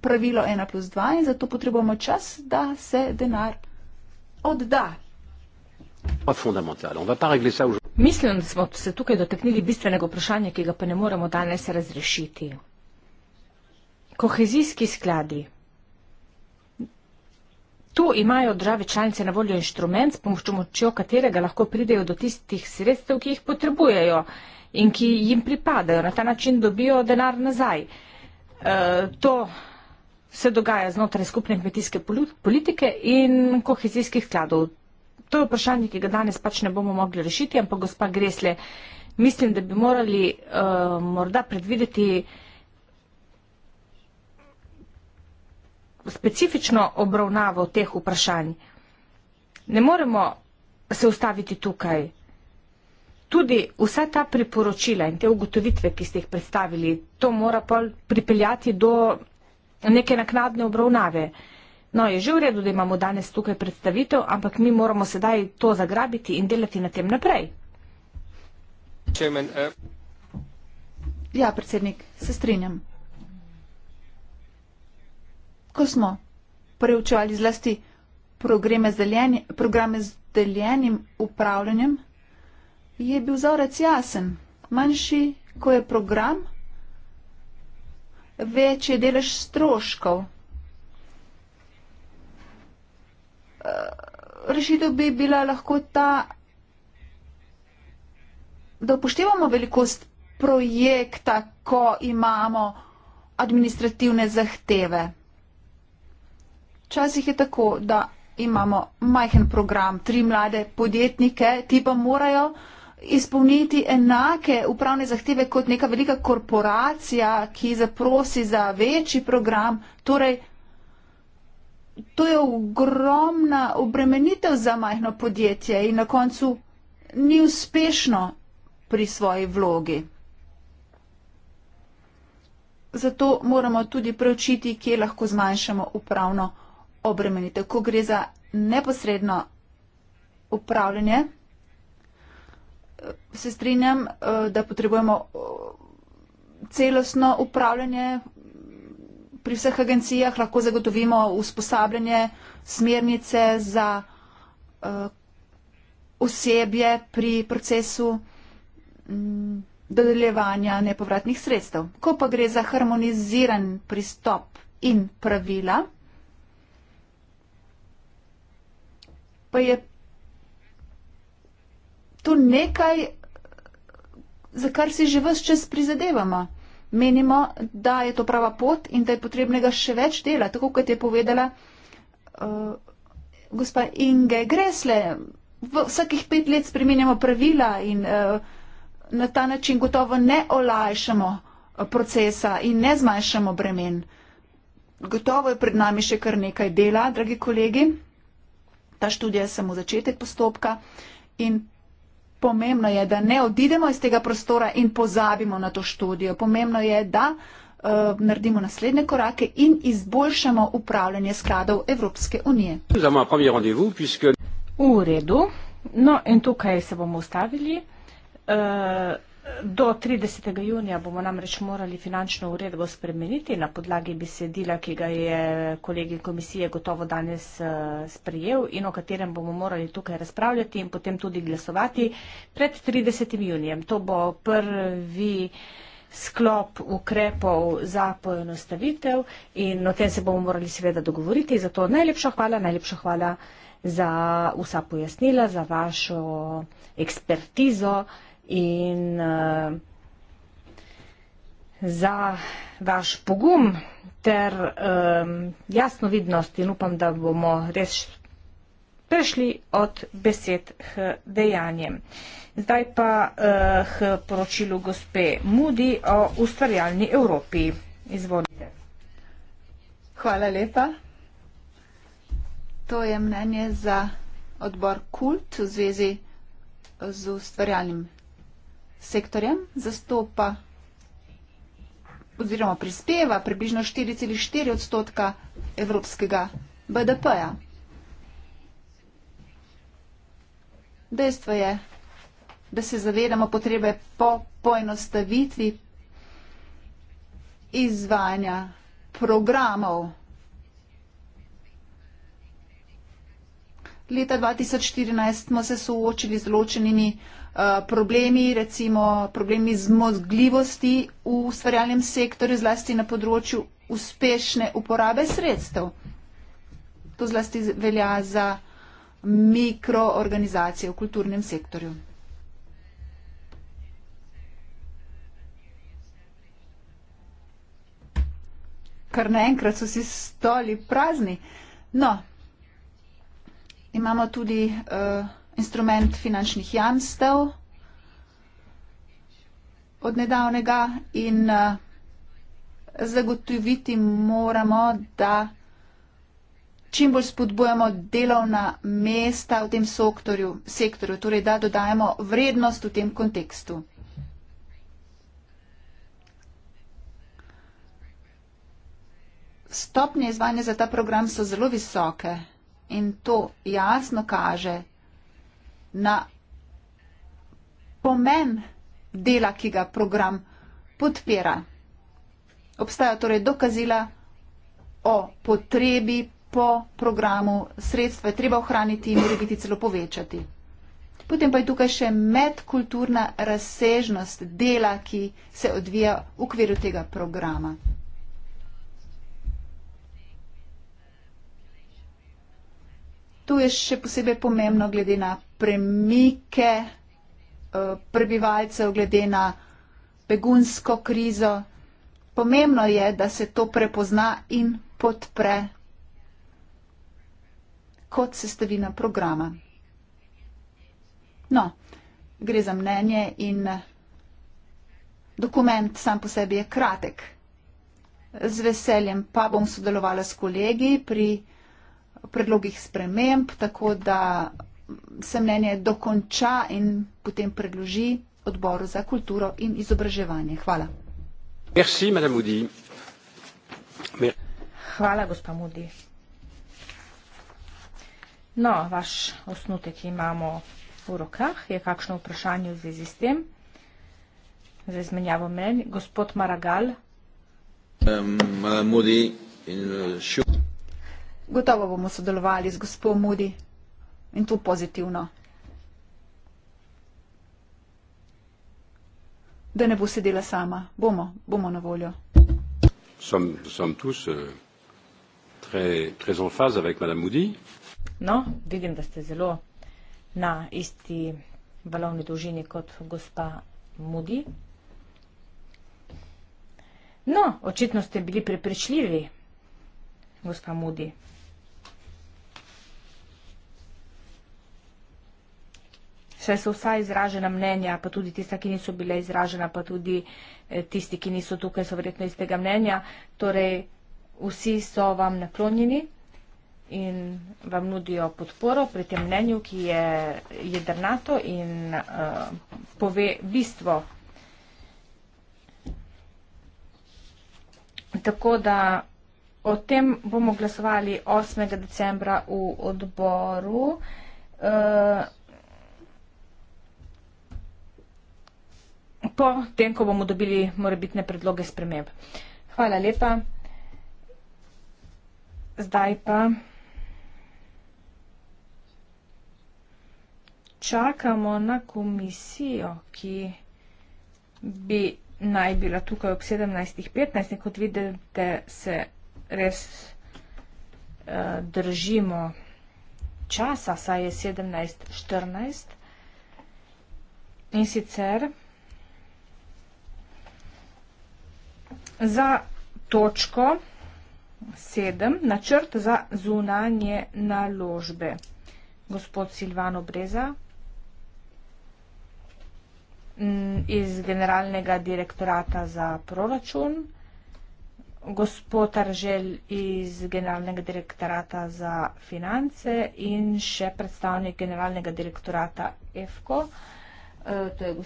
pravilo 1 plus 2 in zato potrebujemo čas, da se denar odda. Pa fundamentalno. Mislim, da smo se tukaj dotaknili bistvenega vprašanja, ki ga pa ne moremo danes razrešiti. Kohezijski skladi. Tu imajo države članice na voljo inštrument, s pomočjo katerega lahko pridejo do tistih sredstev, ki jih potrebujejo in ki jim pripadajo. Na ta način dobijo denar nazaj. E, to se dogaja znotraj skupne kmetijske politike in kohezijskih skladov. To je vprašanje, ki ga danes pač ne bomo mogli rešiti, ampak gospa Gresle, mislim, da bi morali uh, morda predvideti specifično obravnavo teh vprašanj. Ne moremo se ustaviti tukaj. Tudi vsa ta priporočila in te ugotovitve, ki ste jih predstavili, to mora pripeljati do neke naknadne obravnave. Uh, No, je že v redu, da imamo danes tukaj predstavitev, ampak mi moramo sedaj to zagrabiti in delati na tem naprej. Chairman, uh... Ja, predsednik, se strinjam. Ko smo preučevali zlasti zdeljeni, programe z deljenim upravljanjem, je bil zavrec jasen. Manjši, ko je program, več je delež stroškov. Eh, rešitev bi bila lahko ta, da upoštevamo velikost projekta, ko imamo administrativne zahteve. Včasih je tako, da imamo majhen program, tri mlade podjetnike, ti pa morajo izpolniti enake upravne zahteve kot neka velika korporacija, ki zaprosi za večji program, torej to je ogromna obremenitev za majhno podjetje in na koncu ni uspešno pri svoji vlogi. Zato moramo tudi preučiti, kje lahko zmanjšamo upravno obremenitev. Ko gre za neposredno upravljanje, se strinjam, eh, da potrebujemo eh, celostno upravljanje pri vseh agencijah lahko zagotovimo usposabljanje smernice za uh, osebje pri procesu um, dodeljevanja nepovratnih sredstev. Ko pa gre za harmoniziran pristop in pravila, pa je tu nekaj, za kar si že vse čas prizadevamo menimo, da je to prava pot in da je potrebnega še več dela, tako kot je povedala uh, gospa Inge Gresle. V vsakih pet let spremenjamo pravila in uh, na ta način gotovo ne olajšamo uh, procesa in ne zmanjšamo bremen. Gotovo je pred nami še kar nekaj dela, dragi kolegi. Ta študija je samo začetek postopka in pomembno je, da ne odidemo iz tega prostora in pozabimo na to študijo. Pomembno je, da uh, naredimo naslednje korake in izboljšamo upravljanje skladov Evropske unije. V redu. No in tukaj se bomo ustavili. Uh, Do 30. junija bomo namreč morali finančno uredbo spremeniti na podlagi besedila, ki ga je kolegi komisije gotovo danes eh, sprejel in o katerem bomo morali tukaj razpravljati in potem tudi glasovati pred 30. junijem. To bo prvi sklop ukrepov za poenostavitev in o tem se bomo morali seveda dogovoriti. Zato najlepša hvala, najlepša hvala za vsa pojasnila, za vašo ekspertizo in eh, za vaš pogum ter eh, jasno vidnost in upam, da bomo res prešli od besed k dejanjem. Zdaj pa k eh, poročilu gospe Moody o ustvarjalni Evropi. Izvolite. Hvala lepa. To je mnenje za odbor KULT v zvezi z ustvarjalnim sektorjem zastopa oziroma prispeva približno 4,4 odstotka evropskega BDP-ja. Dejstvo je, da se zavedamo potrebe po poenostavitvi izvajanja programov. Leta 2014 smo se soočili z ločenimi Eh, problemi, recimo problemi zmogljivosti v ustvarjalnem sektorju, zlasti na področju uspešne uporabe sredstev. To zlasti velja za mikroorganizacije v kulturnem sektorju. Kar naenkrat so si stoli prazni. No, imamo tudi. Uh, instrument finančnih jamstev od nedavnega in eh, zagotoviti moramo, da čim bolj spodbujamo delovna mesta v tem soktorju, sektorju, torej da dodajemo vrednost v tem kontekstu. Stopnje izvanja za ta program so zelo visoke in to jasno kaže, na pomen dela, ki ga program podpira. Obstaja torej dokazila o potrebi po programu, sredstva je treba ohraniti in mora biti celo povečati. Potem pa je tukaj še medkulturna razsežnost dela, ki se odvija v okviru tega programa. To je še posebej pomembno glede na premike eh, prebivalcev, glede na begunsko krizo. Pomembno je, da se to prepozna in podpre kot sestavina programa. No, gre za mnenje in dokument sam po sebi je kratek. Z veseljem pa bom sodelovala s kolegi pri predlogih sprememb, tako da se mnenje dokonča in potem predloži odboru za kulturo in izobraževanje. Hvala. Merci, Hvala, gospa Mudi. No, vaš osnutek imamo v rokah. Je kakšno vprašanje v zvezi s tem? Za izmenjavo mnenj. Gospod Maragal. Um, Mudi in šup. Eh, gotovo bomo sodelovali z gospo Mudi in to pozitivno. Da ne bo sedela sama, bomo, bomo na voljo. Euh, no, vidim, da ste zelo na isti valovni dolžini kot gospa Mudi. No, očitno ste bili prepričljivi, gospa Mudi. saj so vsa izražena mnenja, pa tudi tista, ki niso bile izražena, pa tudi eh, tisti, ki niso tukaj, so verjetno iz tega mnenja. Torej, vsi so vam naklonjeni in vam nudijo podporo pri tem mnenju, ki je jedrnato in uh, pove bistvo. Tako da o tem bomo glasovali 8. decembra v odboru. Uh, po tem, ko bomo dobili morebitne predloge sprememb. Hvala lepa. Zdaj pa čakamo na komisijo, ki bi naj bila tukaj ob 17.15. Kot vidite, se res uh, držimo časa, saj je 17.14. In sicer. za točko 7, načrt za zunanje naložbe. Gospod Silvano Breza mm, iz Generalnega direktorata za proračun, gospod Aržel iz Generalnega direktorata za finance in še predstavnik Generalnega direktorata EFKO, eh, to je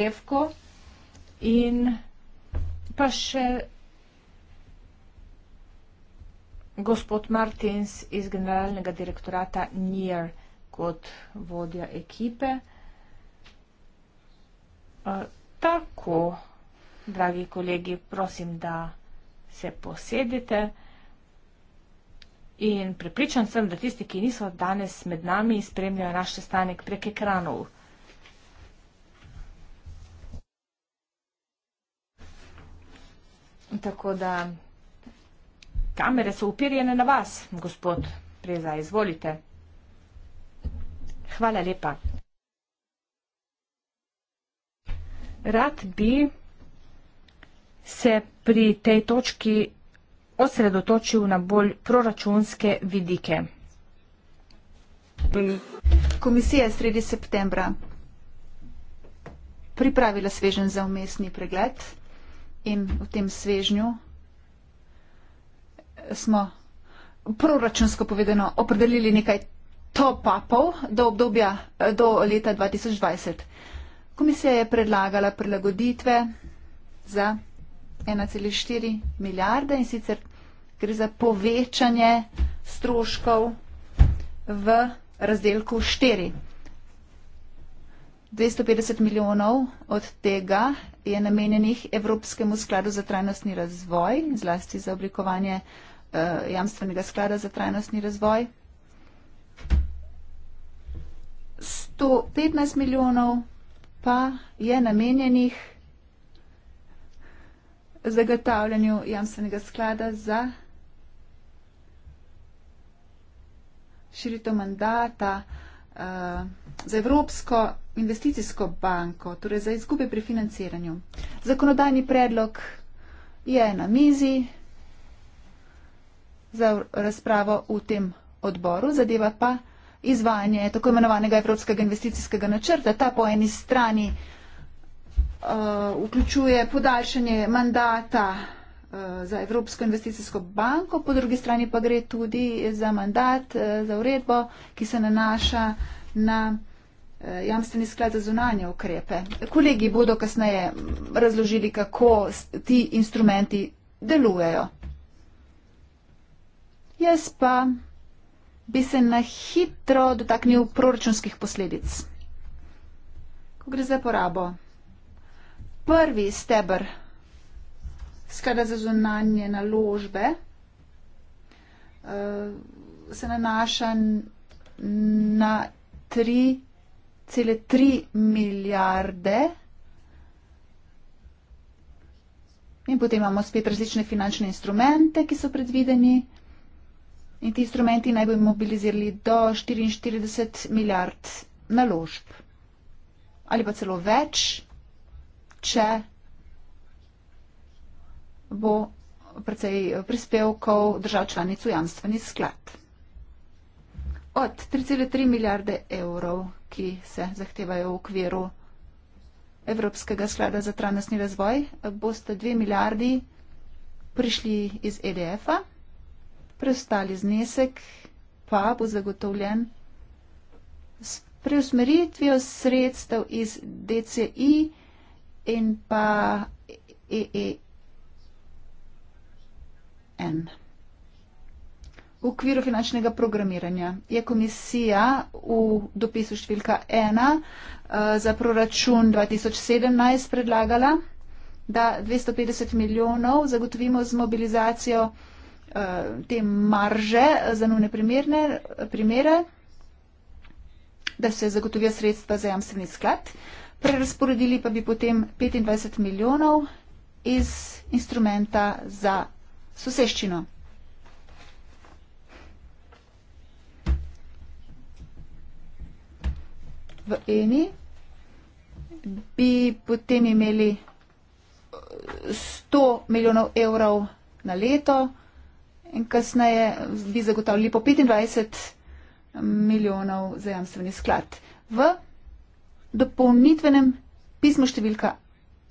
Defko in Pa še gospod Martins iz generalnega direktorata NIR kot vodja ekipe. E, tako, dragi kolegi, prosim, da se posedite. In prepričan sem, da tisti, ki niso danes med nami, spremljajo naš sestanek prek ekranov. Tako da kamere so upirjene na vas, gospod Preza, izvolite. Hvala lepa. Rad bi se pri tej točki osredotočil na bolj proračunske vidike. Komisija je sredi septembra pripravila svežen za umestni pregled in v tem svežnju smo proračunsko povedano opredelili nekaj top-upov do obdobja do leta 2020. Komisija je predlagala prilagoditve za 1,4 milijarde in sicer gre za povečanje stroškov v razdelku 4. 250 milijonov od tega je namenjenih Evropskemu skladu za trajnostni razvoj, zlasti za oblikovanje uh, jamstvenega sklada za trajnostni razvoj. 115 milijonov pa je namenjenih zagotavljanju jamstvenega sklada za širito mandata uh, za evropsko investicijsko banko, torej za izgube pri financiranju. Zakonodajni predlog je na mizi za razpravo v tem odboru, zadeva pa izvajanje tako imenovanega Evropskega investicijskega načrta. Ta po eni strani uh, vključuje podaljšanje mandata uh, za Evropsko investicijsko banko, po drugi strani pa gre tudi za mandat, uh, za uredbo, ki se nanaša na jamstveni sklad za zunanje ukrepe. Kolegi bodo kasneje razložili, kako ti instrumenti delujejo. Jaz pa bi se na hitro dotaknil proračunskih posledic. Ko gre za porabo, prvi stebr sklada za zunanje naložbe eh, se nanaša na tri cele tri milijarde. In potem imamo spet različne finančne instrumente, ki so predvideni. In ti instrumenti naj bi mobilizirali do 44 milijard naložb. Ali pa celo več, če bo precej prispevkov držav članic v jamstveni sklad. Od 3,3 milijarde evrov ki se zahtevajo v okviru Evropskega sklada za trajnostni razvoj, boste dve milijardi prišli iz EDF-a, preostali znesek pa bo zagotovljen s preusmeritvijo sredstev iz DCI in pa EEN. -E, e V okviru finančnega programiranja je komisija v dopisu številka 1 eh, za proračun 2017 predlagala, da 250 milijonov zagotovimo z mobilizacijo eh, te marže za nujne primere, da se zagotovijo sredstva za jamstveni sklad, prerasporedili pa bi potem 25 milijonov iz instrumenta za soseščino. v eni, bi potem imeli 100 eh, milijonov evrov na leto in kasneje bi zagotavljali po 25 milijonov za jamstveni sklad. V dopolnitvenem pismu številka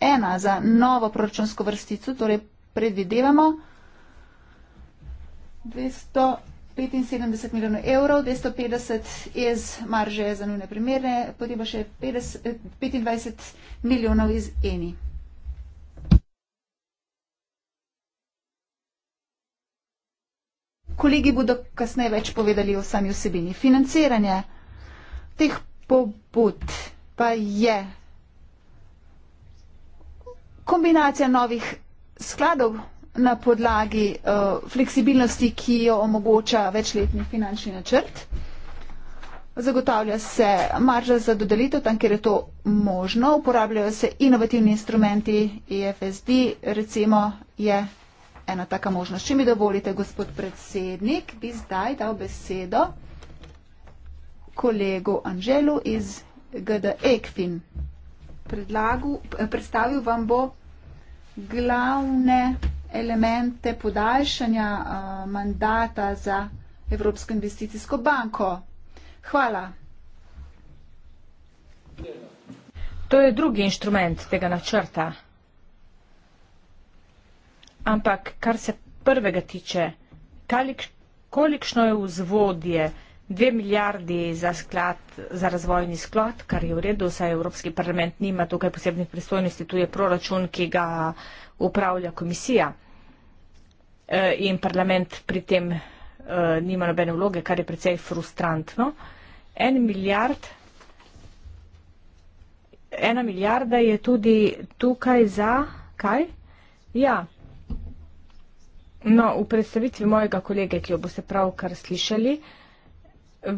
1 za novo proračunsko vrstico, torej predvidevamo 200. 75 milijonov evrov, 250 iz marže za nujne primere, potem pa še 50, 25 milijonov iz eni. Kolegi bodo kasneje več povedali o sami vsebini. Financiranje teh pobud pa je kombinacija novih skladov na podlagi uh, fleksibilnosti, ki jo omogoča večletni finančni načrt. Zagotavlja se marža za dodelitev tam, kjer je to možno. Uporabljajo se inovativni instrumenti EFSD, recimo je ena taka možnost. Če mi dovolite, gospod predsednik, bi zdaj dal besedo kolegu Anželu iz GD Ekfin. Predlagu, eh, predstavil vam bo glavne elemente podaljšanja mandata za Evropsko investicijsko banko. Hvala. To je drugi inštrument tega načrta. Ampak, kar se prvega tiče, kolikšno je vzvodje dve milijardi za sklad, za razvojni sklad, kar je v redu, saj Evropski parlament nima tukaj posebnih pristojnosti, tu je proračun, ki ga upravlja komisija. Eh, in parlament pri tem eh, nima nobene vloge, kar je precej frustrantno. En milijard, ena milijarda je tudi tukaj za kaj? Ja, no, v predstavitvi mojega kolege, ki jo boste pravkar slišali,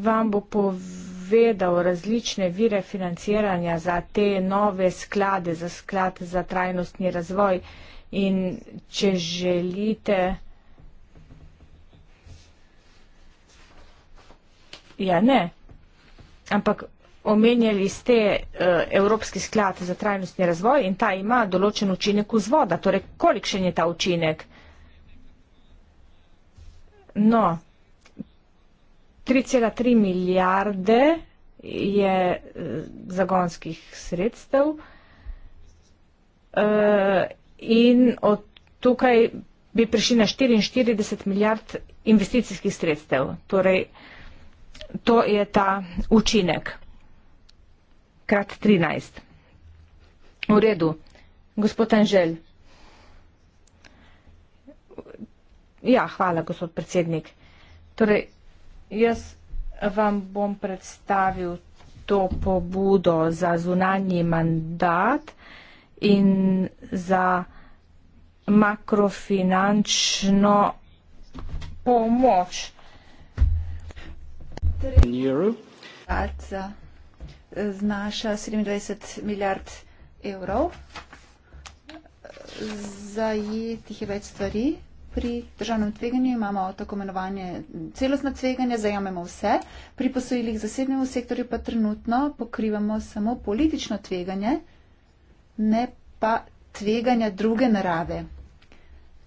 vam bo povedal različne vire financiranja za te nove sklade, za sklad za trajnostni razvoj, In če želite. Ja, ne. Ampak omenjali ste uh, Evropski sklad za trajnostni razvoj in ta ima določen učinek v zvoda. Torej, kolikšen je ta učinek? No, 3,3 milijarde je uh, zagonskih sredstev. Uh, in od tukaj bi prišli na 44 milijard investicijskih sredstev. Torej, to je ta učinek. Krat 13. V redu. Gospod Anžel. Ja, hvala, gospod predsednik. Torej, jaz vam bom predstavil to pobudo za zunanji mandat in za makrofinančno pomoč. Alca eh, znaša 27 milijard evrov. Zajetih je več stvari. Pri državnem tveganju imamo tako imenovanje celostna tveganja, zajamemo vse. Pri posojilih zasebnemu sektorju pa trenutno pokrivamo samo politično tveganje, ne pa tveganja druge narave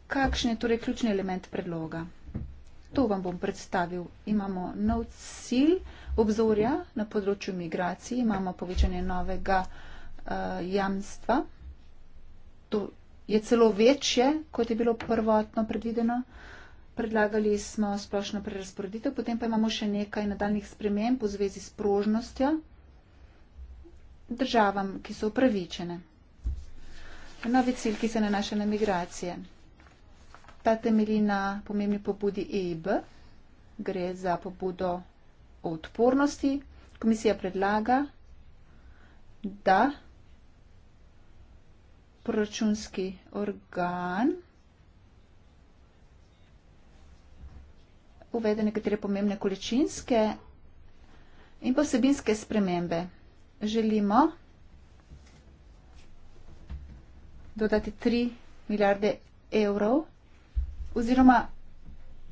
kakšen je torej ključni element predloga. To vam bom predstavil. Imamo nov cilj obzorja na področju migracij, imamo povečanje novega uh, jamstva. To je celo večje, kot je bilo prvotno predvideno. Predlagali smo splošno prerasporeditev, potem pa imamo še nekaj nadaljnih sprememb v zvezi s prožnostjo državam, ki so upravičene. Novi cilj, ki se nanaša na migracije. Ta temelji na pomembni pobudi EIB, gre za pobudo o odpornosti. Komisija predlaga, da proračunski organ uvede nekatere pomembne količinske in posebinske spremembe. Želimo dodati 3 milijarde evrov oziroma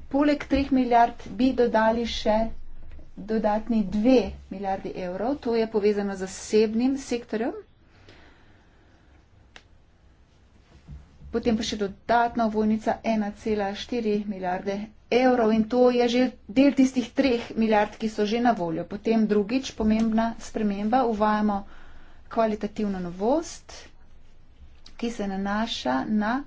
poleg treh milijard bi dodali še dodatni dve milijardi evrov. To je povezano z zasebnim sektorjem. Potem pa še dodatna ovojnica 1,4 milijarde evrov in to je že del tistih treh milijard, ki so že na voljo. Potem drugič pomembna sprememba, uvajamo kvalitativno novost, ki se nanaša na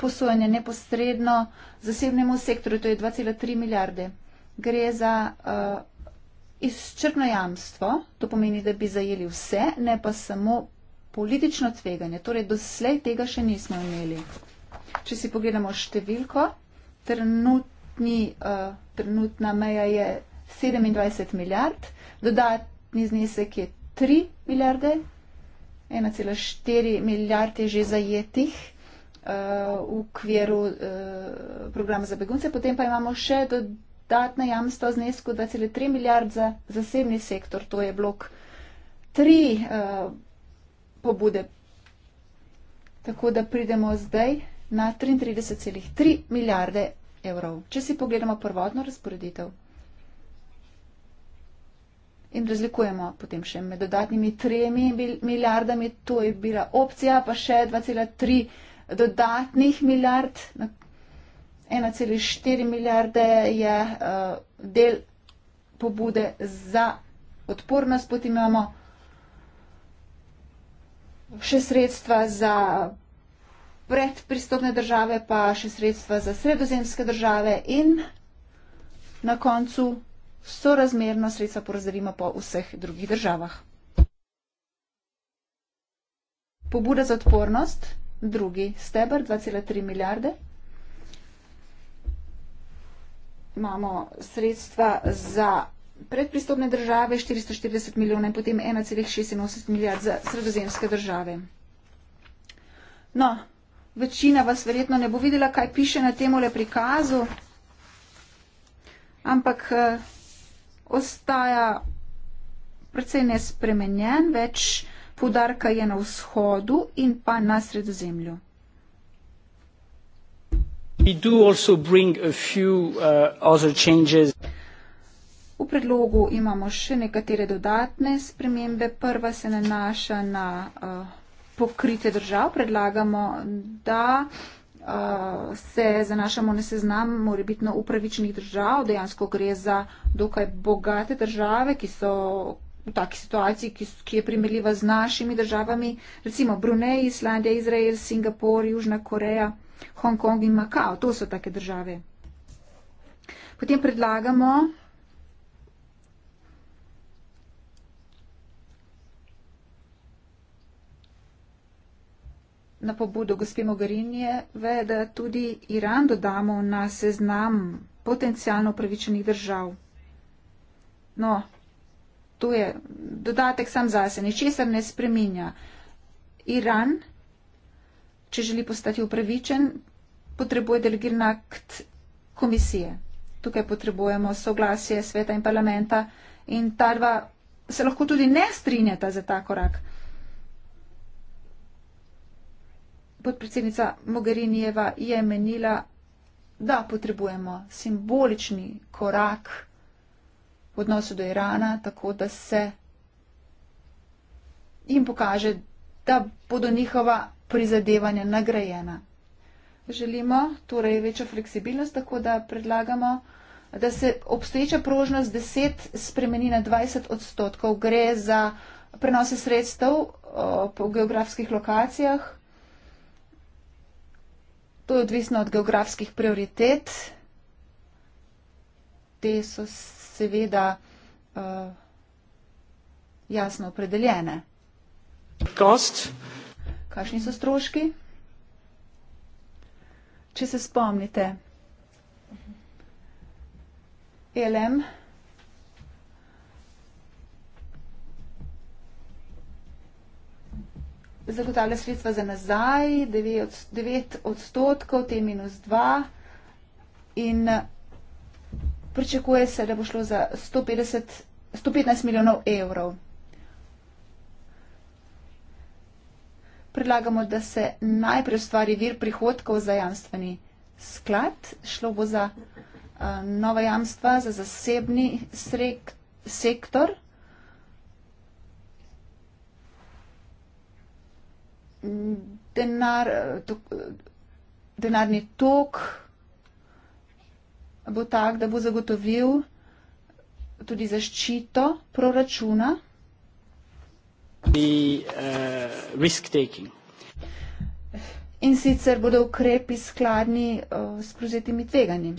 posojanje neposredno zasebnemu sektorju, to je 2,3 milijarde. Gre za uh, izčrpno jamstvo, to pomeni, da bi zajeli vse, ne pa samo politično tveganje. Torej, doslej tega še nismo imeli. Če si pogledamo številko, trenutni, uh, trenutna meja je 27 milijard, dodatni znesek je 3 milijarde, 1,4 milijarde je že zajetih. Eh, v okviru eh, programa za begunce. Potem pa imamo še dodatna jamstva znesku 2,3 milijard za zasebni sektor. To je blok tri eh, pobude. Tako da pridemo zdaj na 33,3 milijarde evrov. Če si pogledamo prvotno razporeditev in razlikujemo potem še med dodatnimi tremi milijardami, to je bila opcija, pa še 2,3 milijarde dodatnih milijard, 1,4 milijarde je uh, del pobude za odpornost, potem imamo še sredstva za predpristopne države, pa še sredstva za sredozemske države in na koncu sorazmerno sredstva porazdelimo po vseh drugih državah. Pobuda za odpornost drugi stebr 2,3 milijarde. Imamo sredstva za predpristopne države 440 milijona in potem 1,86 milijard za sredozemske države. No, večina vas verjetno ne bo videla, kaj piše na temole prikazu, ampak eh, ostaja precej nespremenjen, več nekaj. Podarka je na vzhodu in pa na sredozemlju. Uh, v predlogu imamo še nekatere dodatne spremembe. Prva se nanaša na uh, pokrite držav. Predlagamo, da uh, se zanašamo na seznam morebitno upravičnih držav. Dejansko gre za dokaj bogate države, ki so v taki situaciji, ki, ki je primerljiva z našimi državami, recimo Brunei, Islandija, Izrael, Singapur, Južna Koreja, Hongkong in Makao. To so take države. Potem predlagamo. Na pobudo gospe Mogarinje, ve, da tudi Iran dodamo na seznam potencijalno upravičenih držav. No, to je dodatek sam zase, ničesar ne spreminja. Iran, če želi postati upravičen, potrebuje delegiran akt komisije. Tukaj potrebujemo soglasje sveta in parlamenta in ta dva se lahko tudi ne strinjata za ta korak. Podpredsednica Mogherinijeva je menila, da potrebujemo simbolični korak v odnosu do Irana, tako da se jim pokaže, da bodo njihova prizadevanja nagrajena. Želimo torej večjo fleksibilnost, tako da predlagamo, da se obstoječa prožnost 10 spremeni na 20 odstotkov. Gre za prenose sredstev po geografskih lokacijah. To je odvisno od geografskih prioritet. Te so seveda uh, jasno opredeljene. Cost. Kakšni so stroški? Če se spomnite. LM. Zagotavlja sredstva za nazaj 9 odstotkov, te minus 2. In pričakuje se, da bo šlo za 150, 115 milijonov evrov. Predlagamo, da se najprej ustvari vir prihodkov za jamstveni sklad. Šlo bo za uh, nova jamstva za zasebni srek, sektor. Denar, eh, to, denarni tok bo tak, da bo zagotovil tudi zaščito proračuna. The, uh, In sicer bodo ukrepi skladni uh, s prevzetimi tveganji.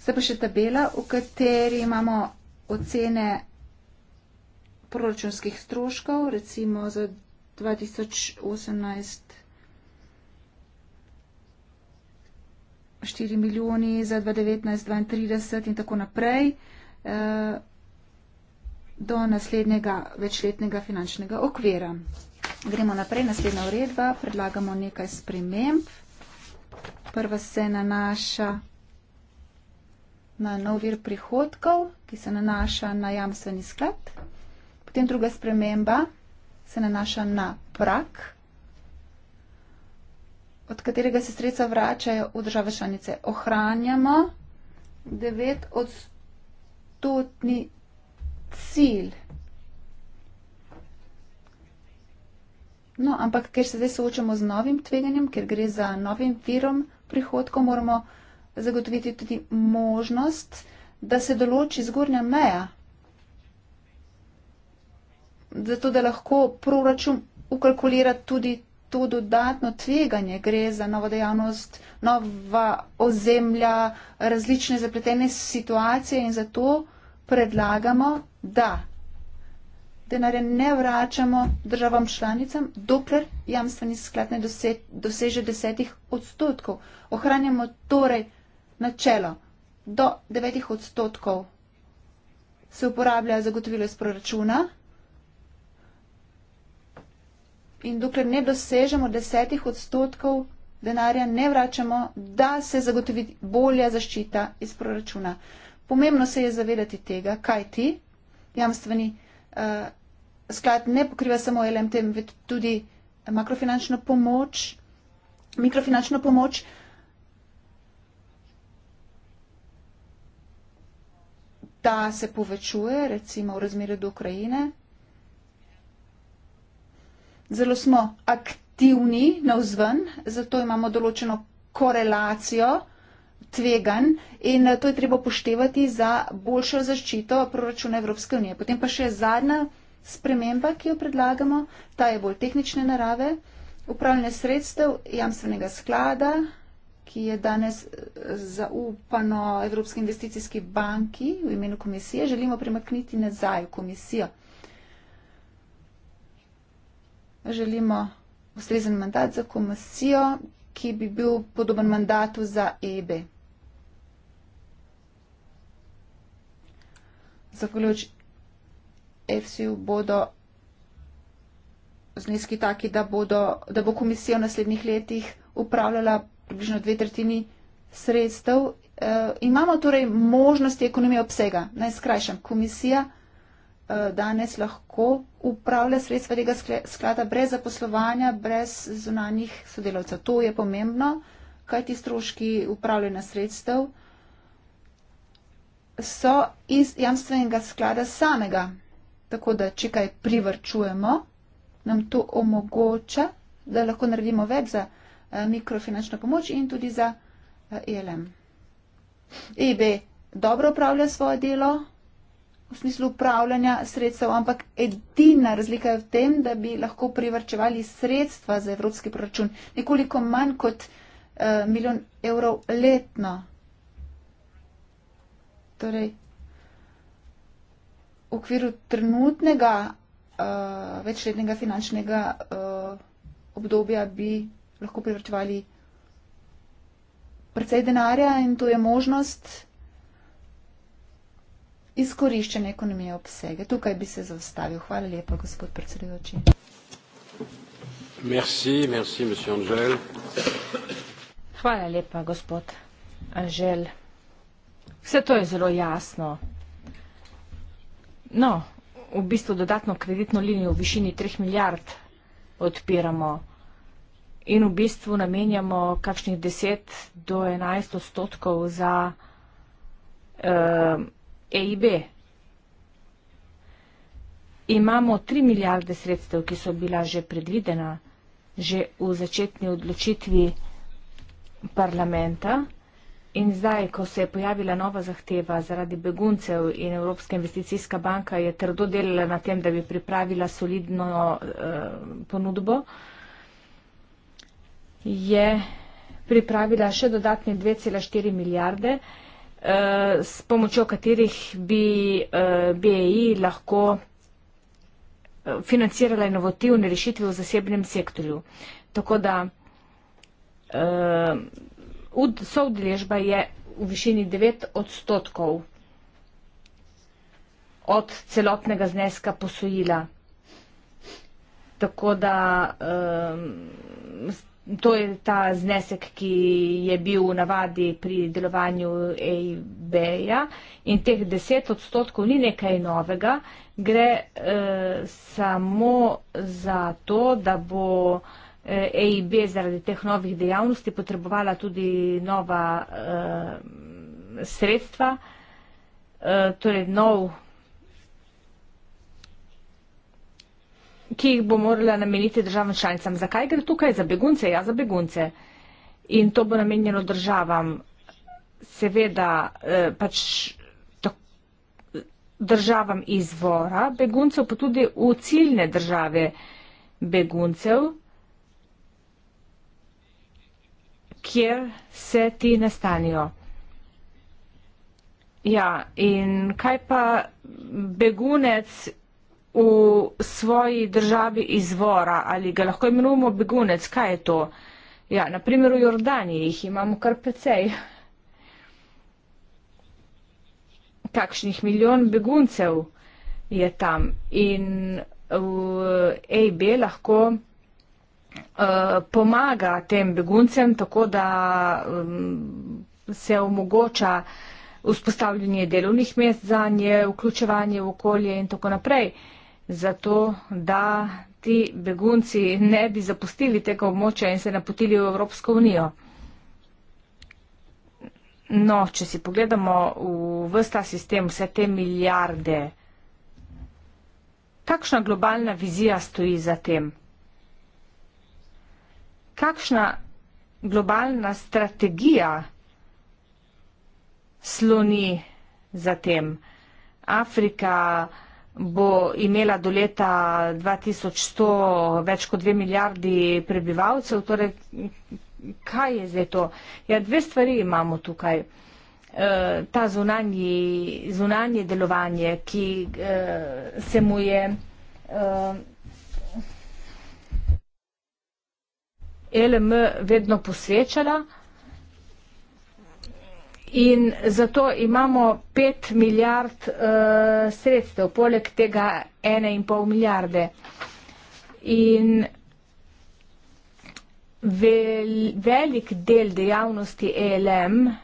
Zdaj pa še tabela, v kateri imamo ocene proračunskih stroškov, recimo za 2018 4 milijoni, za 2019 32 in tako naprej eh, do naslednjega večletnega finančnega okvira. Gremo naprej, naslednja uredba, predlagamo nekaj sprememb. Prva se nanaša na nov vir prihodkov, ki se nanaša na jamstveni sklad. Potem druga sprememba se nanaša na prak, od katerega se sredstva vračajo v države članice. Ohranjamo 9 odstotni cilj. No, ampak ker se zdaj soočamo z novim tveganjem, ker gre za novim virom prihodkov, moramo zagotoviti tudi možnost, da se določi zgornja meja zato da lahko proračun ukalkulira tudi to dodatno tveganje, gre za novo dejavnost, nova ozemlja, različne zapletene situacije in zato predlagamo, da denarja ne vračamo državam članicam, dokler jamstveni sklad ne doseže desetih odstotkov. Ohranjamo torej načelo do devetih odstotkov se uporablja zagotovilo iz proračuna in dokler ne dosežemo desetih odstotkov denarja, ne vračamo, da se zagotovi bolja zaščita iz proračuna. Pomembno se je zavedati tega, kaj ti jamstveni uh, sklad ne pokriva samo LMT, ampak tudi makrofinančno pomoč, mikrofinančno pomoč. Ta se povečuje, recimo v razmerju do Ukrajine, zelo smo aktivni na vzven, zato imamo določeno korelacijo tvegan in to je treba poštevati za boljšo zaščito proračuna Evropske unije. Potem pa še zadnja sprememba, ki jo predlagamo, ta je bolj tehnične narave, upravljanje sredstev jamstvenega sklada, ki je danes eh, zaupano Evropske investicijske banki v imenu komisije, želimo premakniti nazaj v komisijo želimo ustrezen mandat za komisijo, ki bi bil podoben mandatu za EB. Zaključ EFSI-ju bodo zneski taki, da, bodo, da bo komisija v naslednjih letih upravljala približno dve tretjini sredstev. E, imamo torej možnosti ekonomije obsega. Naj skrajšam. Komisija Eh, danes lahko upravlja sredstva tega sklada brez zaposlovanja, brez zunanjih sodelavcev. To je pomembno, kaj ti stroški upravljanja sredstev so iz jamstvenega sklada samega. Tako da, če kaj privrčujemo, nam to omogoča, da lahko naredimo več za eh, mikrofinančno pomoč in tudi za ELM. Eh, e EB dobro upravlja svoje delo v smislu upravljanja sredstev, ampak edina razlika je v tem, da bi lahko privrčevali sredstva za evropski proračun nekoliko manj kot uh, milijon evrov letno. Torej, v okviru trenutnega uh, večletnega finančnega uh, obdobja bi lahko privrčevali precej denarja in to je možnost izkoriščene ekonomije obsege. Tukaj bi se zaustavil. Hvala lepa, gospod predsedujoči. Merci, merci, monsieur Angel. Hvala lepa, gospod Anžel. Vse to je zelo jasno. No, v bistvu dodatno kreditno linijo v višini 3 milijard odpiramo in v bistvu namenjamo kakšnih 10 do 11 odstotkov za eh, A e i B. Imamo 3 milijarde sredstev, ki so bila že predvidena že v začetni odločitvi parlamenta in zdaj, ko se je pojavila nova zahteva zaradi beguncev in Evropska investicijska banka je trdo delala na tem, da bi pripravila solidno eh, ponudbo, je pripravila še dodatne 2,4 milijarde. Eh, Eh, s pomočjo katerih bi eh, BEI lahko eh, financirala inovativne rešitve v zasebnem sektorju. Tako da soudeležba je v višini 9 odstotkov od celotnega zneska posojila. Tako da To je ta znesek, ki je bil v navadi pri delovanju EIB-ja in teh 10 odstotkov ni nekaj novega. Gre eh, samo za to, da bo EIB eh, zaradi teh novih dejavnosti potrebovala tudi nova eh, sredstva, eh, torej nov ki jih bo morala nameniti državam članicam. Zakaj gre tukaj za begunce? Ja, za begunce. In to bo namenjeno državam. Seveda eh, pač državam izvora beguncev, pa tudi v ciljne države beguncev, kjer se ti nastanijo. Ja, in kaj pa begunec v svoji državi izvora ali ga lahko imenujemo begunec, kaj je to? Ja, naprimer v Jordaniji jih imamo kar precej. Kakšnih milijon beguncev je tam in v AB lahko uh, pomaga tem beguncem tako, da um, se omogoča vzpostavljanje delovnih mest za nje, vključevanje v okolje in tako naprej. Uh, zato da ti begunci ne bi zapustili tega območja in se napotili v Evropsko unijo. No, če si pogledamo v vsta sistem, vse te milijarde, kakšna globalna vizija stoji za tem? Kakšna globalna strategija sloni za tem? Afrika, bo imela do leta 2100 več kot dve milijardi prebivalcev. Torej, kaj je zdaj to? Ja, dve stvari imamo tukaj. E, ta zunanje, zunanje delovanje, ki e, se mu je e, LM vedno posvečala, In zato imamo 5 milijard uh, sredstev, poleg tega 1,5 milijarde. In vel, velik del dejavnosti ELM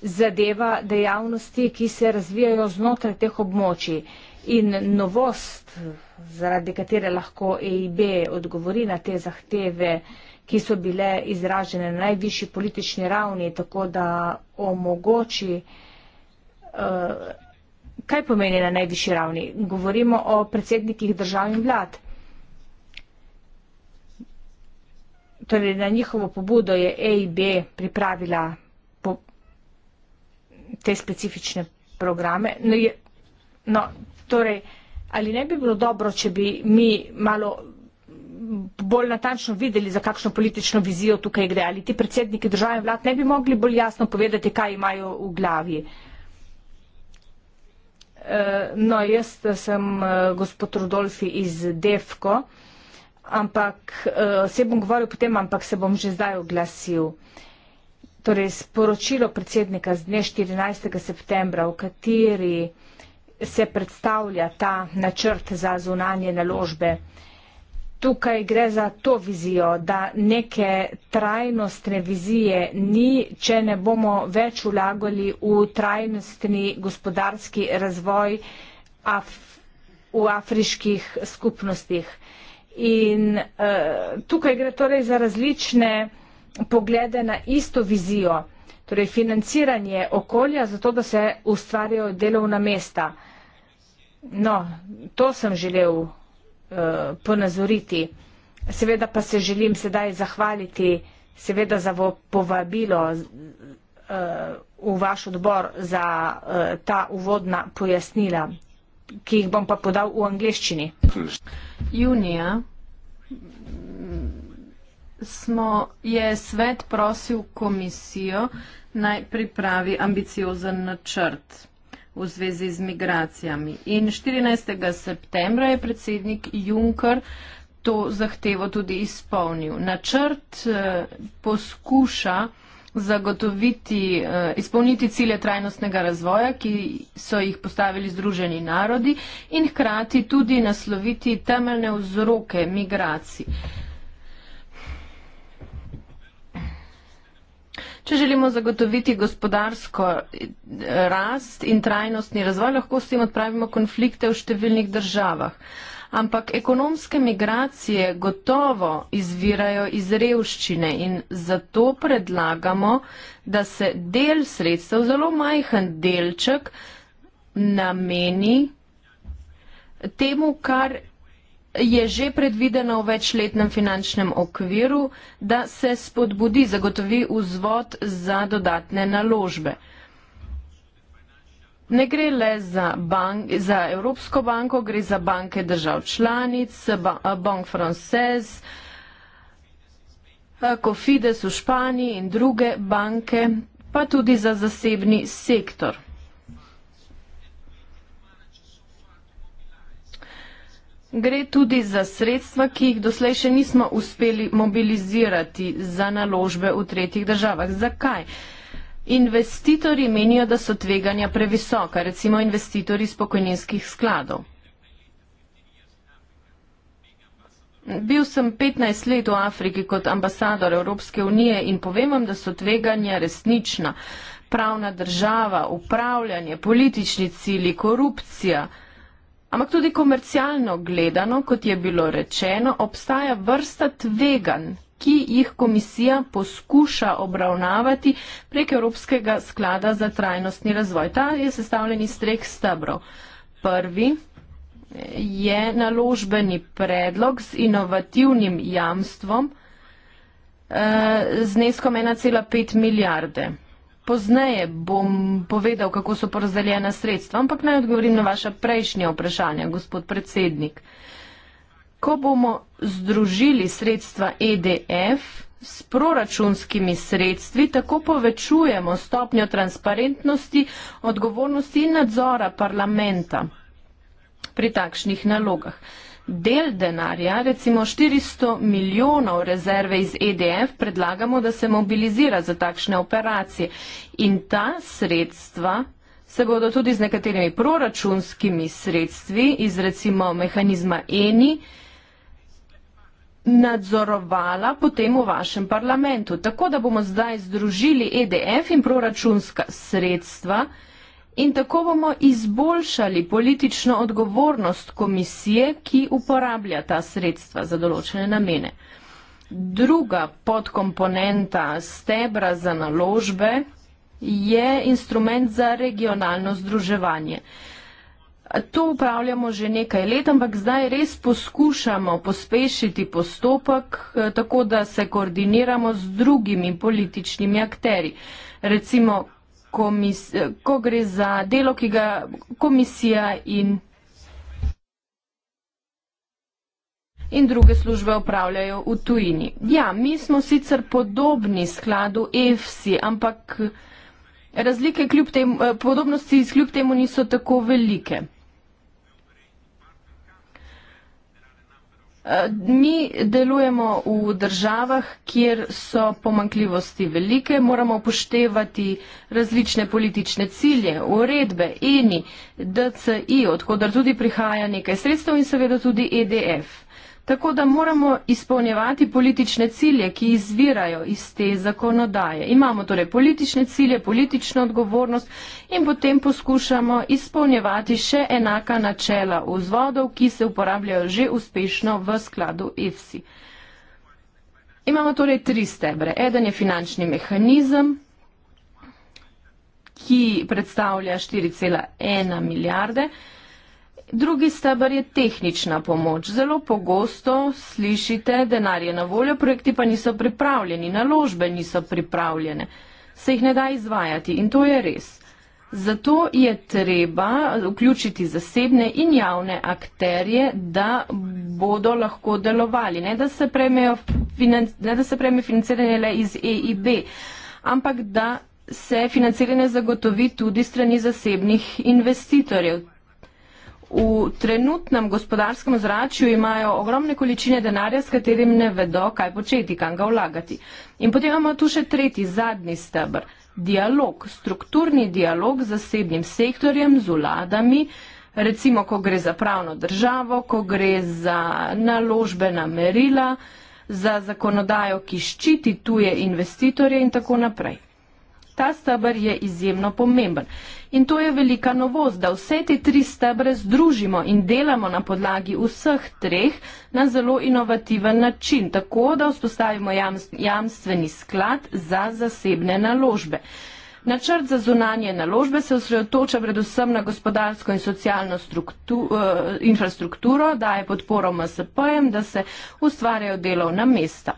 zadeva dejavnosti, ki se razvijajo znotraj teh območij. In novost, zaradi katere lahko EIB odgovori na te zahteve, uh, ki so bile izražene na najvišji politični ravni, tako da omogoči. Eh, kaj pomeni na najvišji ravni? Govorimo o predsednikih držav in vlad. Torej, na njihovo pobudo je EIB pripravila po te specifične programe. No, je, no, torej, ali ne bi bilo dobro, če bi mi malo bolj natančno videli, za kakšno politično vizijo tukaj gre, ali ti predsedniki države vlad ne bi mogli bolj jasno povedati, kaj imajo v glavi. E, no, jaz sem e, gospod Rodolfi iz Defko, ampak e, se bom govoril potem, ampak se bom že zdaj oglasil. Torej, sporočilo predsednika z dne 14. septembra, v kateri se predstavlja ta načrt za zunanje naložbe, tukaj gre za to vizijo, da neke trajnostne vizije ni, če ne bomo več ulagali v trajnostni gospodarski razvoj Af v afriških skupnostih. In uh, tukaj gre torej za različne poglede na isto vizijo, torej financiranje okolja za to, da se ustvarjajo delovna mesta. No, to sem želel Eh, ponazoriti. Seveda pa se želim sedaj zahvaliti seveda za povabilo eh, v vaš odbor za eh, ta uvodna pojasnila, ki jih bom pa podal v angliščini. Junija smo, je svet prosil komisijo naj pripravi ambiciozen načrt v zvezi z migracijami. In 14. septembra je predsednik Juncker to zahtevo tudi izpolnil. Načrt eh, poskuša zagotoviti, eh, izpolniti cilje trajnostnega razvoja, ki so jih postavili Združeni narodi in hkrati tudi nasloviti temeljne vzroke migracij. Če želimo zagotoviti gospodarsko eh, rast in trajnostni razvoj, lahko s tem odpravimo konflikte v številnih državah. Ampak ekonomske migracije gotovo izvirajo iz revščine in zato predlagamo, da se del sredstev, zelo majhen delček, nameni temu, kar je že predvideno v večletnem finančnem okviru, da se spodbudi, zagotovi vzvod za dodatne naložbe. Ne gre le za, bank, za Evropsko banko, gre za banke držav članic, Banque Française, Cofides v Španiji in druge banke, pa tudi za zasebni sektor. Gre tudi za sredstva, ki jih doslej še nismo uspeli mobilizirati za naložbe v tretjih državah. Zakaj? Investitori menijo, da so tveganja previsoka, recimo investitori iz pokojninskih skladov. Bil sem 15 let v Afriki kot ambasador Evropske unije in povem vam, da so tveganja resnična. Pravna država, upravljanje, politični cili, korupcija ampak tudi komercialno gledano, kot je bilo rečeno, obstaja vrsta tvegan, ki jih komisija poskuša obravnavati prek Evropskega sklada za trajnostni razvoj. Ta je sestavljen iz treh stebrov. Prvi je naložbeni predlog z inovativnim jamstvom eh, z neskom 1,5 milijarde. Pozneje bom povedal, kako so porazdeljena sredstva, ampak naj odgovorim na vaše prejšnje vprašanje, gospod predsednik. Ko bomo združili sredstva EDF s proračunskimi sredstvi, tako povečujemo stopnjo transparentnosti, odgovornosti in nadzora parlamenta pri takšnih nalogah. Del denarja, recimo 400 milijonov rezerve iz EDF, predlagamo, da se mobilizira za takšne operacije. In ta sredstva se bodo tudi z nekaterimi proračunskimi sredstvi iz recimo mehanizma ENI nadzorovala potem v vašem parlamentu. Tako da bomo zdaj združili EDF in proračunska sredstva in tako bomo izboljšali politično odgovornost komisije, ki uporablja ta sredstva za določene namene. Druga podkomponenta stebra za naložbe je instrument za regionalno združevanje. To upravljamo že nekaj let, ampak zdaj res poskušamo pospešiti postopek eh, tako, da se koordiniramo z drugimi političnimi akteri. Recimo komis, ko gre za delo, ki ga komisija in, in druge službe upravljajo v tujini. Ja, mi smo sicer podobni skladu EFSI, ampak razlike kljub temu, eh, podobnosti kljub temu niso tako velike. Mi delujemo v državah, kjer so pomankljivosti velike, moramo upoštevati različne politične cilje, uredbe, ENI, DCI, odkudar tudi prihaja nekaj sredstev in seveda tudi EDF. Tako da moramo izpolnjevati politične cilje, ki izvirajo iz te zakonodaje. Imamo torej politične cilje, politično odgovornost in potem poskušamo izpolnjevati še enaka načela vzvodov, ki se uporabljajo že uspešno v skladu EFSI. Imamo torej tri stebre. Eden je finančni mehanizem, ki predstavlja 4,1 milijarde. Drugi stebr je tehnična pomoč. Zelo pogosto slišite, denar je na voljo, projekti pa niso pripravljeni, naložbe niso pripravljene, se jih ne da izvajati in to je res. Zato je treba vključiti zasebne in javne akterje, da bodo lahko delovali, ne da se prejme, financ ne, da se prejme financiranje le iz EIB, ampak da se financiranje zagotovi tudi strani zasebnih investitorjev. V trenutnem gospodarskem zračju imajo ogromne količine denarja, s katerim ne vedo, kaj početi, kam ga vlagati. In potem imamo tu še tretji, zadnji stebr. Dialog, strukturni dialog z zasebnim sektorjem, z vladami, recimo, ko gre za pravno državo, ko gre za naložbena merila, za zakonodajo, ki ščiti tuje investitorje in tako naprej. Ta stebr je izjemno pomemben. In to je velika novost, da vse te tri stebre združimo in delamo na podlagi vseh treh na zelo inovativen način, tako da vzpostavimo jamstveni sklad za zasebne naložbe. Načrt za zunanje naložbe se osredotoča predvsem na gospodarsko in socialno strukturo, eh, infrastrukturo, daje podporo MSP-jem, da se ustvarjajo delovna mesta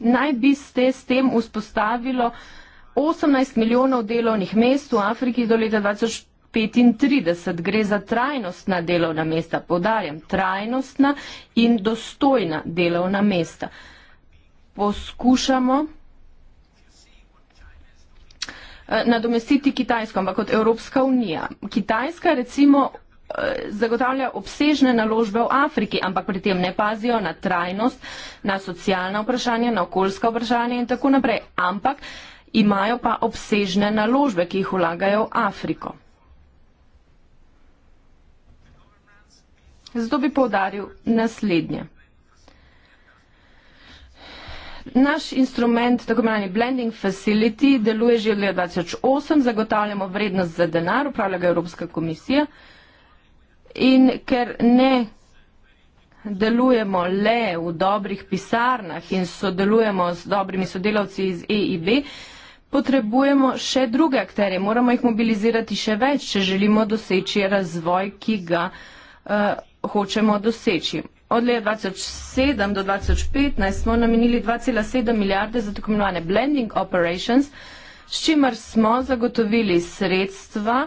naj bi ste s tem vzpostavilo 18 milijonov delovnih mest v Afriki do leta 2035. Gre za trajnostna delovna mesta, podarjam, trajnostna in dostojna delovna mesta. Poskušamo eh, nadomestiti Kitajsko, ampak kot Evropska unija. Kitajska recimo Eh, zagotavlja obsežne naložbe v Afriki, ampak pri tem ne pazijo na trajnost, na socialna vprašanja, na okoljska vprašanja in tako naprej. Ampak imajo pa obsežne naložbe, ki jih vlagajo v Afriko. Zato bi povdaril naslednje. Naš instrument, tako imenovani Blending Facility, deluje že od leta 2008, zagotavljamo vrednost za denar, upravlja ga Evropska komisija. In ker ne delujemo le v dobrih pisarnah in sodelujemo z dobrimi sodelavci iz EIB, potrebujemo še druge akterje, moramo jih mobilizirati še več, če želimo doseči razvoj, ki ga uh, hočemo doseči. Od leta 2007 do 2015 smo namenili 2,7 milijarde za tako imenovane blending operations, s čimer smo zagotovili sredstva,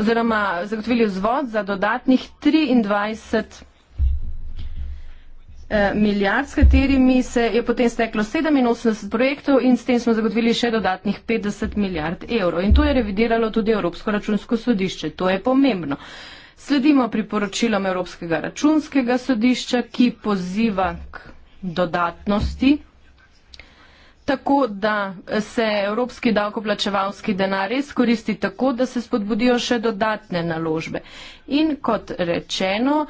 oziroma zagotovili vzvod za dodatnih 23 eh, milijard, s katerimi se je potem steklo 87 projektov in s tem smo zagotovili še dodatnih 50 milijard evrov. In to je revidiralo tudi Evropsko računsko sodišče. To je pomembno. Sledimo priporočilom Evropskega računskega sodišča, ki poziva k dodatnosti tako, da se evropski davkoplačevalski denar res koristi tako, da se spodbudijo še dodatne naložbe. In kot rečeno,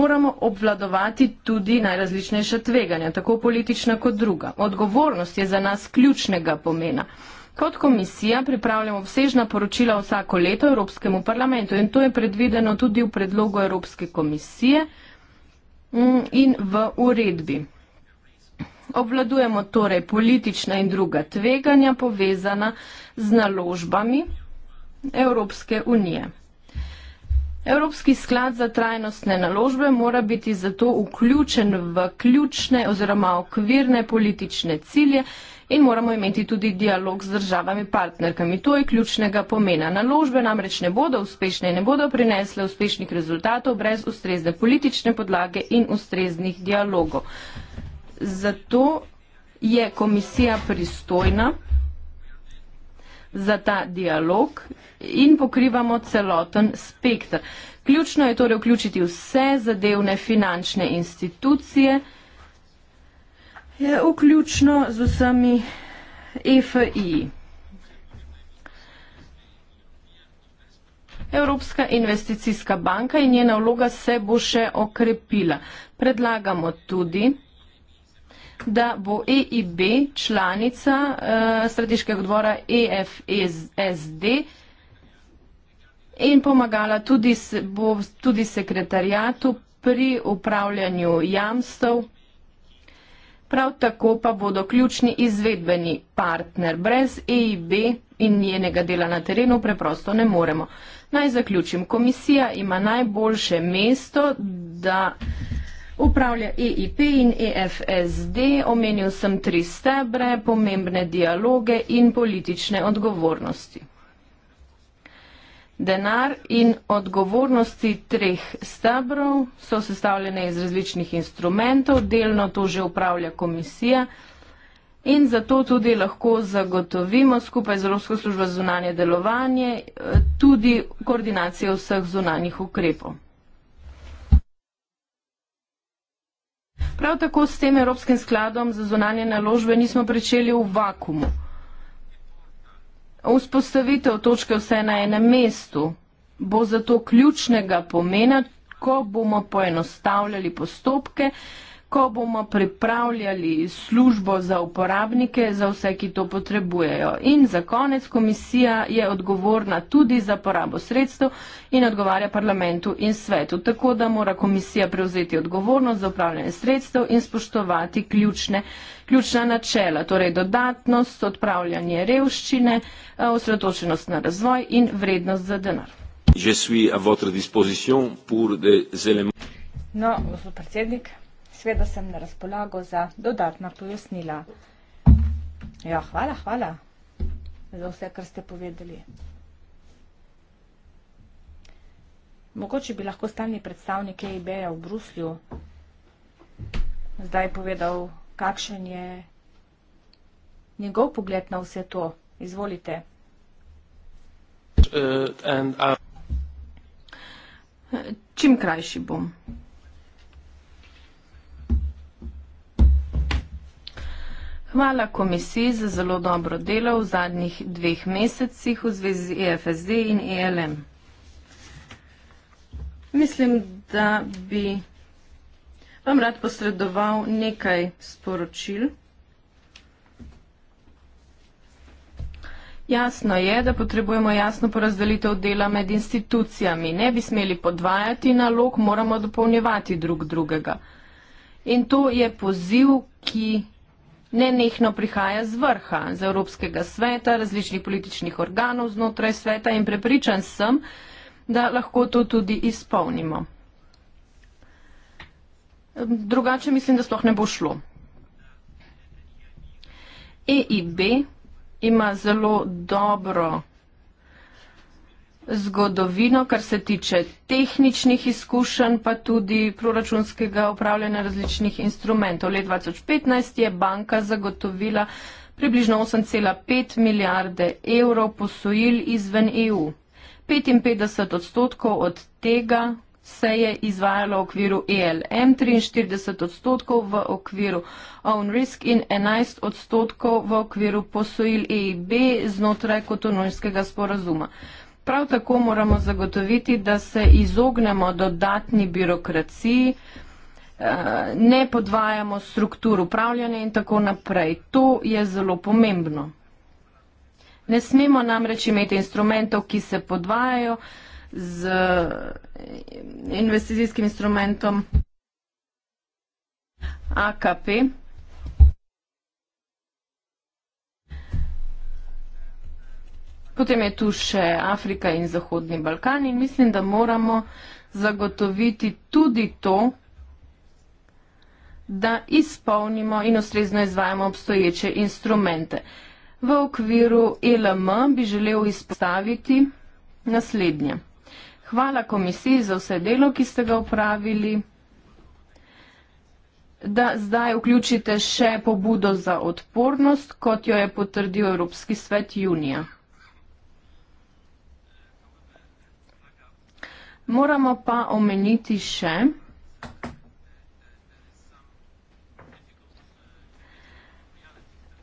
moramo obvladovati tudi najrazličnejša tveganja, tako politična kot druga. Odgovornost je za nas ključnega pomena. Kot komisija pripravljamo vsežna poročila vsako leto Evropskemu parlamentu in to je predvideno tudi v predlogu Evropske komisije mm, in v uredbi obvladujemo torej politična in druga tveganja povezana z naložbami Evropske unije. Evropski sklad za trajnostne naložbe mora biti zato vključen v ključne oziroma okvirne politične cilje in moramo imeti tudi dialog z državami partnerkami. To je ključnega pomena. Naložbe namreč ne bodo uspešne in ne bodo prinesle uspešnih rezultatov brez ustrezne politične podlage in ustreznih dialogov zato je komisija pristojna za ta dialog in pokrivamo celoten spektr. Ključno je torej vključiti vse zadevne finančne institucije, vključno z vsemi EFI. Evropska investicijska banka in njena vloga se bo še okrepila. Predlagamo tudi, da bo EIB članica uh, strateškega odbora EFSD e in pomagala tudi, bo tudi sekretarijatu pri upravljanju jamstev. Prav tako pa bodo ključni izvedbeni partner. Brez EIB in njenega dela na terenu preprosto ne moremo. Naj zaključim. Komisija ima najboljše mesto, da upravlja EIP in EFSD, omenil sem tri stebre, pomembne dialoge in politične odgovornosti. Denar in odgovornosti treh stebrov so sestavljene iz različnih instrumentov, delno to že upravlja komisija in zato tudi lahko zagotovimo skupaj z Evropsko službo zunanje delovanje eh, tudi koordinacijo vseh zunanjih ukrepov. Prav tako s tem Evropskim skladom za zonanje naložbe nismo pričeli v vakumu. Vzpostavitev točke vse na enem mestu bo zato ključnega pomena, ko bomo poenostavljali postopke ko bomo pripravljali službo za uporabnike, za vse, ki to potrebujejo. In za konec komisija je odgovorna tudi za porabo sredstev in odgovarja parlamentu in svetu. Tako da mora komisija prevzeti odgovornost za upravljanje sredstev in spoštovati ključne, ključna načela, torej dodatnost, odpravljanje revščine, eh, osredotočenost na razvoj in vrednost za denar. Je suis à votre disposition pour des éléments. Non, monsieur le Président. Sveda sem na razpolago za dodatna pojasnila. Ja, hvala, hvala za vse, kar ste povedali. Mogoče bi lahko stalni predstavnik EIB-ja v Bruslju zdaj povedal, kakšen je njegov pogled na vse to. Izvolite. Uh, and, uh... Čim krajši bom. Hvala komisiji za zelo dobro delo v zadnjih dveh mesecih v zvezi z EFSD in ELM. Mislim, da bi vam rad posredoval nekaj sporočil. Jasno je, da potrebujemo jasno porazdelitev dela med institucijami. Ne bi smeli podvajati nalog, moramo dopolnjevati drug drugega. In to je poziv, ki Nenehno prihaja z vrha, z Evropskega sveta, različnih političnih organov znotraj sveta in prepričan sem, da lahko to tudi izpolnimo. Drugače mislim, da sploh ne bo šlo. EIB ima zelo dobro zgodovino, kar se tiče tehničnih izkušenj, pa tudi proračunskega upravljanja različnih instrumentov. Leta 2015 je banka zagotovila približno 8,5 milijarde evrov posojil izven EU. 55 odstotkov od tega se je izvajalo v okviru ELM, 43 odstotkov v okviru Own Risk in 11 odstotkov v okviru posojil EIB znotraj kotonojskega sporazuma. Prav tako moramo zagotoviti, da se izognemo dodatni birokraciji, eh, ne podvajamo struktur upravljanja in tako naprej. To je zelo pomembno. Ne smemo namreč imeti instrumentov, ki se podvajajo z eh, investicijskim instrumentom AKP. Potem je tu še Afrika in Zahodni Balkan in mislim, da moramo zagotoviti tudi to, da izpolnimo in ustrezno izvajamo obstoječe instrumente. V okviru ELM bi želel izpostaviti naslednje. Hvala komisiji za vse delo, ki ste ga upravili, da zdaj vključite še pobudo za odpornost, kot jo je potrdil Evropski svet junija. Moramo pa omeniti še,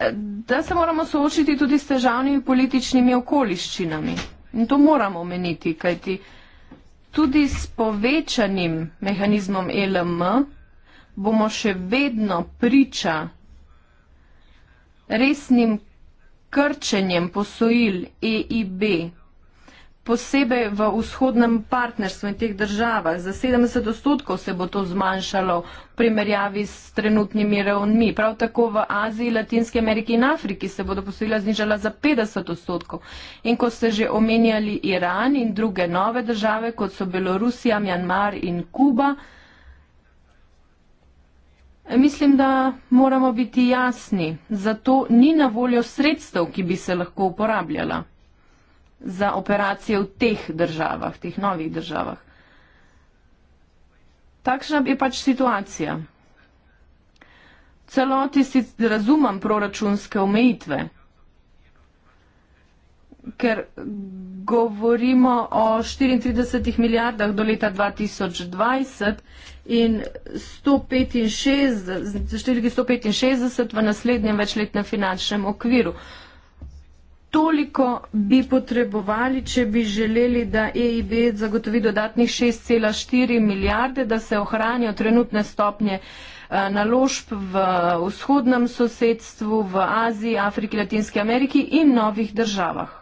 da se moramo soočiti tudi s težavnimi političnimi okoliščinami. In to moramo omeniti, kajti tudi s povečanim mehanizmom e LM bomo še vedno priča resnim krčenjem posojil EIB posebej v vzhodnem partnerstvu in teh državah. Za 70 odstotkov se bo to zmanjšalo v primerjavi s trenutnimi ravnmi. Prav tako v Aziji, Latinske Amerike in Afriki se bodo posojila znižala za 50 odstotkov. In ko ste že omenjali Iran in druge nove države, kot so Belorusija, Mjanmar in Kuba, Mislim, da moramo biti jasni. Zato ni na voljo sredstev, ki bi se lahko uporabljala za operacije v teh državah, teh novih državah. Takšna je pač situacija. Celoti si razumem proračunske omejitve, ker govorimo o 34 milijardah do leta 2020 in 165, številki 165 v naslednjem večletnem finančnem okviru toliko bi potrebovali, če bi želeli, da EIB zagotovi dodatnih 6,4 milijarde, da se ohranijo trenutne stopnje eh, naložb v vzhodnem sosedstvu, v Aziji, Afriki, Latinski Ameriki in novih državah.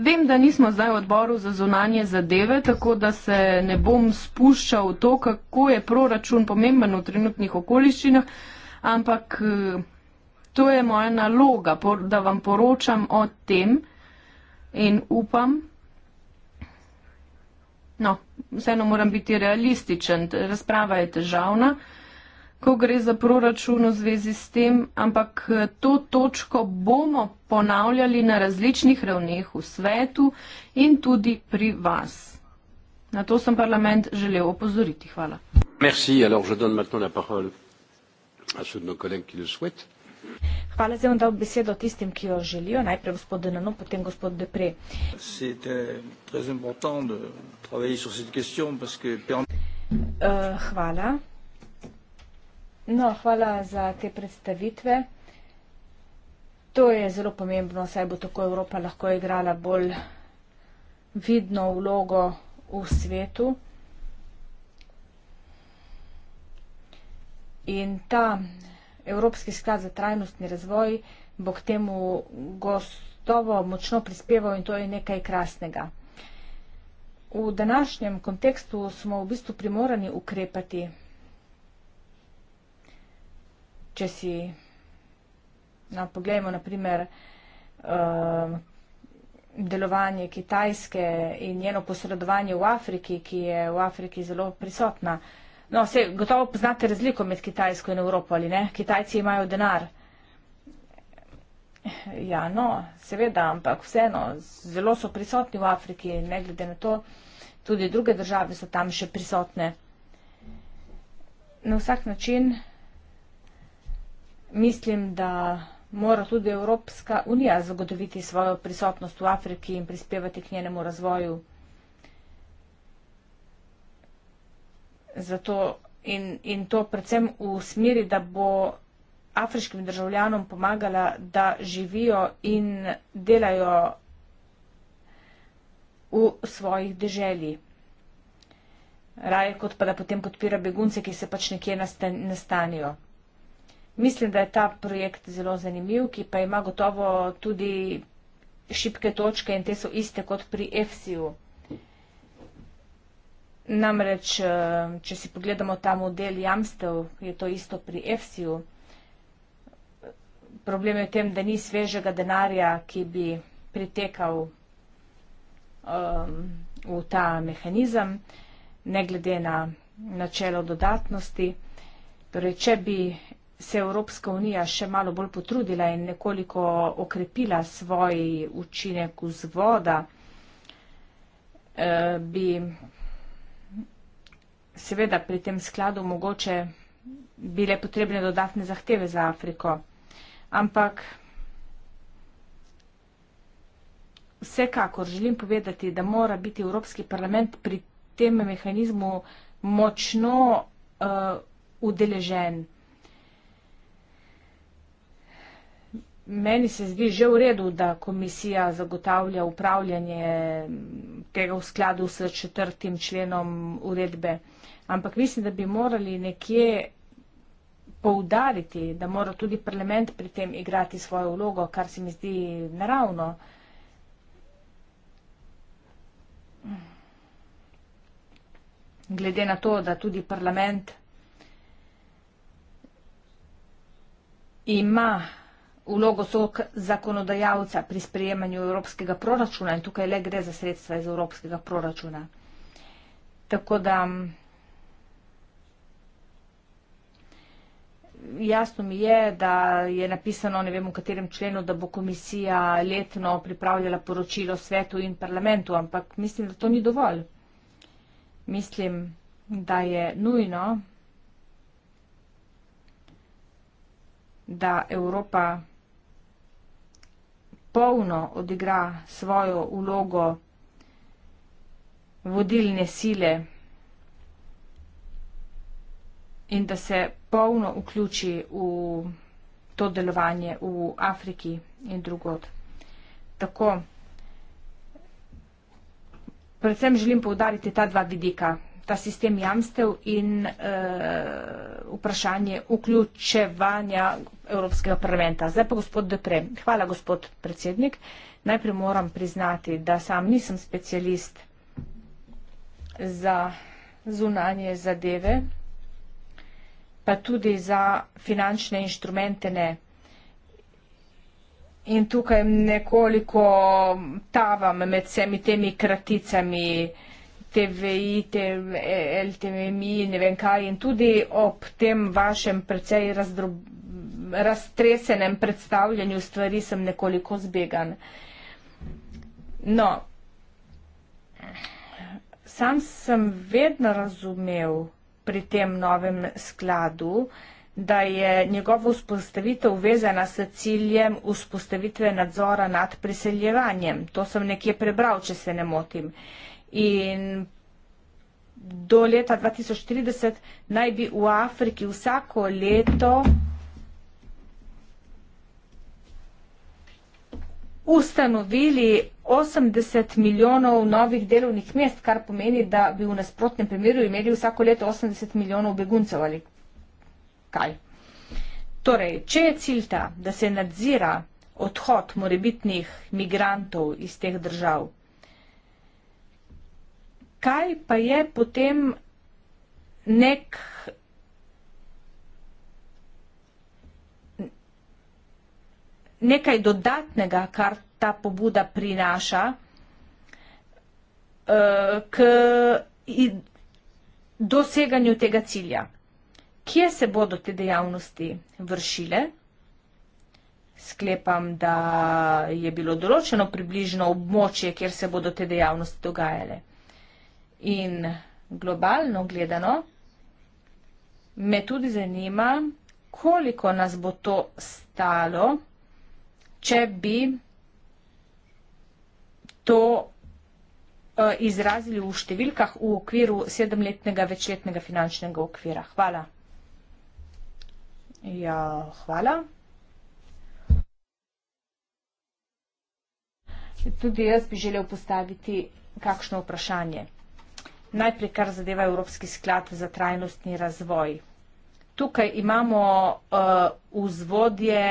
Vem, da nismo zdaj v odboru za zunanje zadeve, tako da se ne bom spuščal v to, kako je proračun pomemben v trenutnih okoliščinah, ampak eh, to je moja naloga, da vam poročam o tem in upam. No, vseeno moram biti realističen, razprava je težavna, ko gre za proračun v zvezi s tem, ampak to točko bomo ponavljali na različnih ravneh v svetu in tudi pri vas. Na to sem parlament želel opozoriti. Hvala. Merci, alors je donne maintenant la parole à ceux de nos collègues qui le souhaitent. Hvala, zdaj bom dal besedo tistim, ki jo želijo. Najprej gospod Denano, potem gospod Depre. Euh, eh, hvala. No, hvala za te predstavitve. To je zelo pomembno, saj bo tako Evropa lahko igrala bolj vidno vlogo v svetu. In ta Evropski sklad za trajnostni razvoj bo k temu gostovo močno prispeval in to je nekaj krasnega. V današnjem kontekstu smo v bistvu primorani ukrepati, če si no, pogledamo naprimer uh, delovanje Kitajske in njeno posredovanje v Afriki, ki je v Afriki zelo prisotna. No, se gotovo poznate razliko med Kitajsko in Evropo, ali ne? Kitajci imajo denar. Ja, no, seveda, ampak vseeno, zelo so prisotni v Afriki, ne glede na to, tudi druge države so tam še prisotne. Na vsak način mislim, da mora tudi Evropska unija zagotoviti svojo prisotnost v Afriki in prispevati k njenemu razvoju. Zato in, in to predvsem v smeri, da bo afriškim državljanom pomagala, da živijo in delajo v svojih deželi. Raje kot pa da potem podpira begunce, ki se pač nekje nastanijo. Mislim, da je ta projekt zelo zanimiv, ki pa ima gotovo tudi šibke točke in te so iste kot pri EFSI-u. Namreč, eh, če si pogledamo ta model jamstev, je to isto pri EFSI-ju. Problem je v tem, da ni svežega denarja, ki bi pritekal um, v ta mehanizem, ne glede na načelo dodatnosti. Torej, če bi se Evropska unija še malo bolj potrudila in nekoliko okrepila svoj učinek vzvoda, eh, bi seveda pri tem skladu mogoče bile potrebne dodatne zahteve za Afriko. Ampak vsekakor želim povedati, da mora biti Evropski parlament pri tem mehanizmu močno uh, udeležen. Meni se zdi že v redu, da komisija zagotavlja upravljanje tega v skladu s četrtim členom uredbe ampak mislim, da bi morali nekje poudariti, da mora tudi parlament pri tem igrati svojo vlogo, kar se mi zdi naravno. Glede na to, da tudi parlament ima vlogo zakonodajalca pri sprejemanju evropskega proračuna in tukaj le gre za sredstva iz evropskega proračuna. Tako da. jasno mi je, da je napisano, ne vem v katerem členu, da bo komisija letno pripravljala poročilo svetu in parlamentu, ampak mislim, da to ni dovolj. Mislim, da je nujno, da Evropa polno odigra svojo ulogo vodilne sile in da se polno vključi v to delovanje v Afriki in drugod. Tako, predvsem želim povdariti ta dva vidika, ta sistem jamstev in e, vprašanje vključevanja Evropskega parlamenta. Zdaj pa gospod Depre. Hvala, gospod predsednik. Najprej moram priznati, da sam nisem specialist za zunanje zadeve pa tudi za finančne inštrumente ne. In tukaj nekoliko tavam med vsemi temi kraticami, TVI, TV, LTMI, ne vem kaj, in tudi ob tem vašem precej razdrob, raztresenem predstavljanju stvari sem nekoliko zbegan. No, sam sem vedno razumel, pri tem novem skladu, da je njegova vzpostavitev vezana s ciljem vzpostavitve nadzora nad priseljevanjem. To sem nekje prebral, če se ne motim. In do leta 2030 naj bi v Afriki vsako leto ustanovili 80 milijonov novih delovnih mest, kar pomeni, da bi v nasprotnem primeru imeli vsako leto 80 milijonov beguncev ali kaj. Torej, če je cilj ta, da se nadzira odhod morebitnih migrantov iz teh držav, kaj pa je potem nek nekaj dodatnega, kar ta pobuda prinaša, eh, k doseganju tega cilja. Kje se bodo te dejavnosti vršile? Sklepam, da je bilo določeno približno območje, kjer se bodo te dejavnosti dogajale. In globalno gledano, me tudi zanima, koliko nas bo to stalo če bi to eh, izrazili v številkah v okviru sedemletnega večletnega finančnega okvira. Hvala. Ja, hvala. Tudi jaz bi želel postaviti kakšno vprašanje. Najprej, kar zadeva Evropski sklad za trajnostni razvoj. Tukaj imamo uh, vzvodje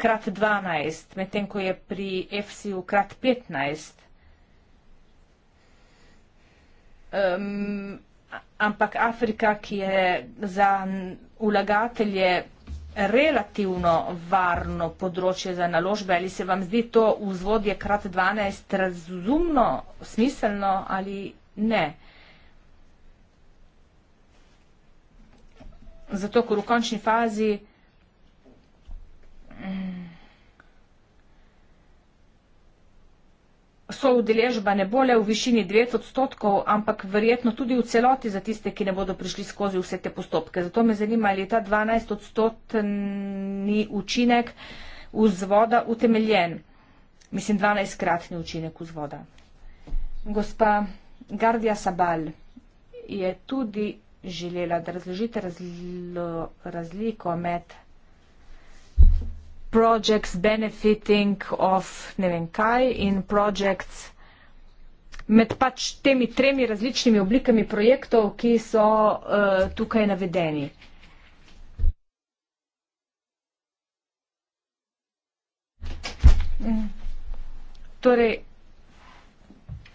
krat 12, medtem ko je pri FCU krat 15. Um, ampak Afrika, ki je za ulagatelje relativno varno področje za naložbe, ali se vam zdi to vzvodje krat 12 razumno, smiselno ali ne? Zato, ker v končni fazi so udeležba ne bo le v višini 9 odstotkov, ampak verjetno tudi v celoti za tiste, ki ne bodo prišli skozi vse te postopke. Zato me zanima, ali je ta 12 odstotni učinek vzvoda utemeljen. Mislim, 12 kratni učinek vzvoda. Gospa Gardija Sabal je tudi želela, da razložite razlo, razliko med projects benefiting of ne vem kaj in projects med pač temi tremi različnimi oblikami projektov, ki so uh, tukaj navedeni. Mm. Torej,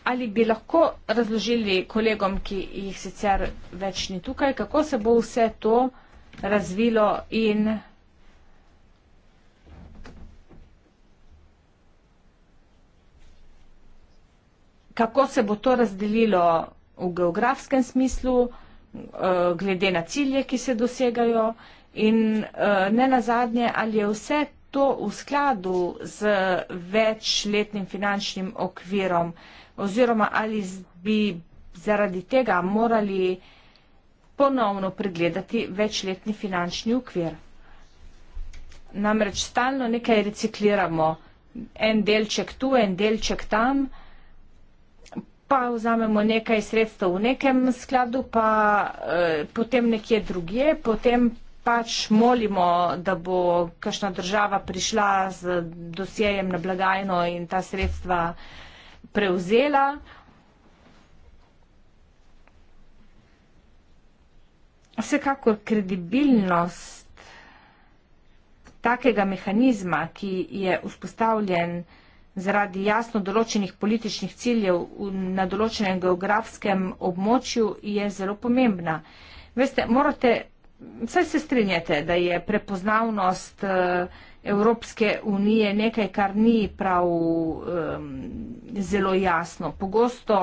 ali bi lahko razložili kolegom, ki jih sicer več ni tukaj, kako se bo vse to razvilo in razvilo? kako se bo to razdelilo v geografskem smislu, eh, glede na cilje, ki se dosegajo in eh, ne nazadnje, ali je vse to v skladu z večletnim finančnim okvirom oziroma ali bi zaradi tega morali ponovno pregledati večletni finančni okvir. Namreč stalno nekaj recikliramo, en delček tu, en delček tam, pa vzamemo nekaj sredstev v nekem skladu, pa eh, potem nekje drugje, potem pač molimo, da bo kakšna država prišla z dosjejem na blagajno in ta sredstva prevzela. Vsekakor kredibilnost takega mehanizma, ki je vzpostavljen zaradi jasno določenih političnih ciljev na določenem geografskem območju je zelo pomembna. Veste, morate, saj se strinjate, da je prepoznavnost eh, Evropske unije nekaj, kar ni prav um, zelo jasno. Pogosto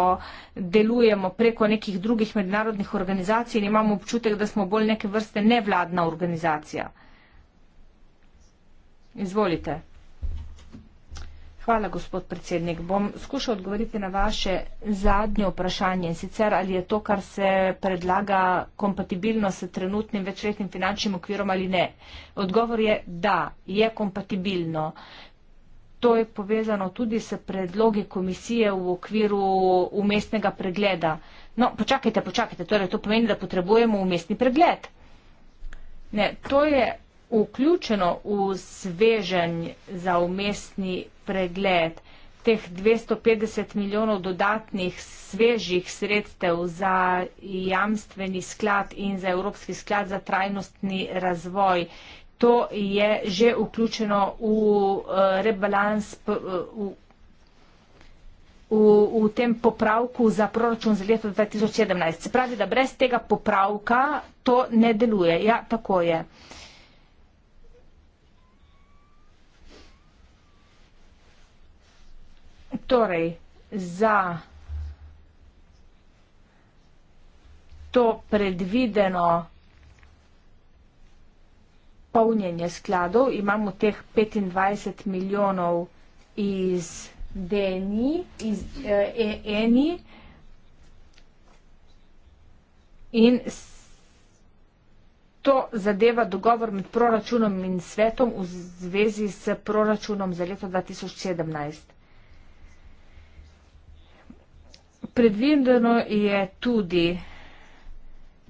delujemo preko nekih drugih mednarodnih organizacij in imamo občutek, da smo bolj neke vrste nevladna organizacija. Izvolite. Hvala, gospod predsednik. Bom skušal odgovoriti na vaše zadnje vprašanje. Sicer ali je to, kar se predlaga, kompatibilno s trenutnim večletnim finančnim okvirom ali ne. Odgovor je, da je kompatibilno. To je povezano tudi s predlogi komisije v okviru umestnega pregleda. No, počakajte, počakajte. Torej, to pomeni, da potrebujemo umestni pregled. Ne, to je vključeno v svežen za umestni pregled pregled teh 250 milijonov dodatnih svežih sredstev za jamstveni sklad in za Evropski sklad za trajnostni razvoj. To je že vključeno v eh, rebalans. Eh, v V, v tem popravku za proračun za leto 2017. Se pravi, da brez tega popravka to ne deluje. Ja, tako je. torej za to predvideno polnjenje skladov imamo teh 25 milijonov iz DNI, iz eh, ENI in to zadeva dogovor med proračunom in svetom v zvezi s proračunom za leto 2017. predvideno je tudi,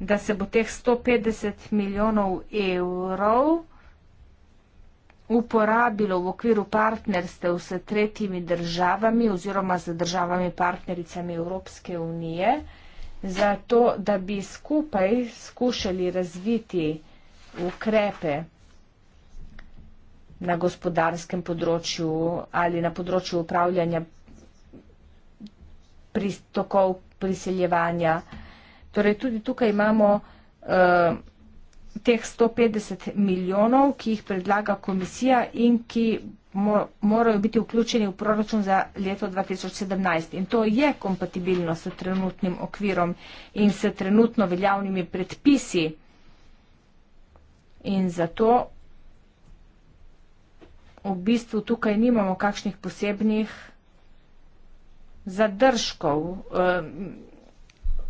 da se bo teh 150 milijonov evrov uporabilo v okviru partnerstev s tretjimi državami oziroma z državami partnericami Evropske unije, zato da bi skupaj skušali razviti ukrepe na gospodarskem področju ali na področju upravljanja pristokov priseljevanja. Torej, tudi tukaj imamo uh, teh 150 milijonov, ki jih predlaga komisija in ki mo morajo biti vključeni v proračun za leto 2017. In to je kompatibilno s trenutnim okvirom in s trenutno veljavnimi predpisi. In zato v bistvu tukaj nimamo kakšnih posebnih zadržkov eh,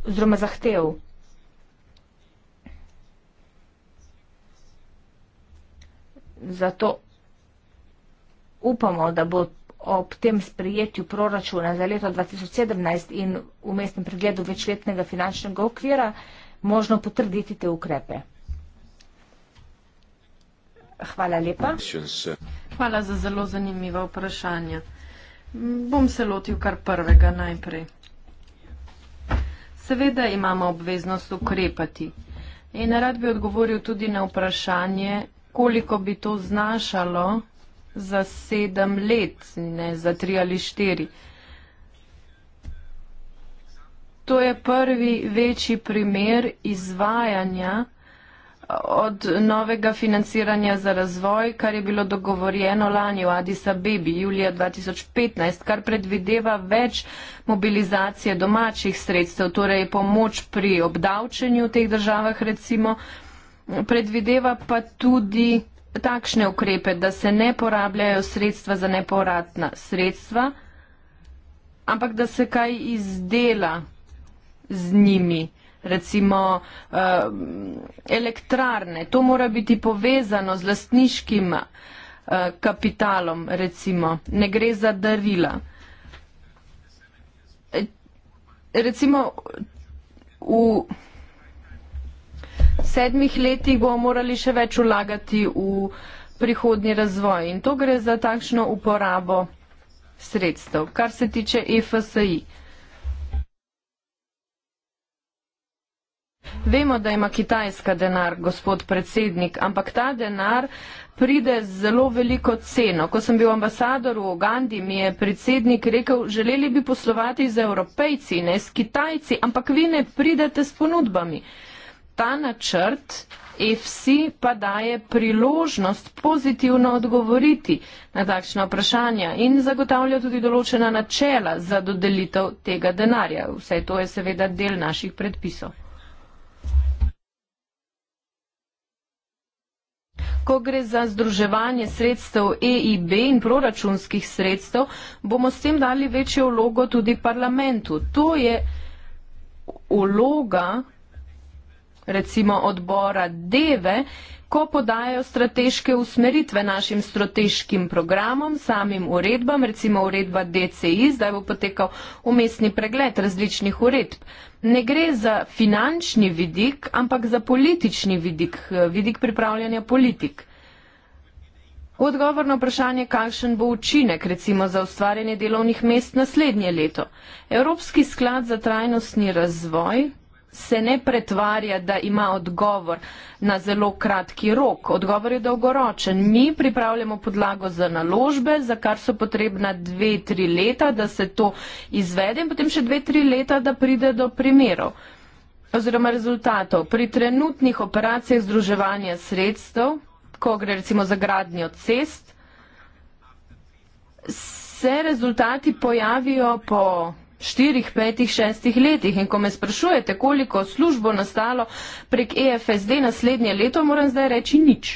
oziroma zahtev. Zato upamo, da bo ob tem sprijetju proračuna za leto 2017 in v mestnem pregledu večletnega finančnega okvira možno potrditi te ukrepe. Hvala lepa. Eh. Hvala za zelo zanimiva vprašanja. Bom se lotil kar prvega najprej. Seveda imamo obveznost ukrepati. In rad bi odgovoril tudi na vprašanje, koliko bi to znašalo za sedem let, ne za tri ali štiri. To je prvi večji primer izvajanja od novega financiranja za razvoj, kar je bilo dogovorjeno lani v Addis Abebi julija 2015, kar predvideva več mobilizacije domačih sredstev, torej pomoč pri obdavčenju v teh državah recimo, predvideva pa tudi takšne ukrepe, da se ne porabljajo sredstva za neporatna sredstva, ampak da se kaj izdela z njimi recimo eh, elektrarne. To mora biti povezano z lastniškim eh, kapitalom, recimo. Ne gre za darila. Eh, recimo v sedmih letih bomo morali še več ulagati v prihodnji razvoj in to gre za takšno uporabo sredstev, kar se tiče EFSI. Vemo, da ima Kitajska denar, gospod predsednik, ampak ta denar pride z zelo veliko ceno. Ko sem bil ambasador v Ugandi, mi je predsednik rekel, želeli bi poslovati z evropejci, ne s Kitajci, ampak vi ne pridete s ponudbami. Ta načrt EFSI pa daje priložnost pozitivno odgovoriti na takšna vprašanja in zagotavlja tudi določena načela za dodelitev tega denarja. Vse to je seveda del naših predpisov. Ko gre za združevanje sredstev EIB in proračunskih sredstev, bomo s tem dali večjo vlogo tudi parlamentu. To je vloga recimo odbora Deve, ko podajo strateške usmeritve našim strateškim programom, samim uredbam, recimo uredba DCI, zdaj bo potekal umestni pregled različnih uredb. Ne gre za finančni vidik, ampak za politični vidik, vidik pripravljanja politik. Odgovor na vprašanje, kakšen bo učinek recimo za ustvarjanje delovnih mest naslednje leto. Evropski sklad za trajnostni razvoj se ne pretvarja, da ima odgovor na zelo kratki rok. Odgovor je dolgoročen. Mi pripravljamo podlago za naložbe, za kar so potrebna dve, tri leta, da se to izvede in potem še dve, tri leta, da pride do primerov oziroma rezultatov. Pri trenutnih operacijah združevanja sredstev, ko gre recimo za gradnjo cest, se rezultati pojavijo po štirih, petih, šestih letih. In ko me sprašujete, koliko službo nastalo prek EFSD naslednje leto, moram zdaj reči nič.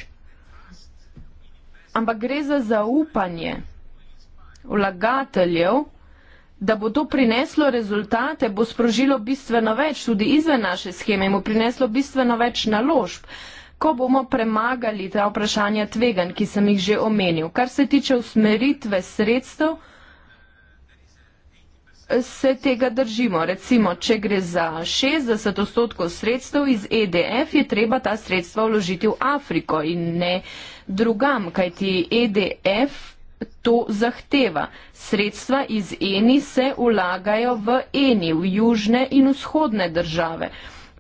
Ampak gre za zaupanje vlagateljev, da bo to prineslo rezultate, bo sprožilo bistveno več tudi izven naše scheme in bo prineslo bistveno več naložb, ko bomo premagali ta vprašanja tvegan, ki sem jih že omenil. Kar se tiče usmeritve sredstev, se tega držimo. Recimo, če gre za 60 odstotkov sredstev iz EDF, je treba ta sredstva vložiti v Afriko in ne drugam, kajti EDF to zahteva. Sredstva iz ENI se ulagajo v ENI, v južne in vzhodne države.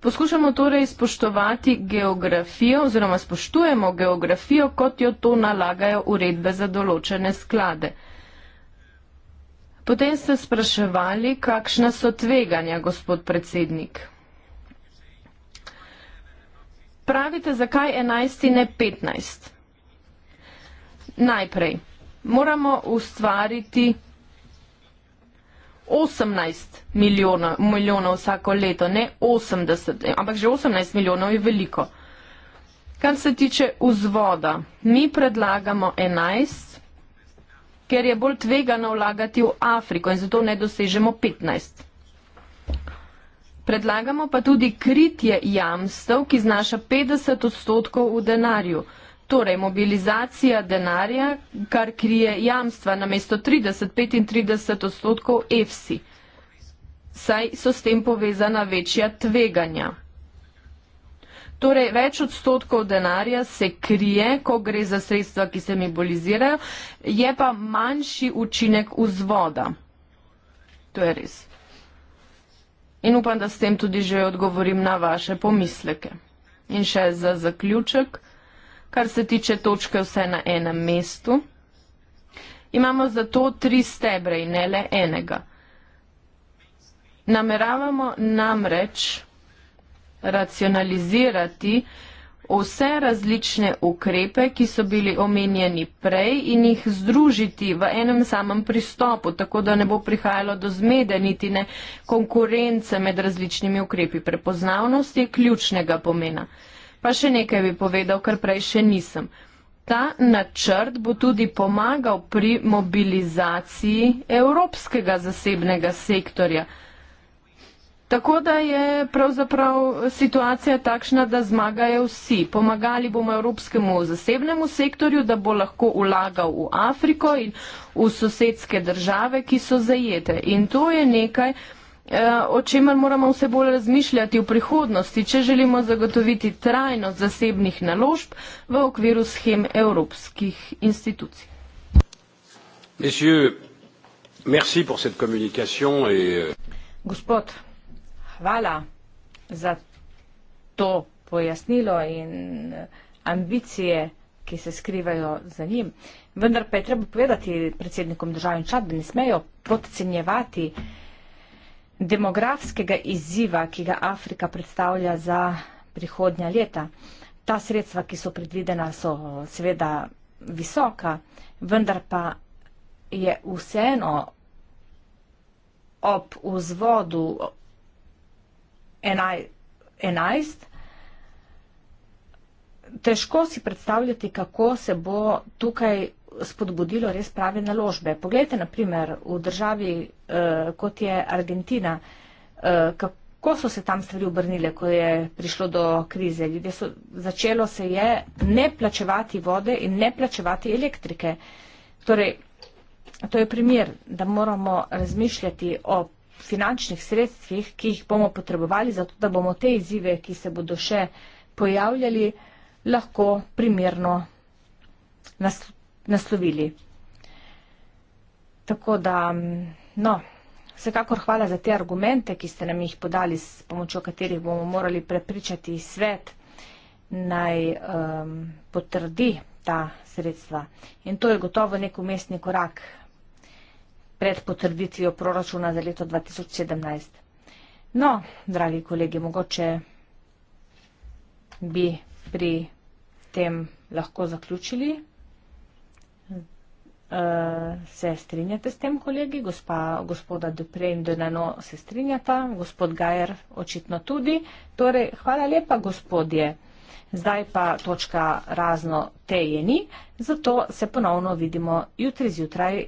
Poskušamo torej spoštovati geografijo oziroma spoštujemo geografijo, kot jo to nalagajo uredbe za določene sklade. Potem ste spraševali, kakšna so tveganja, gospod predsednik. Pravite, zakaj 11 in ne 15? Najprej moramo ustvariti 18 milijonov, milijonov vsako leto, ne 80, ampak že 18 milijonov je veliko. Kar se tiče vzvoda, mi predlagamo 11 ker je bolj tvegano vlagati v Afriko in zato ne dosežemo 15. Predlagamo pa tudi kritje jamstev, ki znaša 50 odstotkov v denarju. Torej, mobilizacija denarja, kar krije jamstva na mesto 30-35 odstotkov EFSI. Saj so s tem povezana večja tveganja. Torej, več odstotkov denarja se krije, ko gre za sredstva, ki se mibolizirajo, je pa manjši učinek vzvoda. To je res. In upam, da s tem tudi že odgovorim na vaše pomisleke. In še za zaključek, kar se tiče točke vse na enem mestu. Imamo za to tri stebre in ne le enega. Nameravamo namreč racionalizirati vse različne ukrepe, ki so bili omenjeni prej in jih združiti v enem samem pristopu, tako da ne bo prihajalo do zmede niti ne konkurence med različnimi ukrepi. Prepoznavnost je ključnega pomena. Pa še nekaj bi povedal, kar prej še nisem. Ta načrt bo tudi pomagal pri mobilizaciji evropskega zasebnega sektorja. Tako da je pravzaprav situacija takšna, da zmagajo vsi. Pomagali bomo evropskemu zasebnemu sektorju, da bo lahko ulagal v Afriko in v sosedske države, ki so zajete. In to je nekaj, eh, o čemer moramo vse bolj razmišljati v prihodnosti, če želimo zagotoviti trajnost zasebnih naložb v okviru schem evropskih institucij. Monsieur, merci pour cette communication et... Euh, Gospod, hvala za to pojasnilo in ambicije, ki se skrivajo za njim. Vendar pa je treba povedati predsednikom države in čad, da ne smejo protecenjevati demografskega izziva, ki ga Afrika predstavlja za prihodnja leta. Ta sredstva, ki so predvidena, so seveda visoka, vendar pa je vseeno ob vzvodu, enajst. Težko si predstavljati, kako se bo tukaj spodbudilo res prave naložbe. Poglejte, na primer, v državi eh, kot je Argentina, eh, kako so se tam stvari obrnile, ko je prišlo do krize. So, začelo se je ne plačevati vode in ne plačevati elektrike. Torej, to je primer, da moramo razmišljati ob finančnih sredstvih, ki jih bomo potrebovali, zato da bomo te izzive, ki se bodo še pojavljali, lahko primerno naslovili. Tako da, no, vsekakor hvala za te argumente, ki ste nam jih podali, s pomočjo katerih bomo morali prepričati svet, naj um, potrdi ta sredstva. In to je gotovo nek umestni korak pred potrditvijo proračuna za leto 2017. No, dragi kolegi, mogoče bi pri tem lahko zaključili. Uh, se strinjate s tem, kolegi? Gospa, gospoda Dupre in Donano se strinjata, gospod Gajer očitno tudi. Torej, hvala lepa, gospodje. Zdaj pa točka razno te je ni, zato se ponovno vidimo jutri zjutraj.